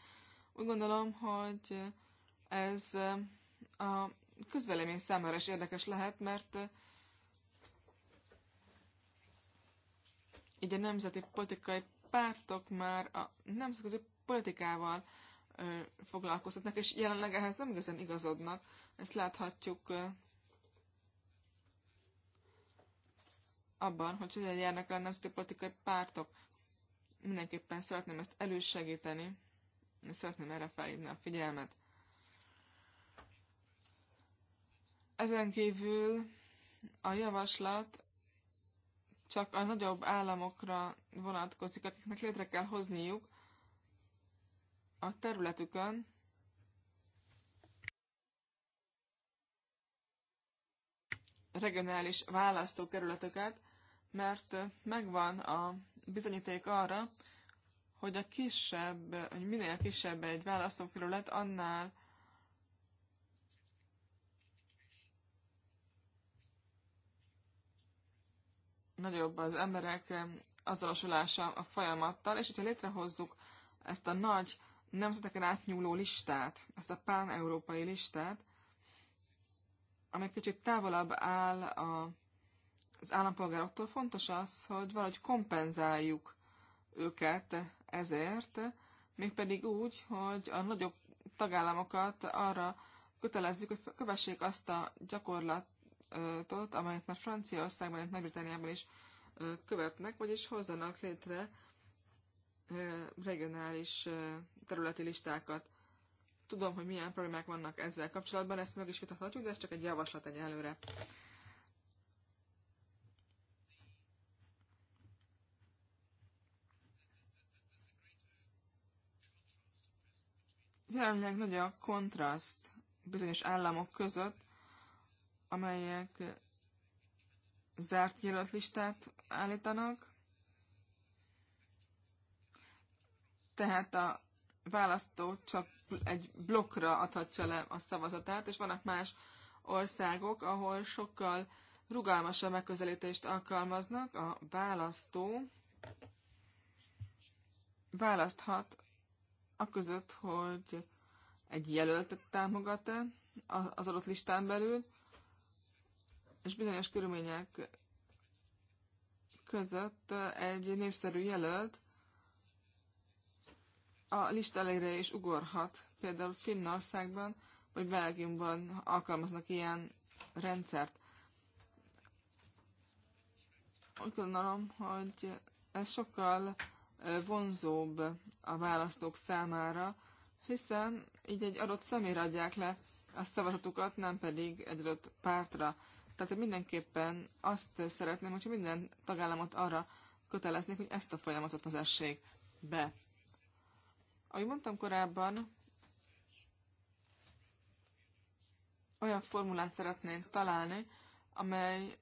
Úgy gondolom, hogy ez a közvelemény számára is érdekes lehet, mert így a nemzeti politikai pártok már a nemzetközi politikával foglalkoztatnak, és jelenleg ehhez nem igazán igazodnak. Ezt láthatjuk abban, hogy hogyan járnak a nemzeti politikai pártok. Mindenképpen szeretném ezt elősegíteni, és szeretném erre felhívni a figyelmet. Ezen kívül a javaslat csak a nagyobb államokra vonatkozik, akiknek létre kell hozniuk a területükön regionális választókerületeket, mert megvan a bizonyíték arra, hogy a kisebb, minél kisebb egy választókerület, annál nagyobb az emberek azonosulása a folyamattal, és hogyha létrehozzuk ezt a nagy nemzeteken átnyúló listát, ezt a pán-európai listát, ami kicsit távolabb áll a, az állampolgároktól, fontos az, hogy valahogy kompenzáljuk őket ezért, mégpedig úgy, hogy a nagyobb tagállamokat arra kötelezzük, hogy kövessék azt a gyakorlat, javaslatot, amelyet már Franciaországban, és Nagy-Britániában is követnek, vagyis hozzanak létre regionális területi listákat. Tudom, hogy milyen problémák vannak ezzel kapcsolatban, ezt meg is vitathatjuk, de ez csak egy javaslat egy előre. Jelenleg nagy a kontraszt bizonyos államok között, amelyek zárt jelölt állítanak, tehát a választó csak egy blokkra adhatja le a szavazatát, és vannak más országok, ahol sokkal rugalmasabb megközelítést alkalmaznak, a választó választhat a között, hogy egy jelöltet támogat-e az adott listán belül, és bizonyos körülmények között egy népszerű jelölt a lista elejére is ugorhat. Például Finnországban vagy Belgiumban alkalmaznak ilyen rendszert. Úgy gondolom, hogy ez sokkal vonzóbb a választók számára, hiszen így egy adott személyre adják le a szavazatukat, nem pedig egy adott pártra. Tehát mindenképpen azt szeretném, hogyha minden tagállamot arra köteleznék, hogy ezt a folyamatot vezessék be. Ahogy mondtam korábban, olyan formulát szeretnénk találni, amely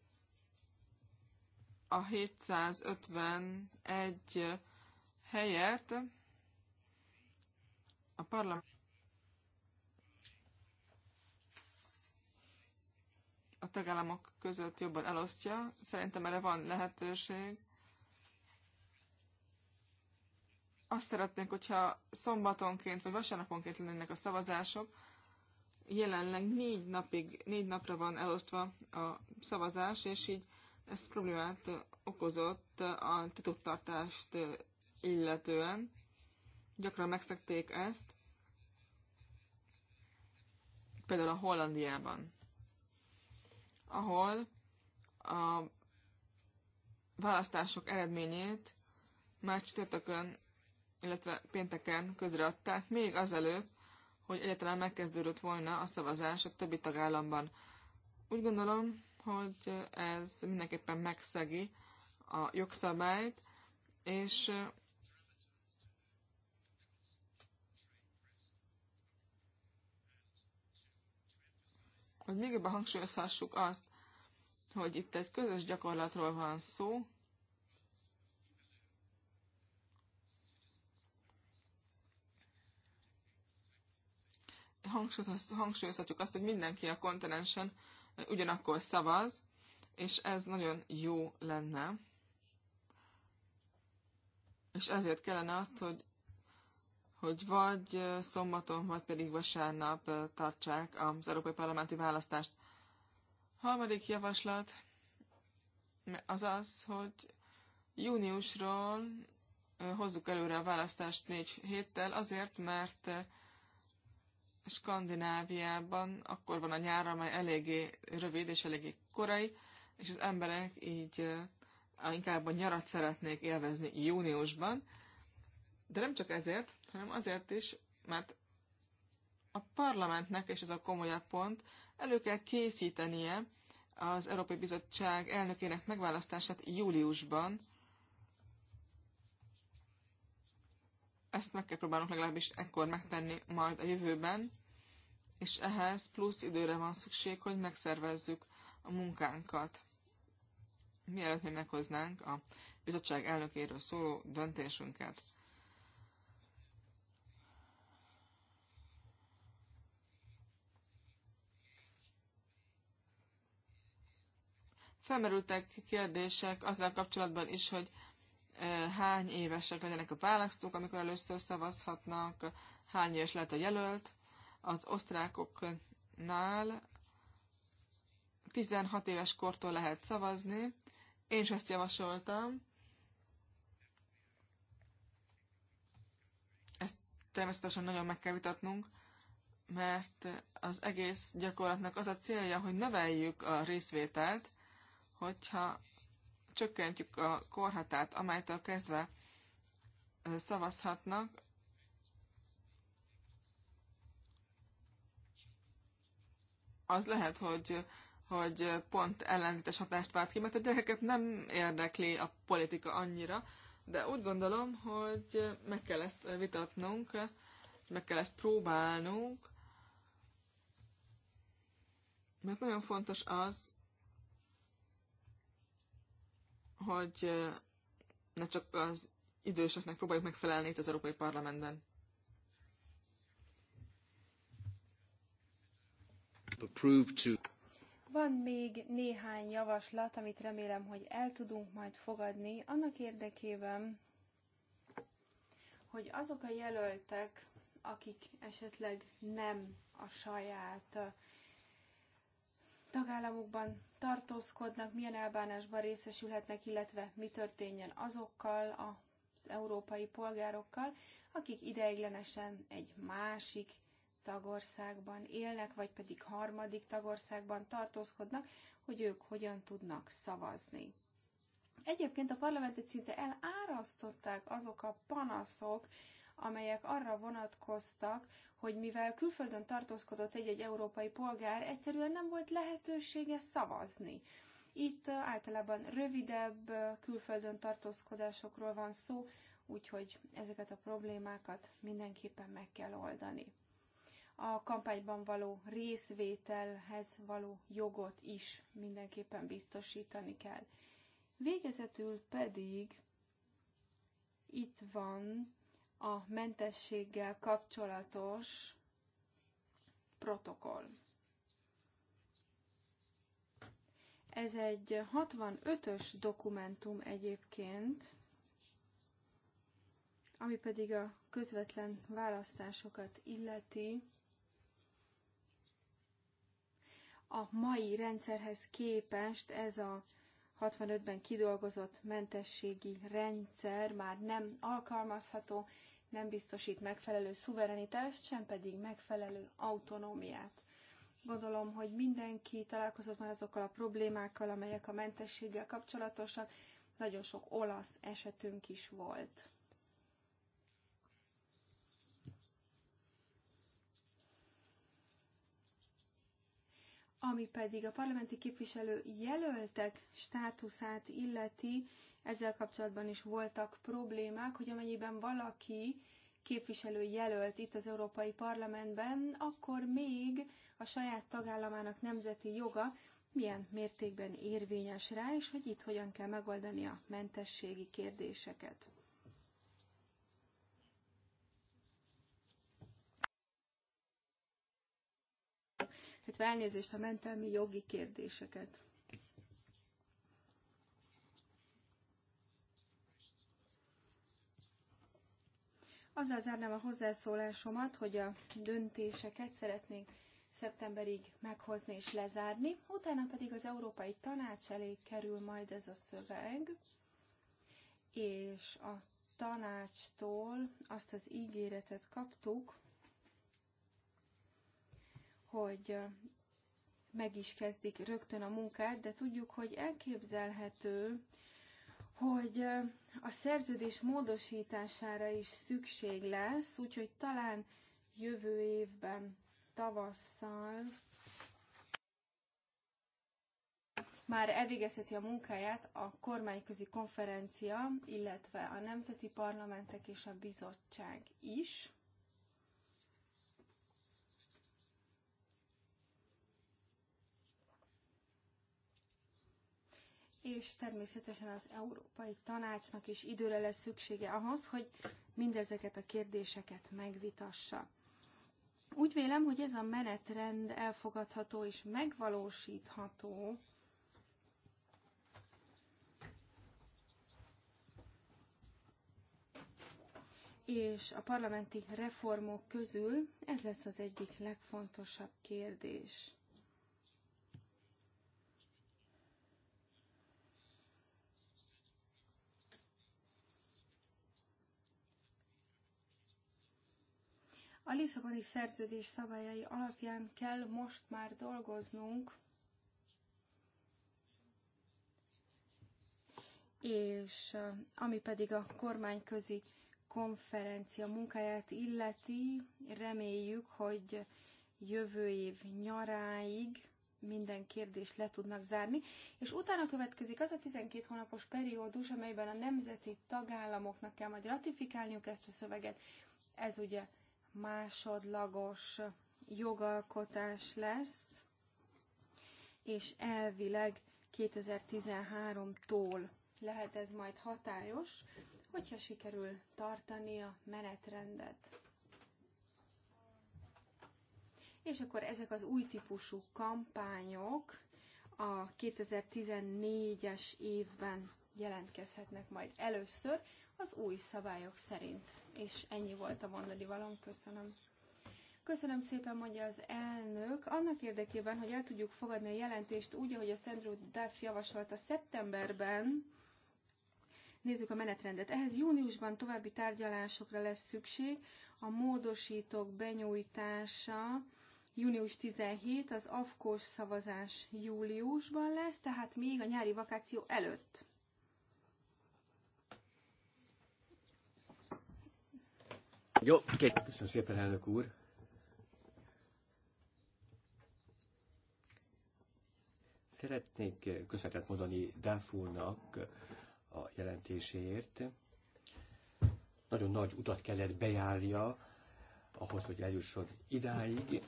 a 751 helyet a parlament a tagállamok között jobban elosztja. Szerintem erre van lehetőség. Azt szeretnénk, hogyha szombatonként vagy vasárnaponként lennének a szavazások. Jelenleg négy, napig, négy napra van elosztva a szavazás, és így ez problémát okozott a titoktartást illetően. Gyakran megszekték ezt, például a Hollandiában ahol a választások eredményét már csütörtökön, illetve pénteken közreadták, még azelőtt, hogy egyáltalán megkezdődött volna a szavazás a többi tagállamban. Úgy gondolom, hogy ez mindenképpen megszegi a jogszabályt, és hogy még jobban hangsúlyozhassuk azt, hogy itt egy közös gyakorlatról van szó, hangsúlyozhatjuk azt, hogy mindenki a kontinensen ugyanakkor szavaz, és ez nagyon jó lenne. És ezért kellene azt, hogy hogy vagy szombaton, vagy pedig vasárnap tartsák az európai parlamenti választást. Harmadik javaslat az az, hogy júniusról hozzuk előre a választást négy héttel, azért, mert Skandináviában akkor van a nyár, amely eléggé rövid és eléggé korai, és az emberek így inkább a nyarat szeretnék élvezni júniusban, de nem csak ezért, hanem azért is, mert a parlamentnek, és ez a komolyabb pont, elő kell készítenie az Európai Bizottság elnökének megválasztását júliusban. Ezt meg kell próbálnunk legalábbis ekkor megtenni majd a jövőben, és ehhez plusz időre van szükség, hogy megszervezzük a munkánkat. Mielőtt mi meghoznánk a bizottság elnökéről szóló döntésünket. Felmerültek kérdések azzal kapcsolatban is, hogy e, hány évesek legyenek a választók, amikor először szavazhatnak, hány éves lehet a jelölt. Az osztrákoknál 16 éves kortól lehet szavazni. Én is ezt javasoltam. Ezt természetesen nagyon meg kell vitatnunk, mert az egész gyakorlatnak az a célja, hogy növeljük a részvételt, hogyha csökkentjük a korhatát, amelytől kezdve szavazhatnak, az lehet, hogy, hogy pont ellentétes hatást vált ki, mert a gyerekeket nem érdekli a politika annyira, de úgy gondolom, hogy meg kell ezt vitatnunk, meg kell ezt próbálnunk, mert nagyon fontos az, hogy ne csak az időseknek próbáljuk megfelelni itt az Európai Parlamentben. Van még néhány javaslat, amit remélem, hogy el tudunk majd fogadni, annak érdekében, hogy azok a jelöltek, akik esetleg nem a saját tagállamukban tartózkodnak, milyen elbánásban részesülhetnek, illetve mi történjen azokkal az európai polgárokkal, akik ideiglenesen egy másik tagországban élnek, vagy pedig harmadik tagországban tartózkodnak, hogy ők hogyan tudnak szavazni. Egyébként a parlamentet szinte elárasztották azok a panaszok, amelyek arra vonatkoztak, hogy mivel külföldön tartózkodott egy-egy európai polgár, egyszerűen nem volt lehetősége szavazni. Itt általában rövidebb külföldön tartózkodásokról van szó, úgyhogy ezeket a problémákat mindenképpen meg kell oldani. A kampányban való részvételhez való jogot is mindenképpen biztosítani kell. Végezetül pedig itt van a mentességgel kapcsolatos protokoll. Ez egy 65-ös dokumentum egyébként, ami pedig a közvetlen választásokat illeti. A mai rendszerhez képest ez a 65-ben kidolgozott mentességi rendszer már nem alkalmazható, nem biztosít megfelelő szuverenitást, sem pedig megfelelő autonómiát. Gondolom, hogy mindenki találkozott már azokkal a problémákkal, amelyek a mentességgel kapcsolatosak. Nagyon sok olasz esetünk is volt. Ami pedig a parlamenti képviselő jelöltek státuszát illeti, ezzel kapcsolatban is voltak problémák, hogy amennyiben valaki képviselő jelölt itt az Európai Parlamentben, akkor még a saját tagállamának nemzeti joga milyen mértékben érvényes rá, és hogy itt hogyan kell megoldani a mentességi kérdéseket. illetve elnézést a mentelmi jogi kérdéseket. Azzal zárnám a hozzászólásomat, hogy a döntéseket szeretnénk szeptemberig meghozni és lezárni, utána pedig az Európai Tanács elé kerül majd ez a szöveg, és a tanácstól azt az ígéretet kaptuk, hogy meg is kezdik rögtön a munkát, de tudjuk, hogy elképzelhető, hogy a szerződés módosítására is szükség lesz, úgyhogy talán jövő évben tavasszal már elvégezheti a munkáját a kormányközi konferencia, illetve a nemzeti parlamentek és a bizottság is. és természetesen az Európai Tanácsnak is időre lesz szüksége ahhoz, hogy mindezeket a kérdéseket megvitassa. Úgy vélem, hogy ez a menetrend elfogadható és megvalósítható, és a parlamenti reformok közül ez lesz az egyik legfontosabb kérdés. A Lisszaboni szerződés szabályai alapján kell most már dolgoznunk, és eh, ami pedig a kormányközi konferencia munkáját illeti, reméljük, hogy jövő év nyaráig minden kérdést le tudnak zárni, és utána következik az a 12 hónapos periódus, amelyben a nemzeti tagállamoknak kell majd ratifikálniuk ezt a szöveget. Ez ugye másodlagos jogalkotás lesz, és elvileg 2013-tól lehet ez majd hatályos, hogyha sikerül tartani a menetrendet. És akkor ezek az új típusú kampányok a 2014-es évben jelentkezhetnek majd először, az új szabályok szerint. És ennyi volt a mondani valam. Köszönöm. Köszönöm szépen, mondja az elnök. Annak érdekében, hogy el tudjuk fogadni a jelentést úgy, ahogy a Andrew Duff javasolta szeptemberben, Nézzük a menetrendet. Ehhez júniusban további tárgyalásokra lesz szükség. A módosítók benyújtása június 17, az afkós szavazás júliusban lesz, tehát még a nyári vakáció előtt. Jó, két. Köszönöm szépen, elnök úr. Szeretnék köszönetet mondani Dáfúrnak a jelentéséért. Nagyon nagy utat kellett bejárja ahhoz, hogy eljusson idáig.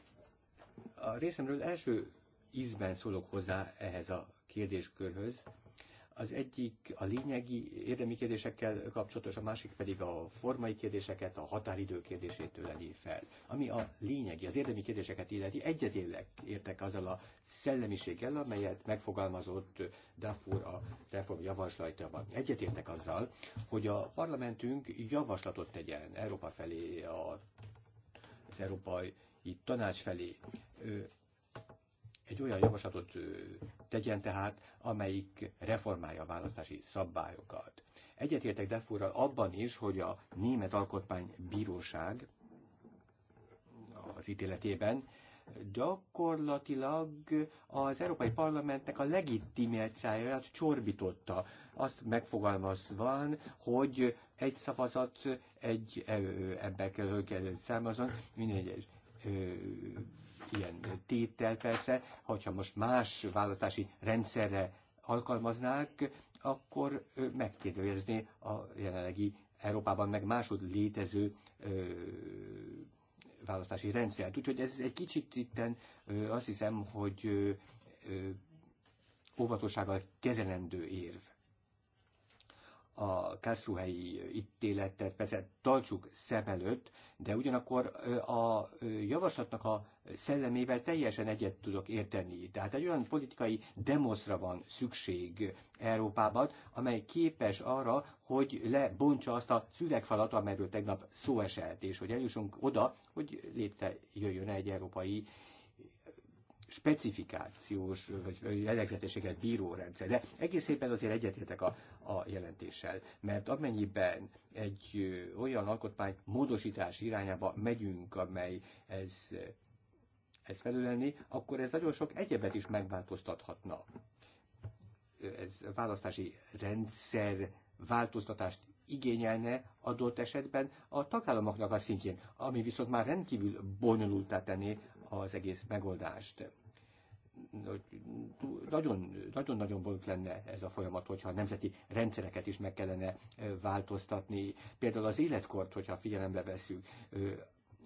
A részemről első ízben szólok hozzá ehhez a kérdéskörhöz, az egyik a lényegi érdemi kérdésekkel kapcsolatos, a másik pedig a formai kérdéseket, a határidő kérdését öleli fel. Ami a lényegi, az érdemi kérdéseket illeti, egyetértek értek azzal a szellemiséggel, amelyet megfogalmazott Dafur a reform javaslatában. Egyetértek azzal, hogy a parlamentünk javaslatot tegyen Európa felé, a, az európai tanács felé egy olyan javaslatot tegyen tehát, amelyik reformálja a választási szabályokat. Egyetértek defurra abban is, hogy a Német Alkotmánybíróság az ítéletében gyakorlatilag az Európai Parlamentnek a legitimációját csorbította, azt megfogalmazván, hogy egy szavazat egy ebbe kell kell számazon, mindegy, ilyen tétel persze, hogyha most más választási rendszerre alkalmaznák, akkor megkérdőjelezni a jelenlegi Európában meg másod létező ö, választási rendszert. Úgyhogy ez egy kicsit itten ö, azt hiszem, hogy ö, óvatossággal kezelendő érv. A Kászruhelyi ítéletet persze tartsuk szem előtt, de ugyanakkor a javaslatnak a szellemével teljesen egyet tudok érteni. Tehát egy olyan politikai demoszra van szükség Európában, amely képes arra, hogy lebontsa azt a szüvegfalat, amelyről tegnap szó esett, és hogy eljussunk oda, hogy létrejöjjön egy európai specifikációs, vagy jellegzetességet bíró rendszer. De egész éppen azért egyetértek a, a jelentéssel, mert amennyiben egy olyan alkotmány módosítás irányába megyünk, amely ez ezt felülelni, akkor ez nagyon sok egyebet is megváltoztathatna. Ez választási rendszer változtatást igényelne adott esetben a tagállamoknak a szintjén, ami viszont már rendkívül bonyolultá tenni az egész megoldást. Nagyon-nagyon bonyolult lenne ez a folyamat, hogyha a nemzeti rendszereket is meg kellene változtatni. Például az életkort, hogyha figyelembe veszünk,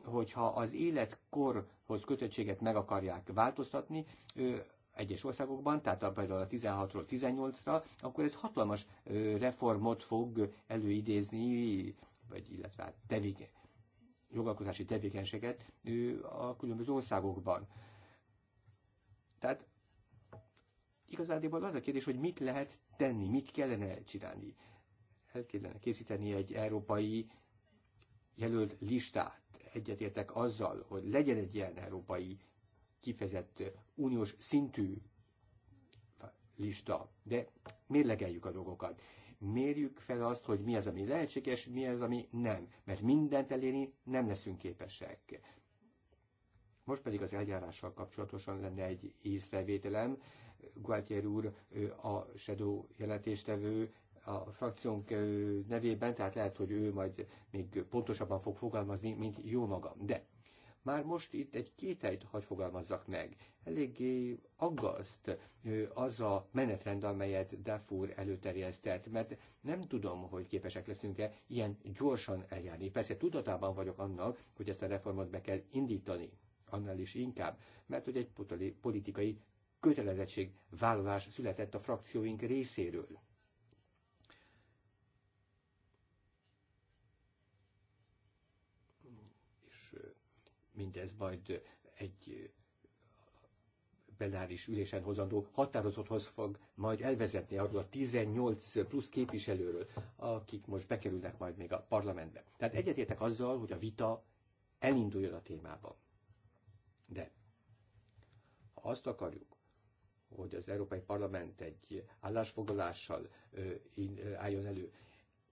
hogyha az életkorhoz kötöttséget meg akarják változtatni, egyes országokban, tehát a, például a 16-ról 18-ra, akkor ez hatalmas reformot fog előidézni, vagy illetve hát tevéke, jogalkotási tevékenységet a különböző országokban. Tehát igazából az a kérdés, hogy mit lehet tenni, mit kellene csinálni. El kellene készíteni egy európai jelölt listát, egyetértek azzal, hogy legyen egy ilyen európai kifejezett uniós szintű lista, de mérlegeljük a dolgokat. Mérjük fel azt, hogy mi az, ami lehetséges, mi az, ami nem. Mert mindent elérni nem leszünk képesek. Most pedig az eljárással kapcsolatosan lenne egy észrevételem. Gualtier úr, a Shadow jelentéstevő a frakciónk nevében, tehát lehet, hogy ő majd még pontosabban fog fogalmazni, mint jó magam. De már most itt egy kételyt hagy fogalmazzak meg. Eléggé aggaszt az a menetrend, amelyet Dafur előterjesztett, mert nem tudom, hogy képesek leszünk-e ilyen gyorsan eljárni. Persze tudatában vagyok annak, hogy ezt a reformot be kell indítani, annál is inkább, mert hogy egy politikai kötelezettség született a frakcióink részéről. mindez majd egy plenáris ülésen hozandó határozathoz fog majd elvezetni arról a 18 plusz képviselőről, akik most bekerülnek majd még a parlamentbe. Tehát egyetértek azzal, hogy a vita elinduljon a témában. De ha azt akarjuk, hogy az Európai Parlament egy állásfoglalással álljon elő,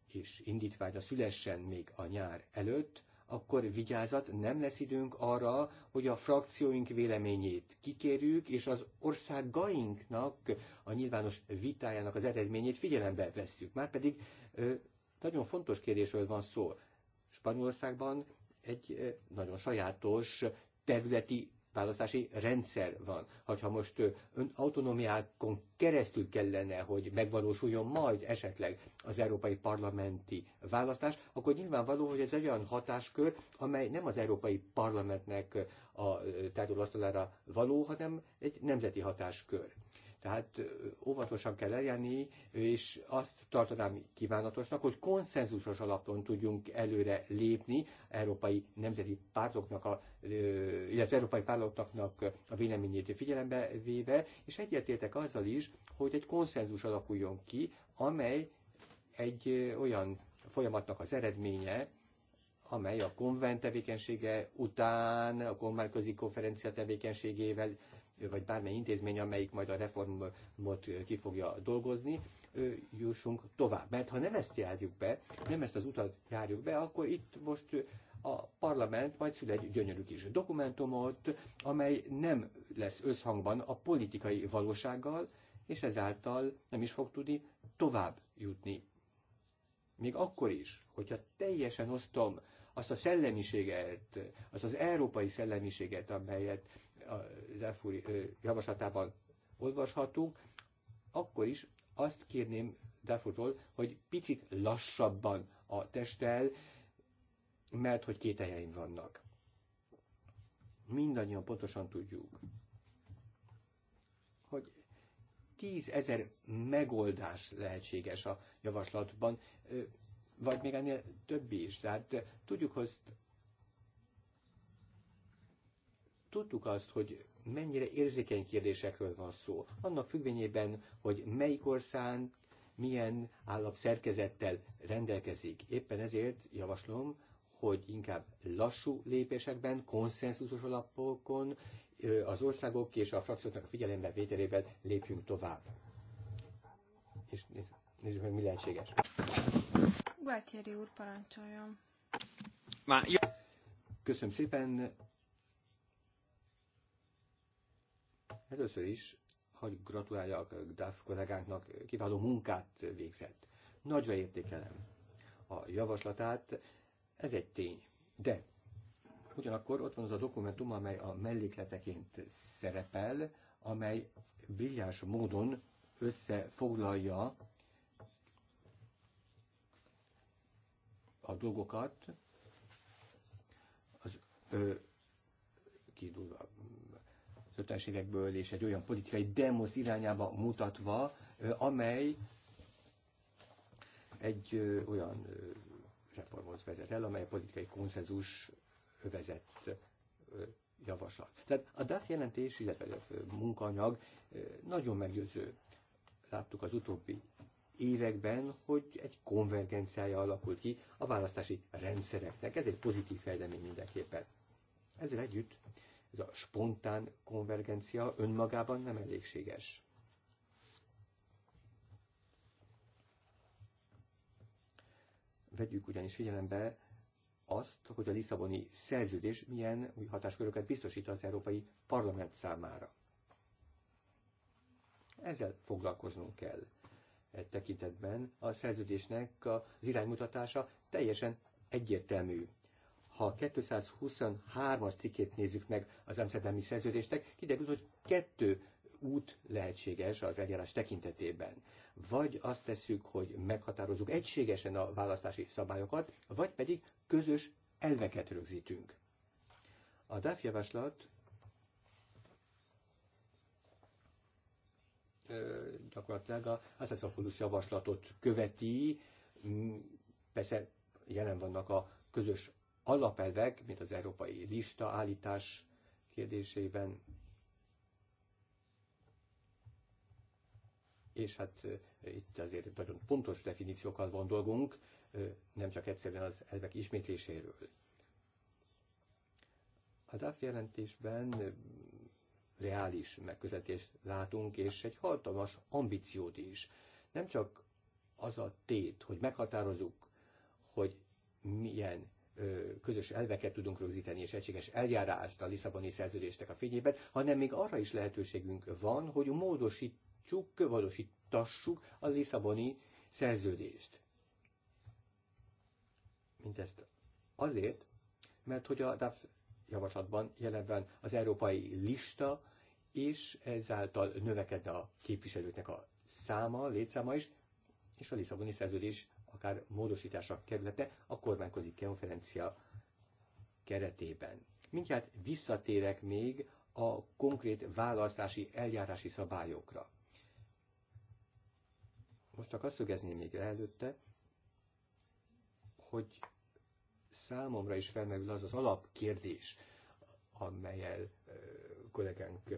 és indítványra szülessen még a nyár előtt, akkor vigyázat, nem lesz időnk arra, hogy a frakcióink véleményét kikérjük, és az országainknak a nyilvános vitájának az eredményét figyelembe vesszük. Márpedig nagyon fontos kérdésről van szó. Spanyolországban egy nagyon sajátos területi választási rendszer van. Hogyha most ön autonomiákon keresztül kellene, hogy megvalósuljon majd esetleg az európai parlamenti választás, akkor nyilvánvaló, hogy ez egy olyan hatáskör, amely nem az európai parlamentnek a tárgyalóasztalára való, hanem egy nemzeti hatáskör. Tehát óvatosan kell eljárni, és azt tartanám kívánatosnak, hogy konszenzusos alapon tudjunk előre lépni európai nemzeti pártoknak, a, illetve európai pártoknak a véleményét figyelembe véve, és egyetértek azzal is, hogy egy konszenzus alakuljon ki, amely egy olyan folyamatnak az eredménye, amely a konvent tevékenysége után, a kormányközi konferencia tevékenységével vagy bármely intézmény, amelyik majd a reformot ki fogja dolgozni, jussunk tovább. Mert ha nem ezt járjuk be, nem ezt az utat járjuk be, akkor itt most a parlament majd szül egy gyönyörű kis dokumentumot, amely nem lesz összhangban a politikai valósággal, és ezáltal nem is fog tudni tovább jutni. Még akkor is, hogyha teljesen osztom azt a szellemiséget, azt az európai szellemiséget, amelyet Dáfúri javaslatában olvashatunk, akkor is azt kérném Dáfurtól, hogy picit lassabban a testel, mert hogy két kételjeim vannak. Mindannyian pontosan tudjuk, hogy tízezer megoldás lehetséges a javaslatban, vagy még ennél több is. Tehát tudjuk hogy tudtuk azt, hogy mennyire érzékeny kérdésekről van szó. Annak függvényében, hogy melyik ország milyen szerkezettel rendelkezik. Éppen ezért javaslom, hogy inkább lassú lépésekben, konszenzusos alapokon az országok és a frakcióknak a figyelembe vételével lépjünk tovább. És nézz, nézzük meg, mi lehetséges. Gualtieri úr, parancsoljon. Köszönöm szépen, Hát először is, hogy gratuláljak DAF kollégánknak, kiváló munkát végzett. Nagyra értékelem a javaslatát, ez egy tény. De ugyanakkor ott van az a dokumentum, amely a mellékleteként szerepel, amely brilliáns módon összefoglalja a dolgokat, az ö, kiindulva 50-es évekből, és egy olyan politikai demosz irányába mutatva, amely egy olyan reformot vezet el, amely a politikai konszenzus övezett javaslat. Tehát a DAF jelentés, illetve a munkanyag nagyon meggyőző. Láttuk az utóbbi években, hogy egy konvergenciája alakult ki a választási rendszereknek. Ez egy pozitív fejlemény mindenképpen. Ezzel együtt ez a spontán konvergencia önmagában nem elégséges. Vegyük ugyanis figyelembe azt, hogy a Lisszaboni szerződés milyen új hatásköröket biztosít az Európai Parlament számára. Ezzel foglalkoznunk kell. E tekintetben a szerződésnek az iránymutatása teljesen egyértelmű ha a 223-as cikkét nézzük meg az Amsterdami szerződésnek, kiderül, hogy kettő út lehetséges az eljárás tekintetében. Vagy azt tesszük, hogy meghatározunk egységesen a választási szabályokat, vagy pedig közös elveket rögzítünk. A DAF javaslat gyakorlatilag az eszakulusz javaslatot követi, persze jelen vannak a közös alapelvek, mint az európai lista állítás kérdésében, és hát itt azért nagyon pontos definíciókkal van dolgunk, nem csak egyszerűen az elvek ismétléséről. A DAF jelentésben reális megközelítést látunk, és egy hatalmas ambíciót is. Nem csak az a tét, hogy meghatározzuk, hogy milyen közös elveket tudunk rögzíteni, és egységes eljárást a Lisszaboni szerződésnek a fényében, hanem még arra is lehetőségünk van, hogy módosítsuk, valósítassuk a Lisszaboni szerződést. ezt azért, mert hogy a DAF javaslatban jelen van az európai lista, és ezáltal növekedne a képviselőknek a száma, létszáma is, és a Lisszaboni szerződés akár módosítása kerülete a kormányközi konferencia keretében. Mindjárt visszatérek még a konkrét választási eljárási szabályokra. Most csak azt szögezném még előtte, hogy számomra is felmerül az az alapkérdés, amelyel kollégánk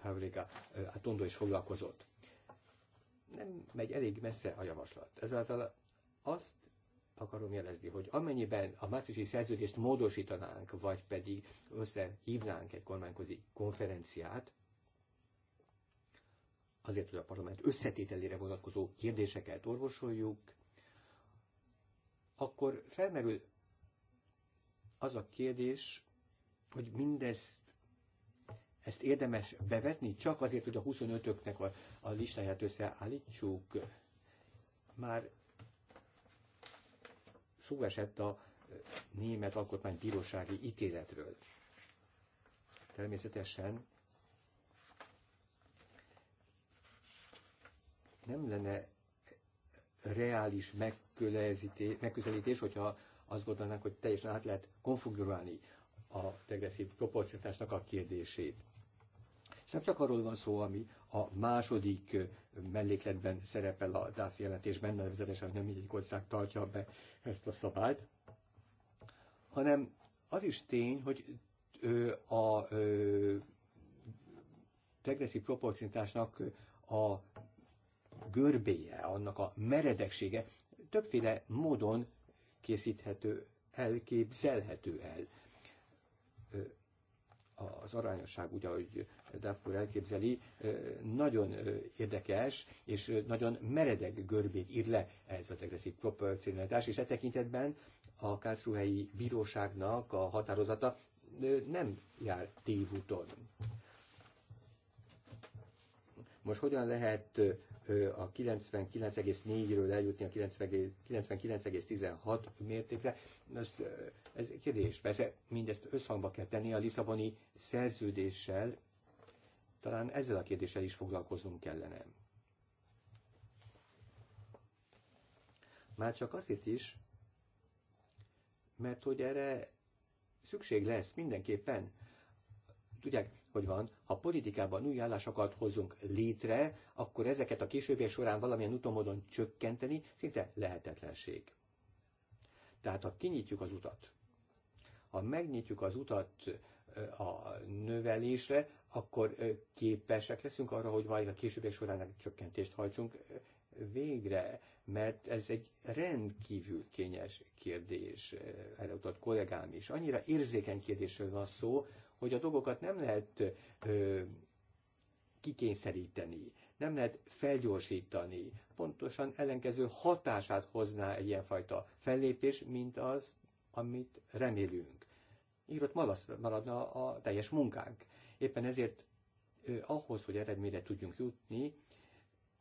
Havriga Tondó is foglalkozott nem megy elég messze a javaslat. Ezáltal azt akarom jelezni, hogy amennyiben a márciusi szerződést módosítanánk, vagy pedig összehívnánk egy kormányközi konferenciát, azért, hogy a parlament összetételére vonatkozó kérdéseket orvosoljuk, akkor felmerül az a kérdés, hogy mindez ezt érdemes bevetni, csak azért, hogy a 25-öknek a, a listáját összeállítsuk. Már szó esett a német alkotmány bírósági ítéletről. Természetesen nem lenne reális megközelítés, hogyha azt gondolnánk, hogy teljesen át lehet konfigurálni a degresszív proporcionálásnak a kérdését. Nem szóval csak arról van szó, ami a második mellékletben szerepel a DAF jelentésben, nevezetesen nem mindegyik ország tartja be ezt a szabályt, hanem az is tény, hogy a degresszív proporcionitásnak a görbéje, annak a meredeksége többféle módon készíthető, elképzelhető el az arányosság, úgy, ahogy Dafur elképzeli, nagyon érdekes, és nagyon meredek görbét ír le ez az degresszív proporcionalitás, és e tekintetben a Kárszruhelyi Bíróságnak a határozata nem jár tévúton. Most hogyan lehet a 99,4-ről eljutni a 99,16 mértékre? Nos, ez kérdés. Persze mindezt összhangba kell tenni a Lisszaboni szerződéssel. Talán ezzel a kérdéssel is foglalkoznunk kellene. Már csak azért is, mert hogy erre szükség lesz mindenképpen. Tudják, hogy van, ha politikában új állásokat hozunk létre, akkor ezeket a későbbiek során valamilyen úton csökkenteni szinte lehetetlenség. Tehát ha kinyitjuk az utat, ha megnyitjuk az utat a növelésre, akkor képesek leszünk arra, hogy majd a későbbiek során csökkentést hajtsunk végre, mert ez egy rendkívül kényes kérdés, erre utalt kollégám is. Annyira érzékeny kérdésről van szó, hogy a dolgokat nem lehet ö, kikényszeríteni, nem lehet felgyorsítani. Pontosan ellenkező hatását hozná egy ilyenfajta fellépés, mint az, amit remélünk. Így ott maradna a teljes munkánk. Éppen ezért ö, ahhoz, hogy eredményre tudjunk jutni,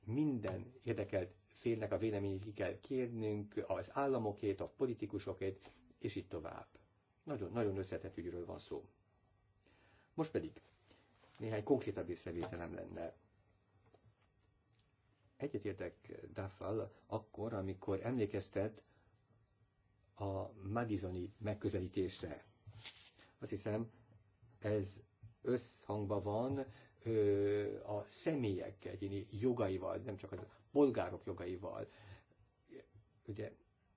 minden érdekelt félnek a véleményét ki kell kérnünk, az államokét, a politikusokét, és így tovább. Nagyon, nagyon összetett ügyről van szó. Most pedig néhány konkrétabb észrevételem lenne. Egyetértek Duffal akkor, amikor emlékeztet a Madisoni megközelítésre. Azt hiszem, ez összhangban van ö, a személyek egyéni jogaival, nem csak a polgárok jogaival. Ugye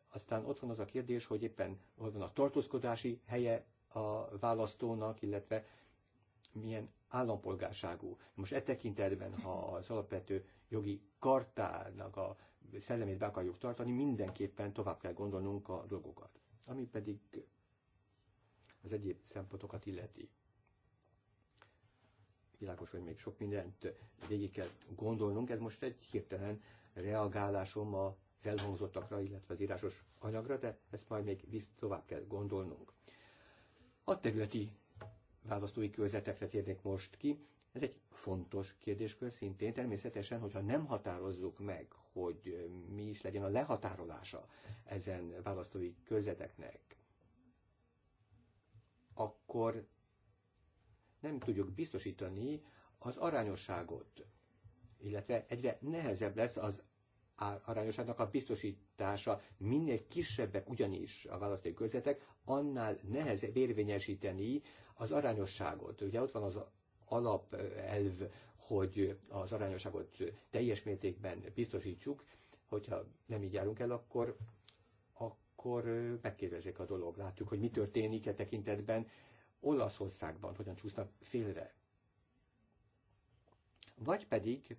aztán ott van az a kérdés, hogy éppen hol van a tartózkodási helye a választónak, illetve milyen állampolgárságú. Most e tekintetben, ha az alapvető jogi kartának a szellemét be akarjuk tartani, mindenképpen tovább kell gondolnunk a dolgokat. Ami pedig az egyéb szempontokat illeti. Világos, hogy még sok mindent végig kell gondolnunk, ez most egy hirtelen reagálásom az elhangzottakra, illetve az írásos anyagra, de ezt majd még visz tovább kell gondolnunk. A területi választói körzetekre térnék most ki. Ez egy fontos kérdéskör szintén. Természetesen, hogyha nem határozzuk meg, hogy mi is legyen a lehatárolása ezen választói körzeteknek, akkor nem tudjuk biztosítani az arányosságot, illetve egyre nehezebb lesz az arányosságnak a biztosítása. Minél kisebbek ugyanis a körzetek, annál nehezebb érvényesíteni az arányosságot. Ugye ott van az alapelv, hogy az arányosságot teljes mértékben biztosítsuk, hogyha nem így járunk el, akkor, akkor megkérdezik a dolog. Látjuk, hogy mi történik e tekintetben Olaszországban, hogyan csúsznak félre. Vagy pedig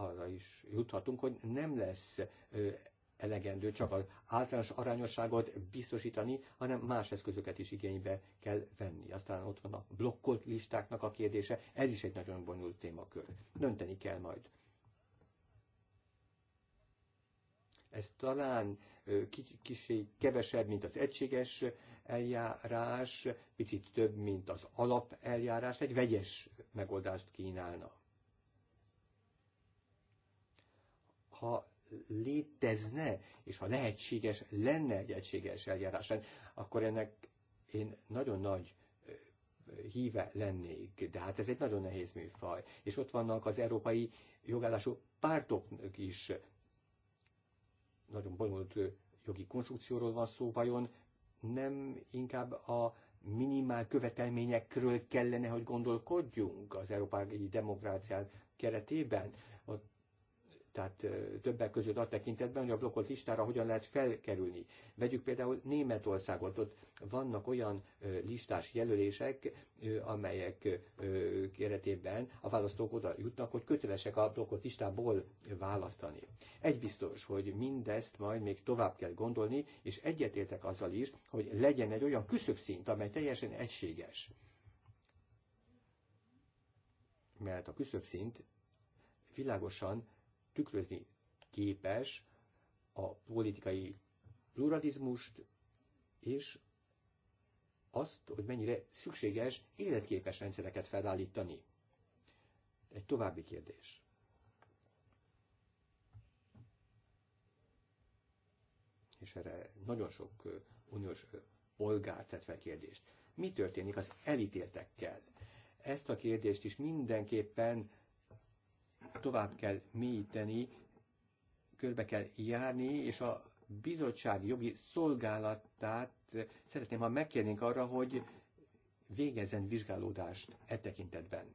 arra is juthatunk, hogy nem lesz elegendő csak az általános arányosságot biztosítani, hanem más eszközöket is igénybe kell venni. Aztán ott van a blokkolt listáknak a kérdése, ez is egy nagyon bonyolult témakör. Dönteni kell majd. Ez talán kicsi kevesebb, mint az egységes eljárás, picit több, mint az alapeljárás, egy vegyes megoldást kínálna. ha létezne, és ha lehetséges lenne egy egységes eljárás, akkor ennek én nagyon nagy híve lennék, de hát ez egy nagyon nehéz műfaj. És ott vannak az európai jogállású pártoknak is nagyon bonyolult jogi konstrukcióról van szó, vajon nem inkább a minimál követelményekről kellene, hogy gondolkodjunk az európai demokrácián keretében. Ott tehát többek között a tekintetben, hogy a blokkolt listára hogyan lehet felkerülni. Vegyük például Németországot, ott vannak olyan listás jelölések, amelyek keretében a választók oda jutnak, hogy kötelesek a blokkolt listából választani. Egy biztos, hogy mindezt majd még tovább kell gondolni, és egyetértek azzal is, hogy legyen egy olyan küszöbszint, amely teljesen egységes. Mert a küszöbszint világosan tükrözni képes a politikai pluralizmust, és azt, hogy mennyire szükséges életképes rendszereket felállítani. Egy további kérdés. És erre nagyon sok uniós polgár tett fel kérdést. Mi történik az elítéltekkel? Ezt a kérdést is mindenképpen tovább kell mélyíteni, körbe kell járni, és a bizottság jogi szolgálatát szeretném, ha megkérnénk arra, hogy végezzen vizsgálódást e tekintetben.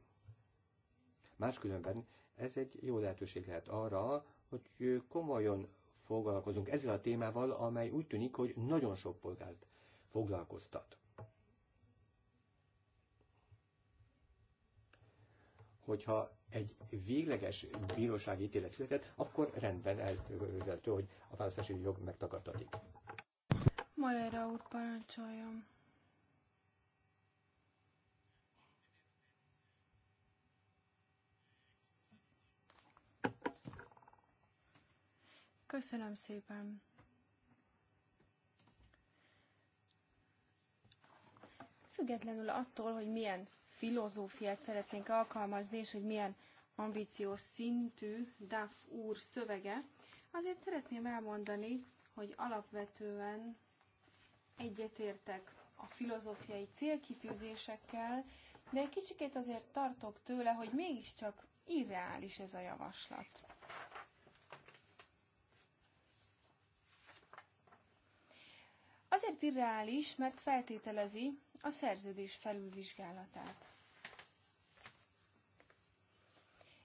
Máskülönben ez egy jó lehetőség lehet arra, hogy komolyan foglalkozunk ezzel a témával, amely úgy tűnik, hogy nagyon sok polgárt foglalkoztat. hogyha egy végleges bírósági ítélet született, akkor rendben elképzelhető, hogy a választási jog megtagadhatik. Moreira úr, parancsoljon! Köszönöm szépen! Függetlenül attól, hogy milyen filozófiát szeretnénk alkalmazni, és hogy milyen ambíciós szintű DAF úr szövege, azért szeretném elmondani, hogy alapvetően egyetértek a filozófiai célkitűzésekkel, de egy kicsikét azért tartok tőle, hogy mégiscsak irreális ez a javaslat. Azért irreális, mert feltételezi, a szerződés felülvizsgálatát.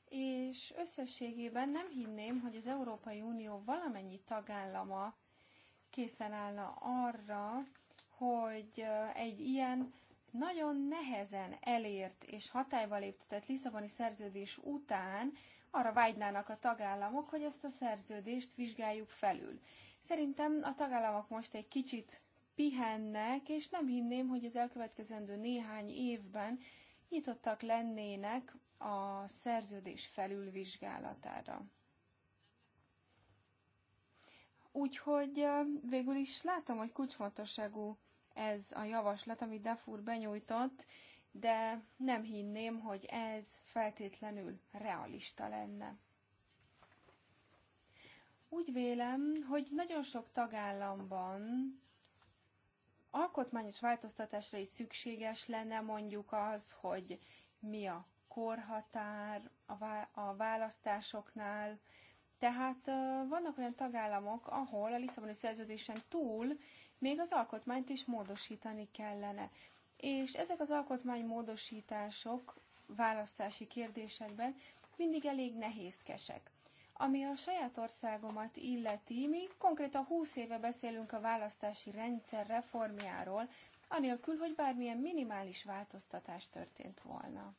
És összességében nem hinném, hogy az Európai Unió valamennyi tagállama készen állna arra, hogy egy ilyen nagyon nehezen elért és hatályba léptetett Lisszaboni szerződés után arra vágynának a tagállamok, hogy ezt a szerződést vizsgáljuk felül. Szerintem a tagállamok most egy kicsit pihennek, és nem hinném, hogy az elkövetkezendő néhány évben nyitottak lennének a szerződés felülvizsgálatára. Úgyhogy végül is látom, hogy kulcsfontosságú ez a javaslat, amit Dafur benyújtott, de nem hinném, hogy ez feltétlenül realista lenne. Úgy vélem, hogy nagyon sok tagállamban alkotmányos változtatásra is szükséges lenne mondjuk az, hogy mi a korhatár a választásoknál. Tehát vannak olyan tagállamok, ahol a Lisszaboni szerződésen túl még az alkotmányt is módosítani kellene. És ezek az alkotmánymódosítások választási kérdésekben mindig elég nehézkesek. Ami a saját országomat illeti, mi konkrétan 20 éve beszélünk a választási rendszer reformjáról, anélkül, hogy bármilyen minimális változtatás történt volna.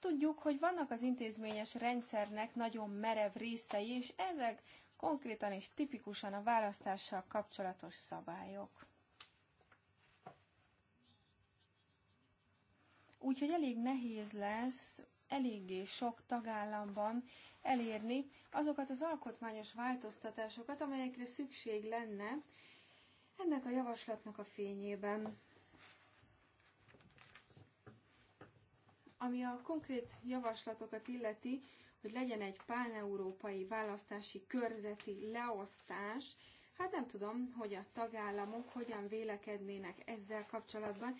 Tudjuk, hogy vannak az intézményes rendszernek nagyon merev részei, és ezek konkrétan és tipikusan a választással kapcsolatos szabályok. Úgyhogy elég nehéz lesz eléggé sok tagállamban elérni azokat az alkotmányos változtatásokat, amelyekre szükség lenne ennek a javaslatnak a fényében. Ami a konkrét javaslatokat illeti, hogy legyen egy páneurópai választási körzeti leosztás, hát nem tudom, hogy a tagállamok hogyan vélekednének ezzel kapcsolatban.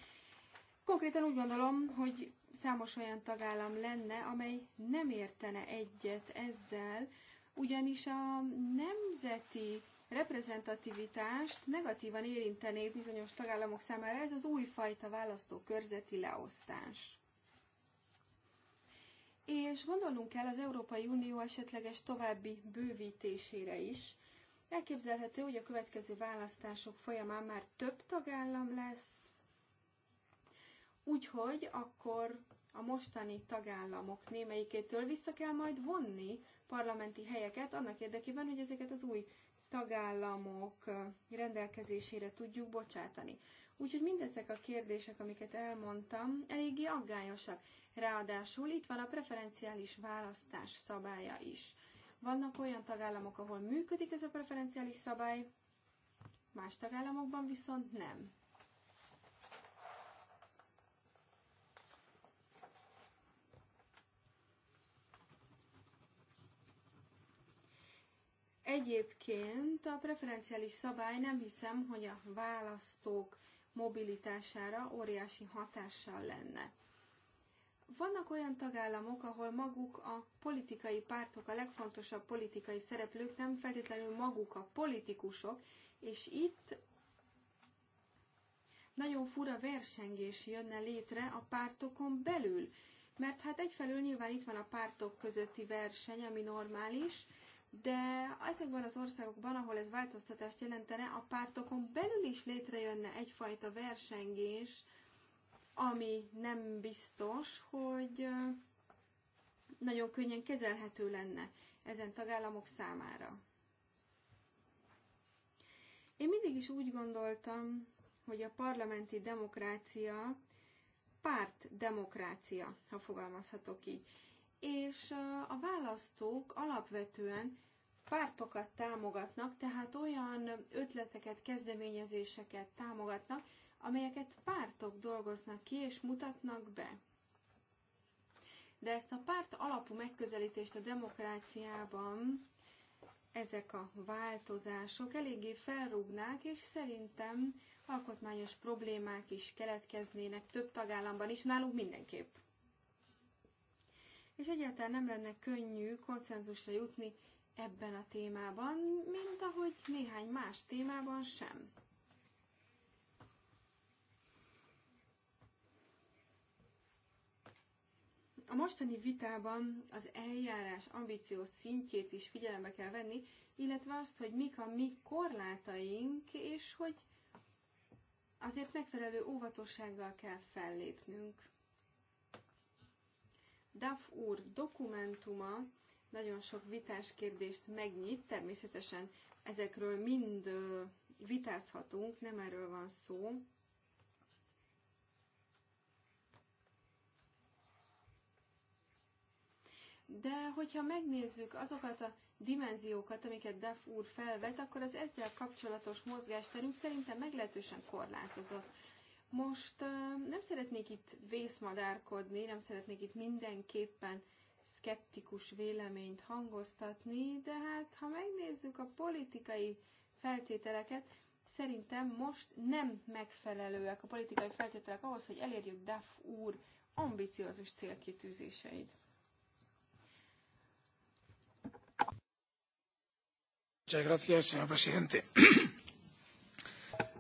Konkrétan úgy gondolom, hogy számos olyan tagállam lenne, amely nem értene egyet ezzel, ugyanis a nemzeti reprezentativitást negatívan érintené bizonyos tagállamok számára ez az újfajta választókörzeti leosztás. És gondolnunk kell az Európai Unió esetleges további bővítésére is. Elképzelhető, hogy a következő választások folyamán már több tagállam lesz, Úgyhogy akkor a mostani tagállamok némelyikétől vissza kell majd vonni parlamenti helyeket annak érdekében, hogy ezeket az új tagállamok rendelkezésére tudjuk bocsátani. Úgyhogy mindezek a kérdések, amiket elmondtam, eléggé aggályosak. Ráadásul itt van a preferenciális választás szabálya is. Vannak olyan tagállamok, ahol működik ez a preferenciális szabály, más tagállamokban viszont nem. Egyébként a preferenciális szabály nem hiszem, hogy a választók mobilitására óriási hatással lenne. Vannak olyan tagállamok, ahol maguk a politikai pártok, a legfontosabb politikai szereplők nem feltétlenül maguk a politikusok, és itt nagyon fura versengés jönne létre a pártokon belül. Mert hát egyfelől nyilván itt van a pártok közötti verseny, ami normális, de ezekben az országokban, ahol ez változtatást jelentene, a pártokon belül is létrejönne egyfajta versengés, ami nem biztos, hogy nagyon könnyen kezelhető lenne ezen tagállamok számára. Én mindig is úgy gondoltam, hogy a parlamenti demokrácia párt demokrácia, ha fogalmazhatok így és a választók alapvetően pártokat támogatnak, tehát olyan ötleteket, kezdeményezéseket támogatnak, amelyeket pártok dolgoznak ki és mutatnak be. De ezt a párt alapú megközelítést a demokráciában ezek a változások eléggé felrúgnák, és szerintem alkotmányos problémák is keletkeznének több tagállamban is, nálunk mindenképp és egyáltalán nem lenne könnyű konszenzusra jutni ebben a témában, mint ahogy néhány más témában sem. A mostani vitában az eljárás ambíciós szintjét is figyelembe kell venni, illetve azt, hogy mik a mi korlátaink, és hogy azért megfelelő óvatossággal kell fellépnünk. DAF úr dokumentuma nagyon sok vitás kérdést megnyit, természetesen ezekről mind vitázhatunk, nem erről van szó. De hogyha megnézzük azokat a dimenziókat, amiket Duff úr felvet, akkor az ezzel kapcsolatos mozgásterünk szerintem meglehetősen korlátozott. Most nem szeretnék itt vészmadárkodni, nem szeretnék itt mindenképpen szkeptikus véleményt hangoztatni, de hát ha megnézzük a politikai feltételeket, szerintem most nem megfelelőek a politikai feltételek ahhoz, hogy elérjük Duff úr ambiciózus célkitűzéseit.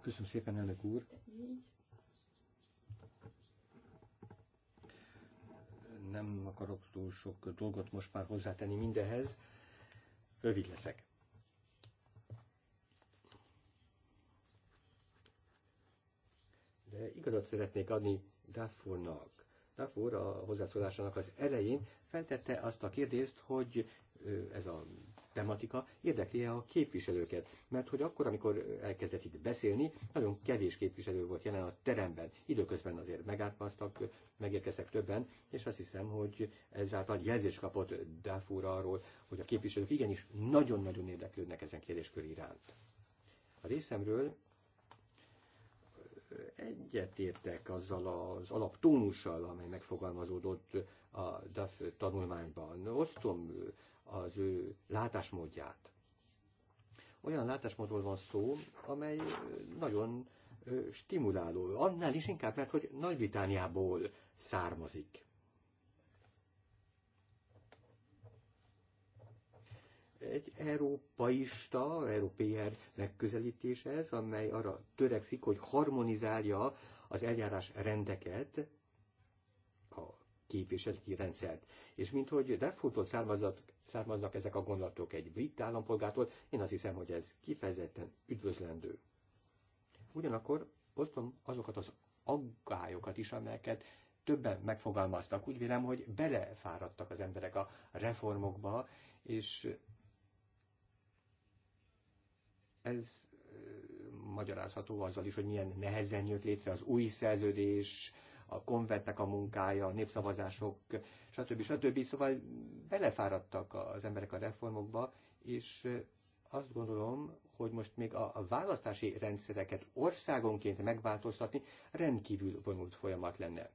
Köszönöm szépen, elnök úr. nem akarok túl sok dolgot most már hozzátenni mindehez, rövid leszek. De igazat szeretnék adni Duffornak. Duffor a hozzászólásának az elején feltette azt a kérdést, hogy ez a tematika érdekli -e a képviselőket. Mert hogy akkor, amikor elkezdett itt beszélni, nagyon kevés képviselő volt jelen a teremben. Időközben azért megátkoztak, megérkeztek többen, és azt hiszem, hogy ezáltal jelzést kapott Dáfúra arról, hogy a képviselők igenis nagyon-nagyon érdeklődnek ezen kérdéskör iránt. A részemről egyetértek azzal az alaptónussal, amely megfogalmazódott a DAF tanulmányban. Osztom az ő látásmódját. Olyan látásmódról van szó, amely nagyon stimuláló. Annál is inkább, mert hogy Nagy-Britániából származik. egy európaista, európér megközelítés ez, amely arra törekszik, hogy harmonizálja az eljárás rendeket, a képviseleti rendszert. És minthogy Defurtól származnak ezek a gondolatok egy brit állampolgától, én azt hiszem, hogy ez kifejezetten üdvözlendő. Ugyanakkor osztom azokat az aggályokat is, amelyeket többen megfogalmaztak. Úgy vélem, hogy belefáradtak az emberek a reformokba, és ez magyarázható azzal is, hogy milyen nehezen jött létre az új szerződés, a konventnek a munkája, a népszavazások, stb. stb. Szóval belefáradtak az emberek a reformokba, és azt gondolom, hogy most még a választási rendszereket országonként megváltoztatni rendkívül vonult folyamat lenne.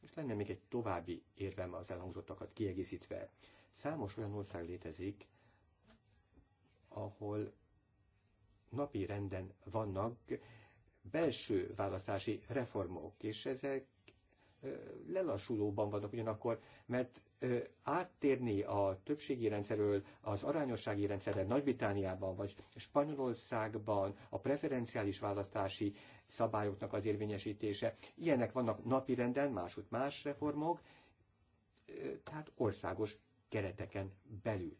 És lenne még egy további érvem az elhangzottakat kiegészítve. Számos olyan ország létezik, ahol napi renden vannak belső választási reformok, és ezek lelassulóban vannak ugyanakkor, mert áttérni a többségi rendszerről az arányossági rendszerre Nagy-Britániában vagy Spanyolországban a preferenciális választási szabályoknak az érvényesítése. Ilyenek vannak napi renden, másút más reformok, tehát országos kereteken belül.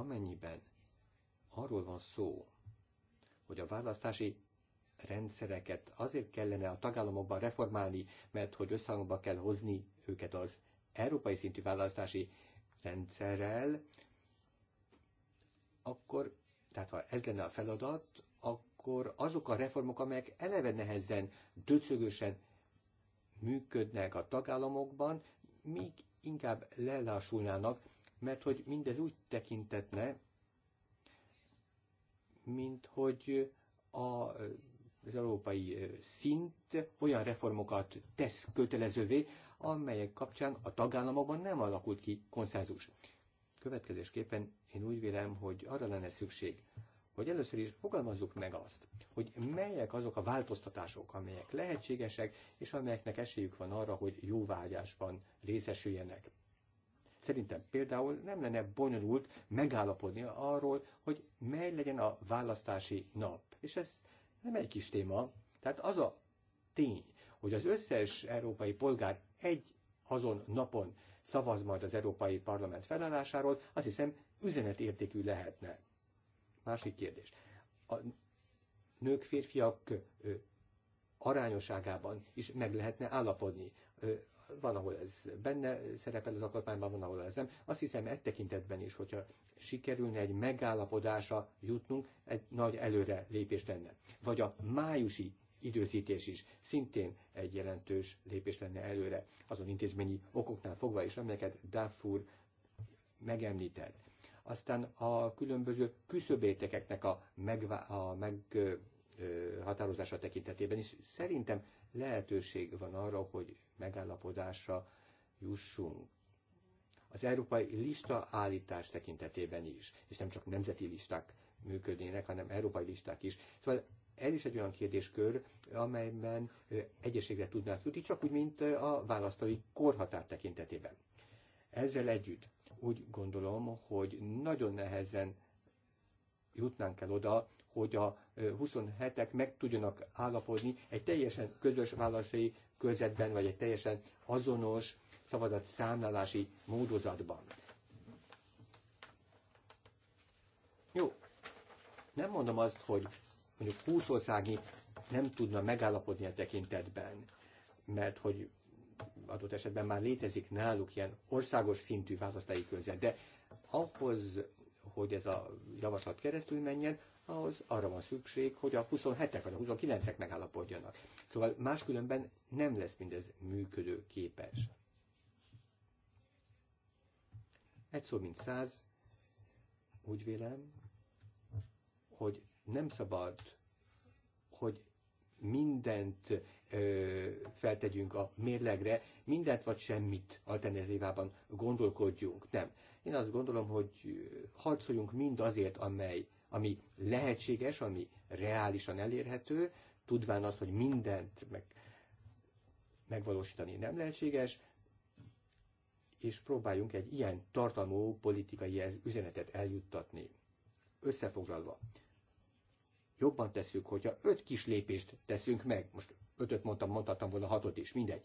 amennyiben arról van szó, hogy a választási rendszereket azért kellene a tagállamokban reformálni, mert hogy összhangba kell hozni őket az európai szintű választási rendszerrel, akkor, tehát ha ez lenne a feladat, akkor azok a reformok, amelyek eleve nehezen, döcögösen működnek a tagállamokban, még inkább lelassulnának, mert hogy mindez úgy tekintetne, mint hogy a az európai szint olyan reformokat tesz kötelezővé, amelyek kapcsán a tagállamokban nem alakult ki konszenzus. Következésképpen én úgy vélem, hogy arra lenne szükség, hogy először is fogalmazzuk meg azt, hogy melyek azok a változtatások, amelyek lehetségesek, és amelyeknek esélyük van arra, hogy jóvágyásban részesüljenek. Szerintem például nem lenne bonyolult megállapodni arról, hogy mely legyen a választási nap. És ez nem egy kis téma. Tehát az a tény, hogy az összes európai polgár egy azon napon szavaz majd az Európai Parlament felállásáról, azt hiszem üzenetértékű lehetne. Másik kérdés. A nők férfiak arányosságában is meg lehetne állapodni van, ahol ez benne szerepel az alkotmányban, van, ahol ez nem. Azt hiszem, egy tekintetben is, hogyha sikerülne egy megállapodása jutnunk, egy nagy előre lépés lenne. Vagy a májusi időzítés is szintén egy jelentős lépés lenne előre, azon intézményi okoknál fogva is, amelyeket Dafur megemlített. Aztán a különböző küszöbéteknek a, megvá- a meghatározása tekintetében is szerintem lehetőség van arra, hogy megállapodásra jussunk. Az európai lista állítás tekintetében is, és nem csak nemzeti listák működnének, hanem európai listák is. Szóval ez is egy olyan kérdéskör, amelyben egyeségre tudnánk jutni, csak úgy, mint a választói korhatár tekintetében. Ezzel együtt úgy gondolom, hogy nagyon nehezen jutnánk el oda, hogy a 27-ek meg tudjanak állapodni egy teljesen közös választói körzetben, vagy egy teljesen azonos szavazat számlálási módozatban. Jó, nem mondom azt, hogy mondjuk 20 országnyi nem tudna megállapodni a tekintetben, mert hogy adott esetben már létezik náluk ilyen országos szintű választási körzet, de ahhoz, hogy ez a javaslat keresztül menjen, ahhoz arra van szükség, hogy a 27-ek vagy a 29-ek megállapodjanak. Szóval máskülönben nem lesz mindez működő képes. Egy szó, mint száz, úgy vélem, hogy nem szabad, hogy mindent ö, feltegyünk a mérlegre, mindent vagy semmit alternatívában gondolkodjunk. Nem. Én azt gondolom, hogy harcoljunk mind azért, amely ami lehetséges, ami reálisan elérhető, tudván azt, hogy mindent meg, megvalósítani nem lehetséges, és próbáljunk egy ilyen tartalmú politikai üzenetet eljuttatni. Összefoglalva, jobban teszünk, hogyha öt kis lépést teszünk meg, most ötöt mondtam, mondhattam volna hatot is, mindegy.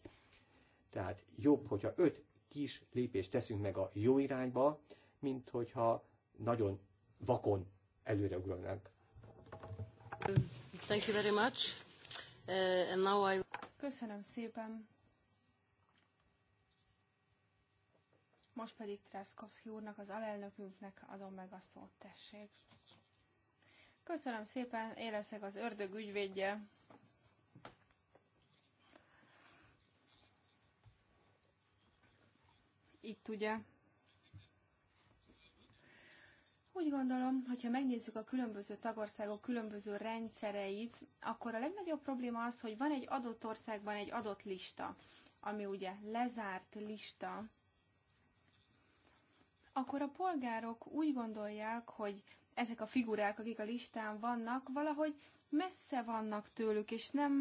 Tehát jobb, hogyha öt kis lépést teszünk meg a jó irányba, mint hogyha nagyon vakon ugranánk. Thank you very much. Uh, and now I... Köszönöm szépen. Most pedig Traszkowski úrnak, az alelnökünknek adom meg a szót, tessék. Köszönöm szépen, én leszek az ördög ügyvédje. Itt ugye úgy gondolom, hogyha megnézzük a különböző tagországok különböző rendszereit, akkor a legnagyobb probléma az, hogy van egy adott országban egy adott lista, ami ugye lezárt lista, akkor a polgárok úgy gondolják, hogy ezek a figurák, akik a listán vannak, valahogy messze vannak tőlük, és nem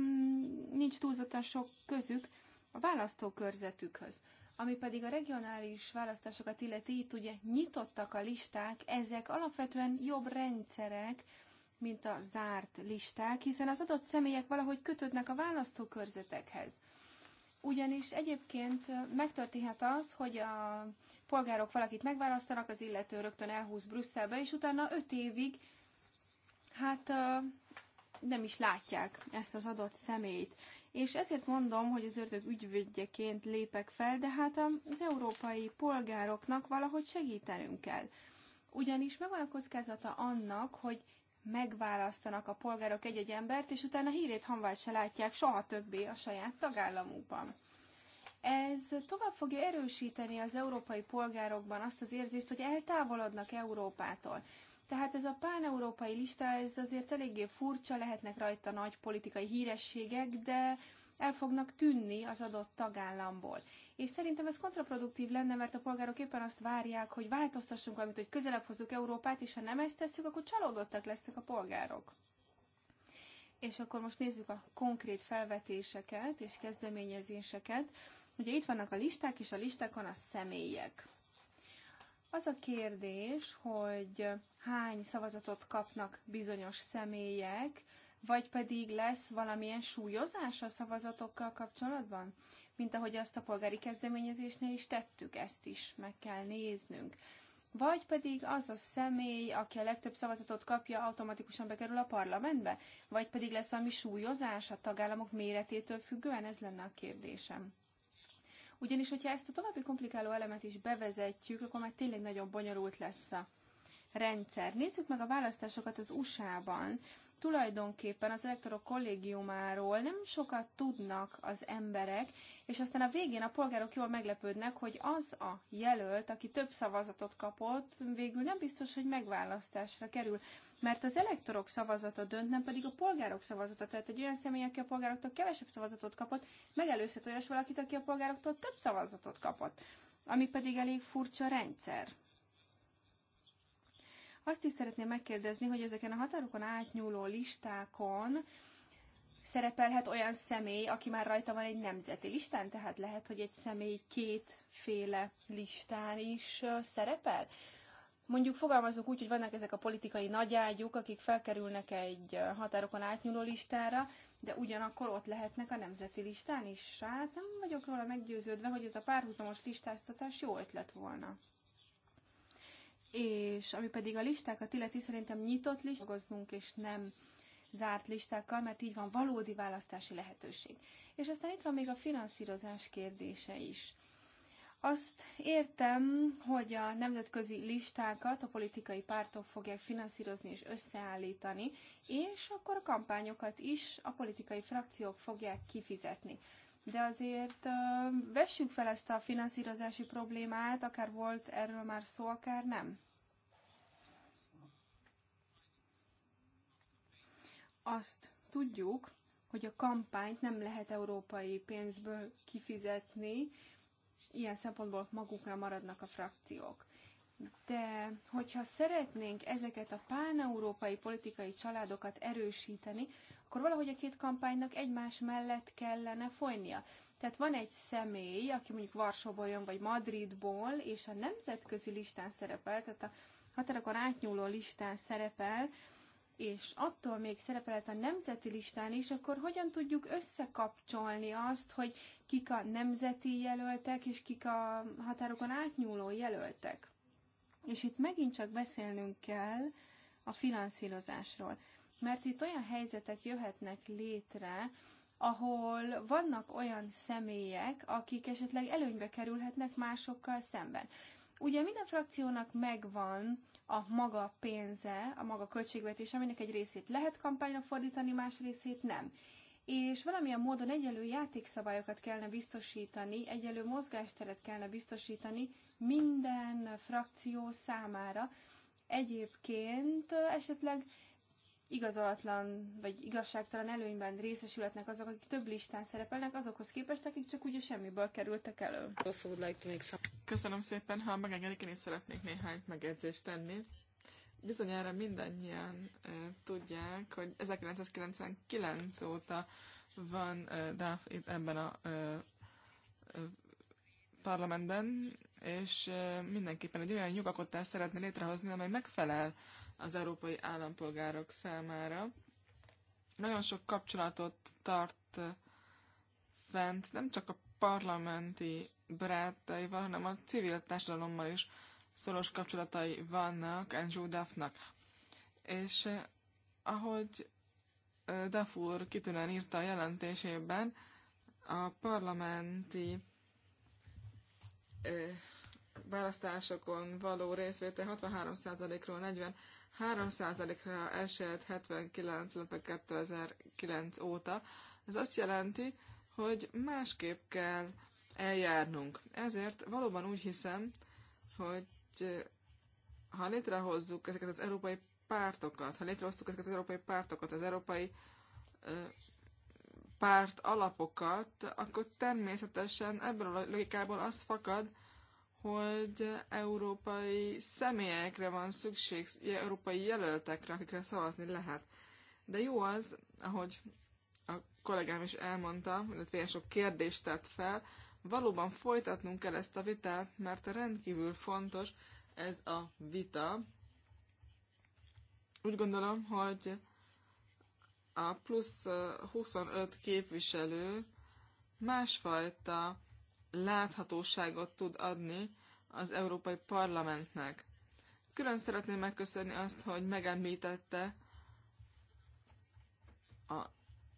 nincs túlzottan sok közük a választókörzetükhöz. Ami pedig a regionális választásokat illeti, itt ugye nyitottak a listák, ezek alapvetően jobb rendszerek, mint a zárt listák, hiszen az adott személyek valahogy kötődnek a választókörzetekhez. Ugyanis egyébként megtörténhet az, hogy a polgárok valakit megválasztanak, az illető rögtön elhúz Brüsszelbe, és utána öt évig hát nem is látják ezt az adott személyt és ezért mondom, hogy az ördög ügyvédjeként lépek fel, de hát az európai polgároknak valahogy segítenünk kell. Ugyanis megvan a kockázata annak, hogy megválasztanak a polgárok egy-egy embert, és utána hírét hamvát se látják soha többé a saját tagállamukban. Ez tovább fogja erősíteni az európai polgárokban azt az érzést, hogy eltávolodnak Európától. Tehát ez a páneurópai lista, ez azért eléggé furcsa, lehetnek rajta nagy politikai hírességek, de el fognak tűnni az adott tagállamból. És szerintem ez kontraproduktív lenne, mert a polgárok éppen azt várják, hogy változtassunk valamit, hogy közelebb hozzuk Európát, és ha nem ezt tesszük, akkor csalódottak lesznek a polgárok. És akkor most nézzük a konkrét felvetéseket és kezdeményezéseket. Ugye itt vannak a listák, és a listákon a személyek. Az a kérdés, hogy hány szavazatot kapnak bizonyos személyek, vagy pedig lesz valamilyen súlyozás a szavazatokkal kapcsolatban? Mint ahogy azt a polgári kezdeményezésnél is tettük, ezt is meg kell néznünk. Vagy pedig az a személy, aki a legtöbb szavazatot kapja, automatikusan bekerül a parlamentbe? Vagy pedig lesz valami súlyozás a tagállamok méretétől függően? Ez lenne a kérdésem ugyanis hogyha ezt a további komplikáló elemet is bevezetjük, akkor már tényleg nagyon bonyolult lesz a rendszer. Nézzük meg a választásokat az USA-ban. Tulajdonképpen az elektorok kollégiumáról nem sokat tudnak az emberek, és aztán a végén a polgárok jól meglepődnek, hogy az a jelölt, aki több szavazatot kapott, végül nem biztos, hogy megválasztásra kerül mert az elektorok szavazata dönt, nem pedig a polgárok szavazata. Tehát egy olyan személy, aki a polgároktól kevesebb szavazatot kapott, megelőzhet olyas valakit, aki a polgároktól több szavazatot kapott, ami pedig elég furcsa rendszer. Azt is szeretném megkérdezni, hogy ezeken a határokon átnyúló listákon szerepelhet olyan személy, aki már rajta van egy nemzeti listán, tehát lehet, hogy egy személy kétféle listán is szerepel mondjuk fogalmazok úgy, hogy vannak ezek a politikai nagyágyuk, akik felkerülnek egy határokon átnyúló listára, de ugyanakkor ott lehetnek a nemzeti listán is. Hát nem vagyok róla meggyőződve, hogy ez a párhuzamos listáztatás jó ötlet volna. És ami pedig a listákat illeti, szerintem nyitott listágoznunk, és nem zárt listákkal, mert így van valódi választási lehetőség. És aztán itt van még a finanszírozás kérdése is. Azt értem, hogy a nemzetközi listákat a politikai pártok fogják finanszírozni és összeállítani, és akkor a kampányokat is a politikai frakciók fogják kifizetni. De azért vessük fel ezt a finanszírozási problémát, akár volt erről már szó, akár nem. Azt tudjuk, hogy a kampányt nem lehet európai pénzből kifizetni, ilyen szempontból magukra maradnak a frakciók. De hogyha szeretnénk ezeket a páneurópai politikai családokat erősíteni, akkor valahogy a két kampánynak egymás mellett kellene folynia. Tehát van egy személy, aki mondjuk Varsóból jön, vagy Madridból, és a nemzetközi listán szerepel, tehát a határokon átnyúló listán szerepel, és attól még szerepelhet a nemzeti listán is, akkor hogyan tudjuk összekapcsolni azt, hogy kik a nemzeti jelöltek, és kik a határokon átnyúló jelöltek? És itt megint csak beszélnünk kell a finanszírozásról. Mert itt olyan helyzetek jöhetnek létre, ahol vannak olyan személyek, akik esetleg előnybe kerülhetnek másokkal szemben. Ugye minden frakciónak megvan a maga pénze, a maga költségvetés, aminek egy részét lehet kampányra fordítani, más részét nem. És valamilyen módon egyelő játékszabályokat kellene biztosítani, egyelő mozgásteret kellene biztosítani minden frakció számára. Egyébként esetleg igazolatlan vagy igazságtalan előnyben részesülhetnek azok, akik több listán szerepelnek, azokhoz képest, akik csak úgy semmiből kerültek elő. Köszönöm szépen, ha megengedik, én is szeretnék néhány megjegyzést tenni. Bizonyára mindannyian e, tudják, hogy 1999 óta van e, DAF itt ebben a e, e, parlamentben, és e, mindenképpen egy olyan jogalkotást szeretne létrehozni, amely megfelel az európai állampolgárok számára. Nagyon sok kapcsolatot tart fent, nem csak a parlamenti barátaival, hanem a civil társadalommal is szoros kapcsolatai vannak Andrew Duffnak. És eh, ahogy eh, Duff úr kitűnően írta a jelentésében, a parlamenti eh, választásokon való részvétel 63%-ról 3%-ra esett 79, illetve 2009 óta. Ez azt jelenti, hogy másképp kell eljárnunk. Ezért valóban úgy hiszem, hogy ha létrehozzuk ezeket az európai pártokat, ha létrehoztuk ezeket az európai pártokat, az európai párt alapokat, akkor természetesen ebből a logikából az fakad, hogy európai személyekre van szükség, európai jelöltekre, akikre szavazni lehet. De jó az, ahogy a kollégám is elmondta, illetve ilyen sok kérdést tett fel, valóban folytatnunk kell ezt a vitát, mert rendkívül fontos ez a vita. Úgy gondolom, hogy a plusz 25 képviselő másfajta láthatóságot tud adni az Európai Parlamentnek. Külön szeretném megköszönni azt, hogy megemlítette a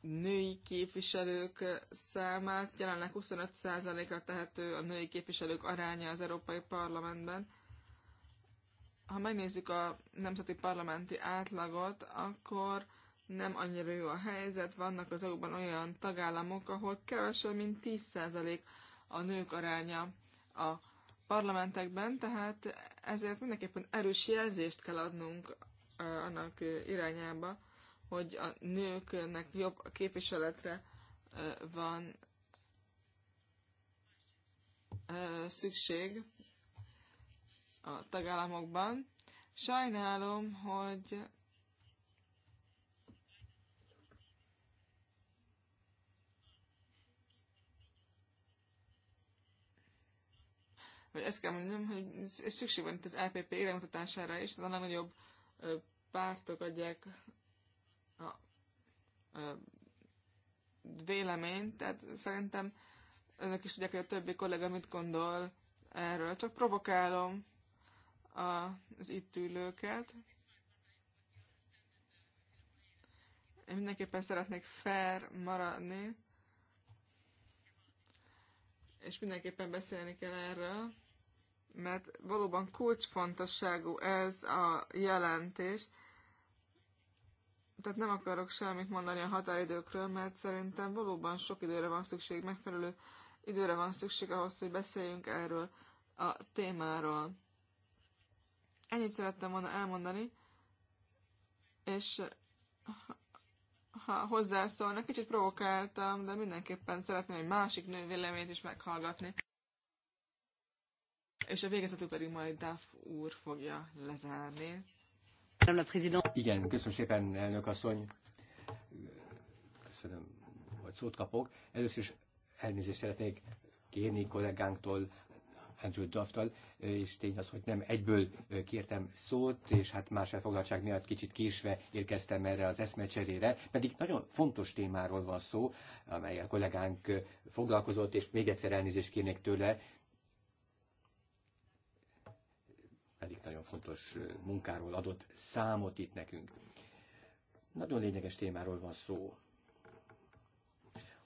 női képviselők számát. Jelenleg 25%-ra tehető a női képviselők aránya az Európai Parlamentben. Ha megnézzük a nemzeti parlamenti átlagot, akkor nem annyira jó a helyzet. Vannak az EU-ban olyan tagállamok, ahol kevesebb, mint 10% a nők aránya a parlamentekben, tehát ezért mindenképpen erős jelzést kell adnunk annak irányába, hogy a nőknek jobb képviseletre van szükség a tagállamokban. Sajnálom, hogy vagy ezt kell mondjam, hogy ez szükség van itt az LPP iránymutatására is, tehát a legnagyobb pártok adják a, a, a véleményt, tehát szerintem önök is tudják, hogy a többi kollega mit gondol erről. Csak provokálom a, az itt ülőket. Én mindenképpen szeretnék fair maradni, és mindenképpen beszélni kell erről mert valóban kulcsfontosságú ez a jelentés. Tehát nem akarok semmit mondani a határidőkről, mert szerintem valóban sok időre van szükség, megfelelő időre van szükség ahhoz, hogy beszéljünk erről a témáról. Ennyit szerettem volna elmondani, és ha hozzászólnak, kicsit provokáltam, de mindenképpen szeretném egy másik nő véleményét is meghallgatni és a végezetül pedig majd Duff úr fogja lezárni. Igen, köszönöm szépen, elnök asszony. Köszönöm, hogy szót kapok. Először is elnézést szeretnék kérni kollégánktól, Andrew Dufftal, és tény az, hogy nem egyből kértem szót, és hát más elfoglaltság miatt kicsit késve érkeztem erre az eszmecserére, pedig nagyon fontos témáról van szó, amely a kollégánk foglalkozott, és még egyszer elnézést kérnék tőle, pedig nagyon fontos munkáról adott számot itt nekünk. Nagyon lényeges témáról van szó.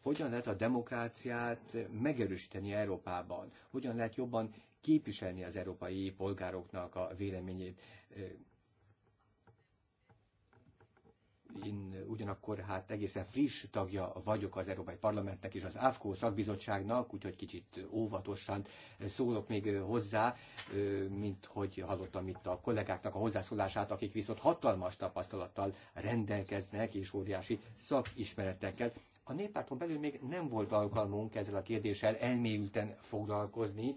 Hogyan lehet a demokráciát megerősíteni Európában? Hogyan lehet jobban képviselni az európai polgároknak a véleményét? Én ugyanakkor hát egészen friss tagja vagyok az Európai Parlamentnek és az AFKO szakbizottságnak, úgyhogy kicsit óvatosan szólok még hozzá, mint hogy hallottam itt a kollégáknak a hozzászólását, akik viszont hatalmas tapasztalattal rendelkeznek és óriási szakismeretekkel. A néppárton belül még nem volt alkalmunk ezzel a kérdéssel elmélyülten foglalkozni,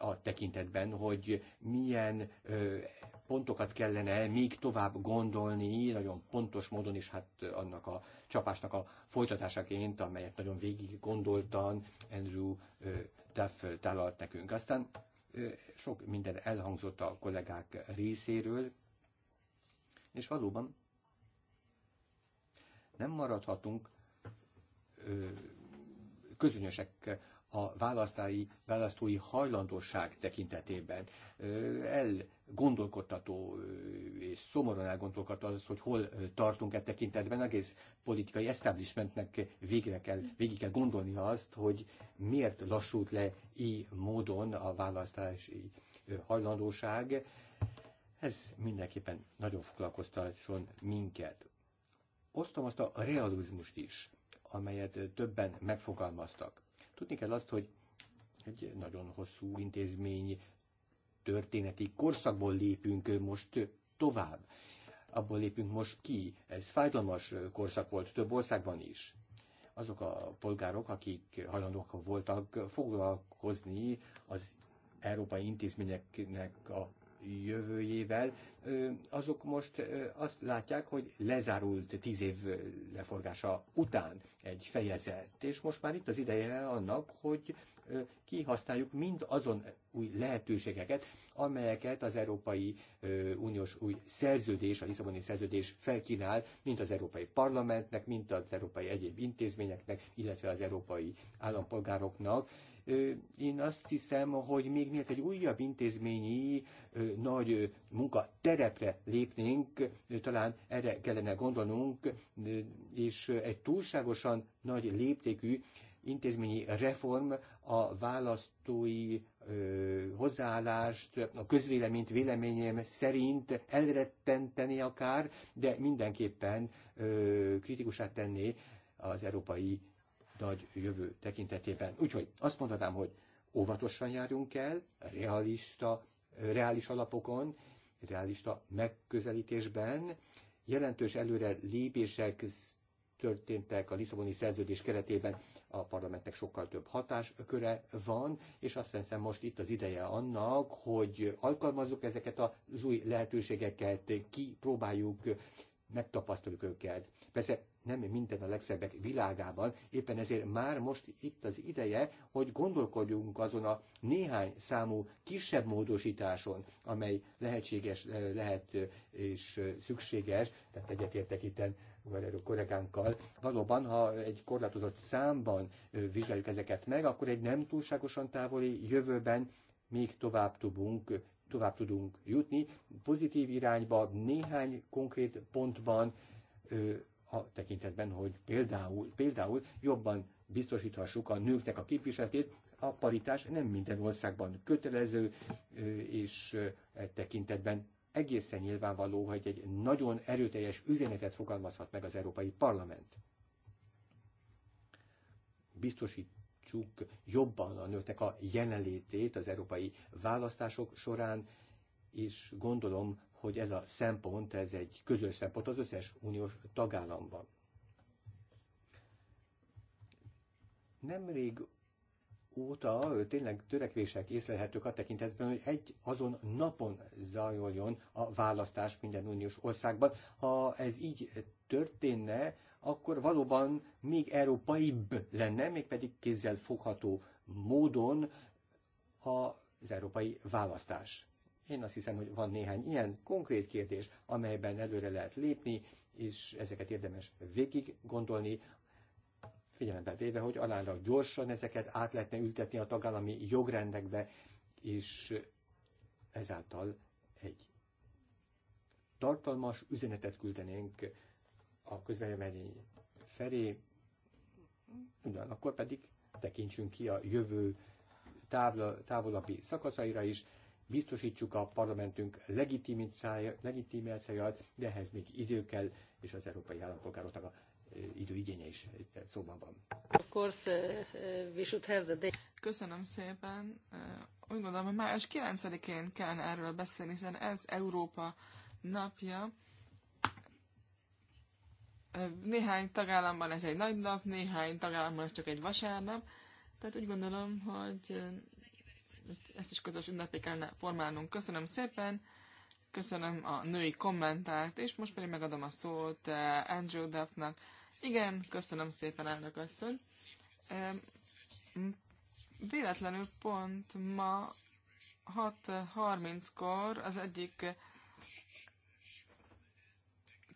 a tekintetben, hogy milyen ö, pontokat kellene még tovább gondolni, nagyon pontos módon, is, hát annak a csapásnak a folytatásaként, amelyet nagyon végig gondoltan Andrew Duff tálalt nekünk. Aztán sok minden elhangzott a kollégák részéről, és valóban nem maradhatunk közönösek a választási, választói hajlandóság tekintetében elgondolkodtató és szomorúan elgondolkodható az, hogy hol tartunk e tekintetben. Egész politikai establishmentnek végre kell, végig kell gondolni azt, hogy miért lassult le így módon a választási hajlandóság. Ez mindenképpen nagyon foglalkoztasson minket. Osztom azt a realizmust is, amelyet többen megfogalmaztak Tudni kell azt, hogy egy nagyon hosszú intézmény történeti korszakból lépünk most tovább. Abból lépünk most ki. Ez fájdalmas korszak volt több országban is. Azok a polgárok, akik hajlandók voltak foglalkozni az európai intézményeknek a jövőjével, azok most azt látják, hogy lezárult tíz év leforgása után egy fejezet, és most már itt az ideje annak, hogy kihasználjuk mind azon új lehetőségeket, amelyeket az Európai Uniós új szerződés, a Lisszaboni szerződés felkínál, mint az Európai Parlamentnek, mint az európai egyéb intézményeknek, illetve az európai állampolgároknak. Én azt hiszem, hogy még miért egy újabb intézményi nagy munka terepre lépnénk, talán erre kellene gondolnunk, és egy túlságosan nagy léptékű intézményi reform a választói ö, hozzáállást, a közvéleményt véleményem szerint elrettenteni akár, de mindenképpen ö, kritikusát tenné az európai nagy jövő tekintetében. Úgyhogy azt mondanám, hogy óvatosan járjunk el, realista, reális alapokon, realista megközelítésben, jelentős előre lépések történtek a Lisszaboni szerződés keretében a parlamentnek sokkal több hatásköre van, és azt hiszem most itt az ideje annak, hogy alkalmazzuk ezeket az új lehetőségeket, kipróbáljuk, megtapasztaljuk őket. Persze nem minden a legszebbek világában, éppen ezért már most itt az ideje, hogy gondolkodjunk azon a néhány számú kisebb módosításon, amely lehetséges lehet és szükséges, tehát egyetértek itten Valero kollégánkkal. Valóban, ha egy korlátozott számban vizsgáljuk ezeket meg, akkor egy nem túlságosan távoli jövőben még tovább tudunk, tovább tudunk jutni. Pozitív irányba néhány konkrét pontban a tekintetben, hogy például, például jobban biztosíthassuk a nőknek a képviseletét, a paritás nem minden országban kötelező, és e tekintetben egészen nyilvánvaló, hogy egy nagyon erőteljes üzenetet fogalmazhat meg az Európai Parlament. Biztosítsuk jobban a nőknek a jelenlétét az európai választások során, és gondolom, hogy ez a szempont, ez egy közös szempont az összes uniós tagállamban. Nemrég óta tényleg törekvések észlelhetők a tekintetben, hogy egy azon napon zajoljon a választás minden uniós országban. Ha ez így történne, akkor valóban még európaibb lenne, mégpedig kézzel fogható módon az európai választás. Én azt hiszem, hogy van néhány ilyen konkrét kérdés, amelyben előre lehet lépni, és ezeket érdemes végig gondolni figyelembe véve, hogy aránylag gyorsan ezeket át lehetne ültetni a tagállami jogrendekbe, és ezáltal egy tartalmas üzenetet küldenénk a közvélemény felé, ugyanakkor pedig tekintsünk ki a jövő távla, távolabbi szakaszaira is, biztosítsuk a parlamentünk legitimációját, de ehhez még idő kell, és az európai állampolgároknak a időigénye is szóban van. Uh, uh, köszönöm szépen. Uh, úgy gondolom, hogy május 9-én kellene erről beszélni, hiszen ez Európa napja. Néhány tagállamban ez egy nagy nap, néhány tagállamban ez csak egy vasárnap. Tehát úgy gondolom, hogy ezt is közös ünnepé kellene formálnunk. Köszönöm szépen, köszönöm a női kommentárt, és most pedig megadom a szót Andrew Duffnak, igen, köszönöm szépen, elnök asszony. Véletlenül pont ma 6.30-kor az egyik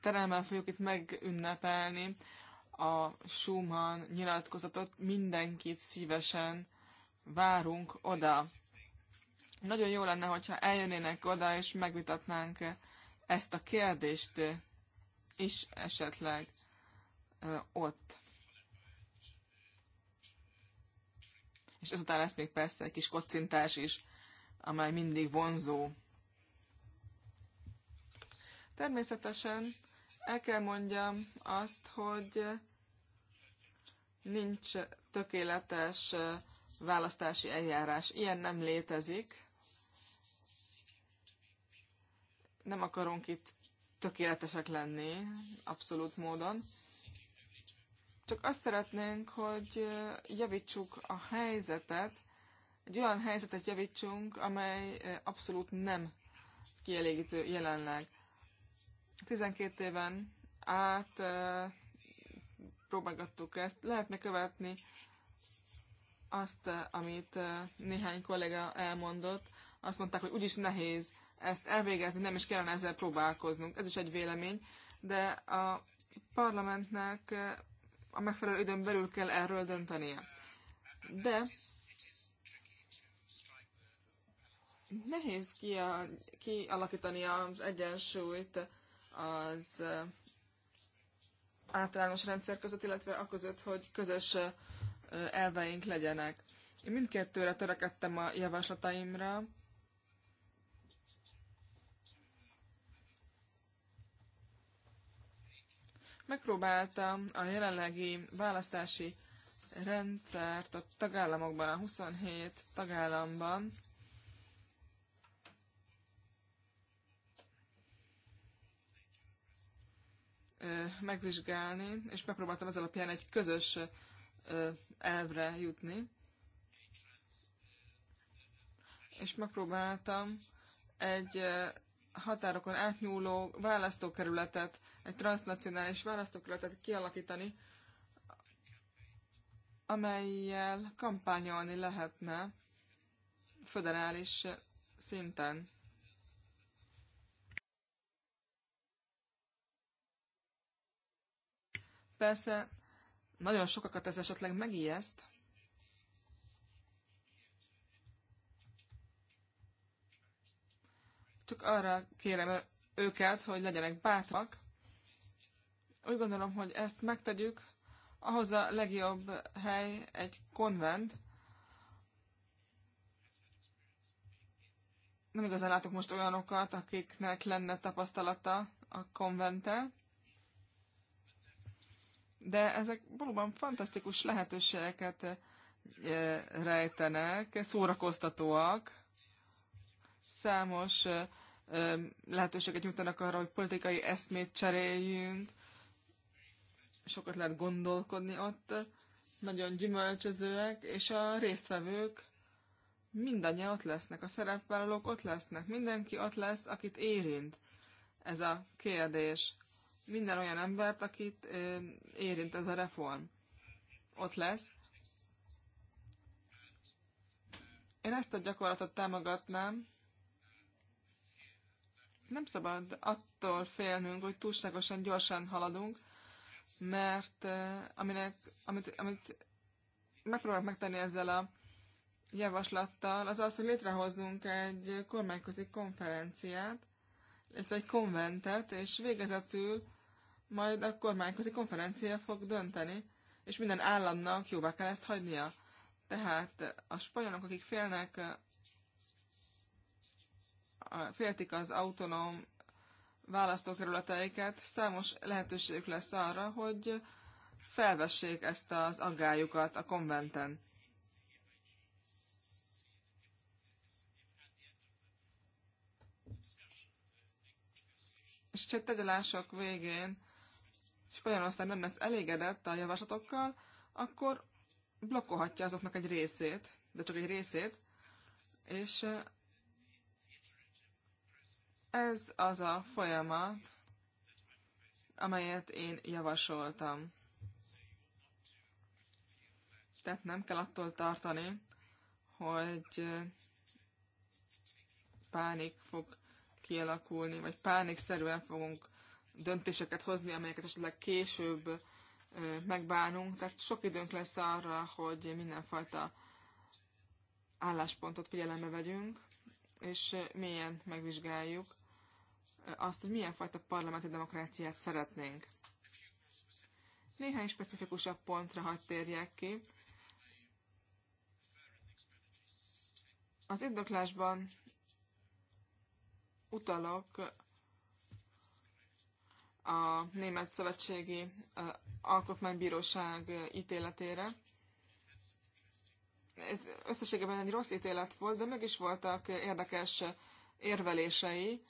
teremben fogjuk itt megünnepelni a Schumann nyilatkozatot. Mindenkit szívesen várunk oda. Nagyon jó lenne, hogyha eljönnének oda, és megvitatnánk ezt a kérdést is esetleg ott. És ezután lesz még persze egy kis kocintás is, amely mindig vonzó. Természetesen el kell mondjam azt, hogy nincs tökéletes választási eljárás. Ilyen nem létezik. Nem akarunk itt tökéletesek lenni, abszolút módon csak azt szeretnénk, hogy javítsuk a helyzetet, egy olyan helyzetet javítsunk, amely abszolút nem kielégítő jelenleg. 12 éven át próbálgattuk ezt. Lehetne követni azt, amit néhány kollega elmondott. Azt mondták, hogy úgyis nehéz ezt elvégezni, nem is kellene ezzel próbálkoznunk. Ez is egy vélemény, de a parlamentnek a megfelelő időn belül kell erről döntenie. De nehéz ki kialakítani az egyensúlyt az eh, általános rendszer között, illetve a között, hogy közös eh, elveink legyenek. Én mindkettőre törekedtem a javaslataimra, Megpróbáltam a jelenlegi választási rendszert a tagállamokban, a 27 tagállamban megvizsgálni, és megpróbáltam ez alapján egy közös elvre jutni. És megpróbáltam egy határokon átnyúló választókerületet egy transnacionális választókerületet kialakítani, amelyel kampányolni lehetne föderális szinten. Persze nagyon sokakat ez esetleg megijeszt, csak arra kérem őket, hogy legyenek bátrak, úgy gondolom, hogy ezt megtegyük, ahhoz a legjobb hely egy konvent. Nem igazán látok most olyanokat, akiknek lenne tapasztalata a konvente. De ezek valóban fantasztikus lehetőségeket eh, rejtenek, szórakoztatóak, számos eh, eh, lehetőséget nyújtanak arra, hogy politikai eszmét cseréljünk, sokat lehet gondolkodni ott, nagyon gyümölcsözőek, és a résztvevők mindannyian ott lesznek, a szerepvállalók ott lesznek, mindenki ott lesz, akit érint ez a kérdés. Minden olyan embert, akit érint ez a reform. Ott lesz. Én ezt a gyakorlatot támogatnám. Nem szabad attól félnünk, hogy túlságosan gyorsan haladunk, mert eh, aminek, amit, amit megpróbálok megtenni ezzel a javaslattal, az az, hogy létrehozzunk egy kormányközi konferenciát, illetve egy konventet, és végezetül majd a kormányközi konferencia fog dönteni, és minden államnak jóvá kell ezt hagynia. Tehát a spanyolok, akik félnek, féltik az autonóm választókerületeiket, számos lehetőségük lesz arra, hogy felvessék ezt az aggályukat a konventen. És a tegyelások végén Spanyolország nem lesz elégedett a javaslatokkal, akkor blokkolhatja azoknak egy részét, de csak egy részét, és ez az a folyamat, amelyet én javasoltam. Tehát nem kell attól tartani, hogy pánik fog kialakulni, vagy pánikszerűen fogunk döntéseket hozni, amelyeket esetleg később megbánunk. Tehát sok időnk lesz arra, hogy mindenfajta álláspontot figyelembe vegyünk, és mélyen megvizsgáljuk azt, hogy milyen fajta parlamenti demokráciát szeretnénk. Néhány specifikusabb pontra hadd térjek ki. Az indoklásban utalok a Német Szövetségi Alkotmánybíróság ítéletére. Ez összességében egy rossz ítélet volt, de mégis voltak érdekes érvelései,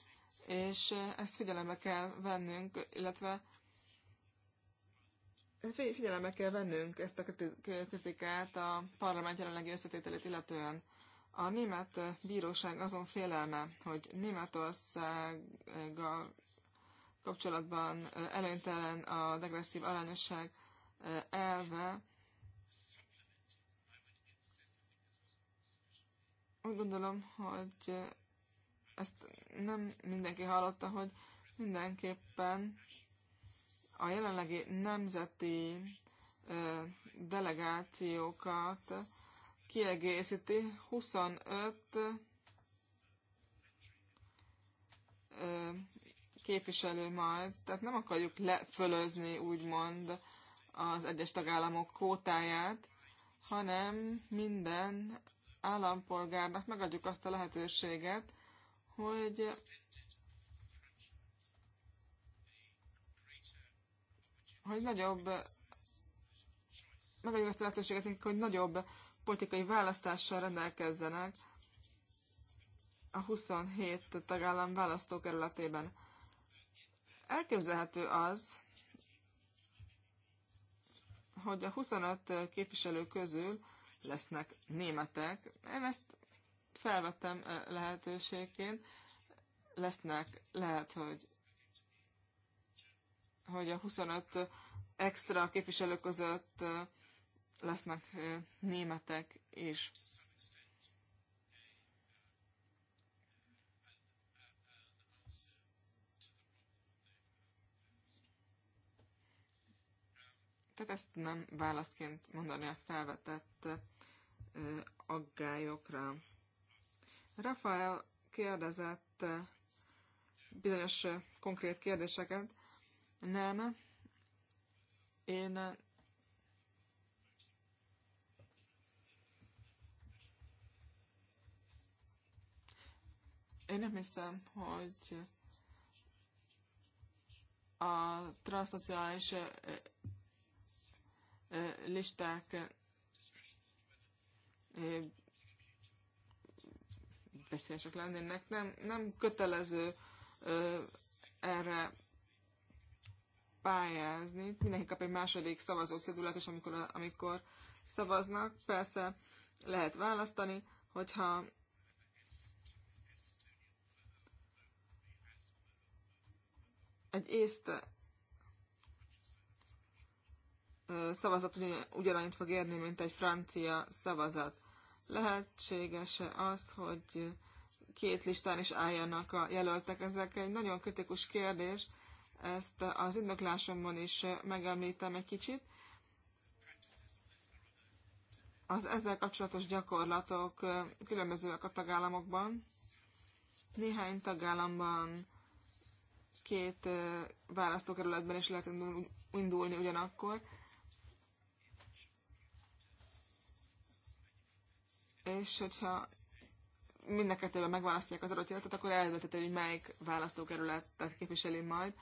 és ezt figyelembe kell vennünk, illetve figyelembe kell vennünk ezt a kritikát a parlament jelenlegi összetételét illetően. A német bíróság azon félelme, hogy Németországgal kapcsolatban előnytelen a degresszív arányosság elve. Úgy gondolom, hogy ezt nem mindenki hallotta, hogy mindenképpen a jelenlegi nemzeti delegációkat kiegészíti 25 képviselő majd, tehát nem akarjuk lefölözni úgymond az egyes tagállamok kótáját, hanem minden állampolgárnak megadjuk azt a lehetőséget, hogy hogy nagyobb megadjuk azt a lehetőséget nekik, hogy nagyobb politikai választással rendelkezzenek a 27 tagállam választókerületében. Elképzelhető az, hogy a 25 képviselő közül lesznek németek. Én ezt felvettem eh, lehetőségként. Lesznek, lehet, hogy, hogy a 25 extra képviselő között eh, lesznek eh, németek is. Tehát ezt nem válaszként mondani a felvetett aggályokra. Rafael kérdezett bizonyos konkrét kérdéseket. Nem. Én én nem hiszem, hogy a transznacionális listák veszélyesek lennének. Nem, nem kötelező ö, erre pályázni. Mindenki kap egy második cédulát, és amikor, amikor szavaznak, persze lehet választani, hogyha egy észt szavazat ugyanannyit fog érni, mint egy francia szavazat lehetséges az, hogy két listán is álljanak a jelöltek? Ezek egy nagyon kritikus kérdés, ezt az indoklásomban is megemlítem egy kicsit. Az ezzel kapcsolatos gyakorlatok különbözőek a tagállamokban. Néhány tagállamban két választókerületben is lehet indulni ugyanakkor, és hogyha mind a kettőben megválasztják az adott jelöltet, akkor eldöntheti, hogy melyik választókerületet képviseli majd.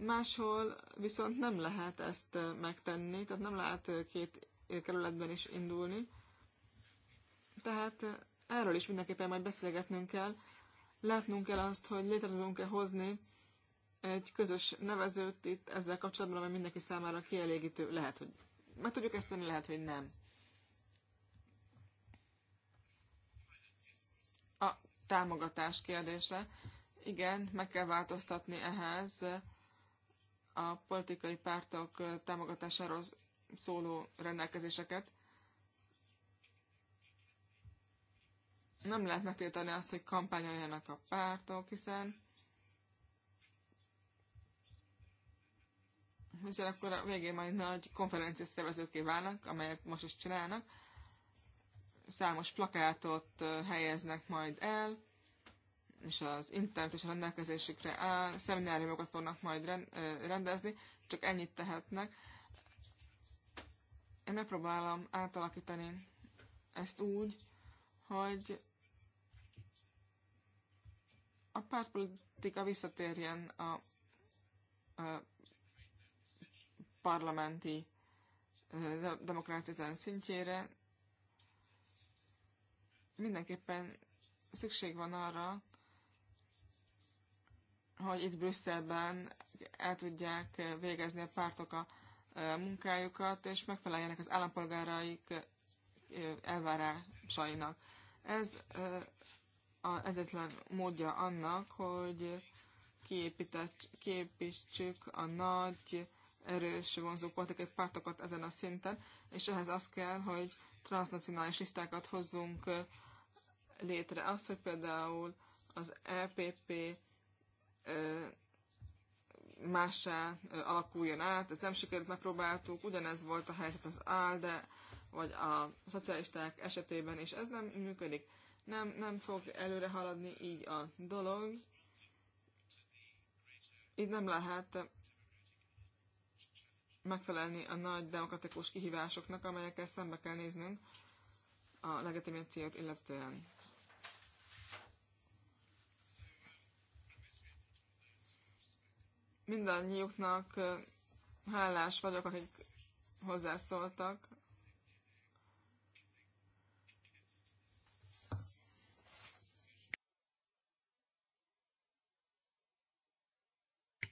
Máshol viszont nem lehet ezt megtenni, tehát nem lehet két kerületben is indulni. Tehát erről is mindenképpen majd beszélgetnünk kell. Látnunk kell azt, hogy létre tudunk-e hozni egy közös nevezőt itt ezzel kapcsolatban, ami mindenki számára kielégítő. Lehet, hogy meg tudjuk ezt tenni, lehet, hogy nem. támogatás kérdése. Igen, meg kell változtatni ehhez a politikai pártok támogatásáról szóló rendelkezéseket. Nem lehet megtiltani azt, hogy kampányoljanak a pártok, hiszen hiszen akkor a végén majd nagy konferenciás szervezőké válnak, amelyek most is csinálnak, számos plakátot helyeznek majd el, és az internet is a rendelkezésükre áll, szemináriumokat fognak majd rendezni, csak ennyit tehetnek. Én megpróbálom átalakítani ezt úgy, hogy a pártpolitika visszatérjen a, a parlamenti demokrácián szintjére, mindenképpen szükség van arra, hogy itt Brüsszelben el tudják végezni a pártok a munkájukat, és megfeleljenek az állampolgáraik elvárásainak. Ez az egyetlen módja annak, hogy képítsük a nagy, erős vonzó politikai pártokat ezen a szinten, és ehhez az kell, hogy transnacionális listákat hozzunk létre. Az, hogy például az EPP mássá alakuljon át, ez nem sikerült, megpróbáltuk, ugyanez volt a helyzet az ALDE, vagy a szocialisták esetében, és ez nem működik. Nem, nem fog előre haladni így a dolog. Így nem lehet megfelelni a nagy demokratikus kihívásoknak, amelyekkel szembe kell néznünk a legitimációt illetően. mindannyiuknak hálás vagyok, akik hozzászóltak.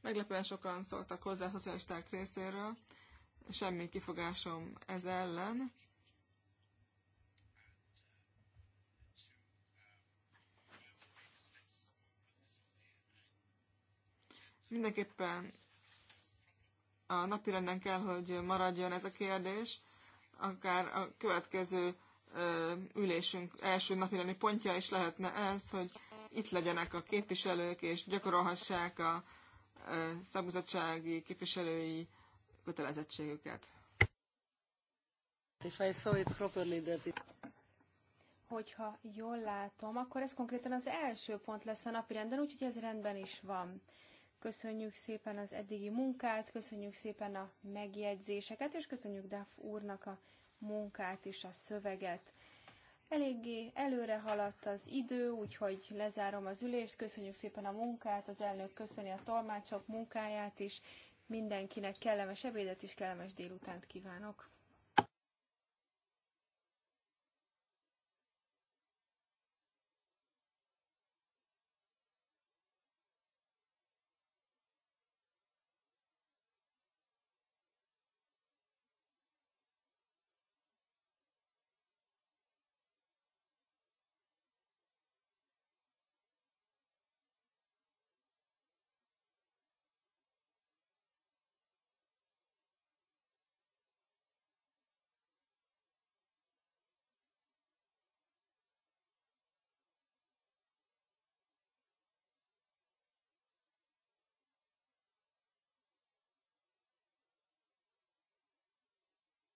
Meglepően sokan szóltak hozzá a szocialisták részéről, semmi kifogásom ez ellen. Mindenképpen a napirenden kell, hogy maradjon ez a kérdés, akár a következő ülésünk első napirendi pontja is lehetne ez, hogy itt legyenek a képviselők, és gyakorolhassák a szakbizottsági képviselői kötelezettségüket. If I saw it properly, that it... Hogyha jól látom, akkor ez konkrétan az első pont lesz a napirenden, úgyhogy ez rendben is van. Köszönjük szépen az eddigi munkát, köszönjük szépen a megjegyzéseket, és köszönjük Duff úrnak a munkát és a szöveget. Eléggé előre haladt az idő, úgyhogy lezárom az ülést. Köszönjük szépen a munkát, az elnök köszöni a tolmácsok munkáját is. Mindenkinek kellemes ebédet és kellemes délutánt kívánok!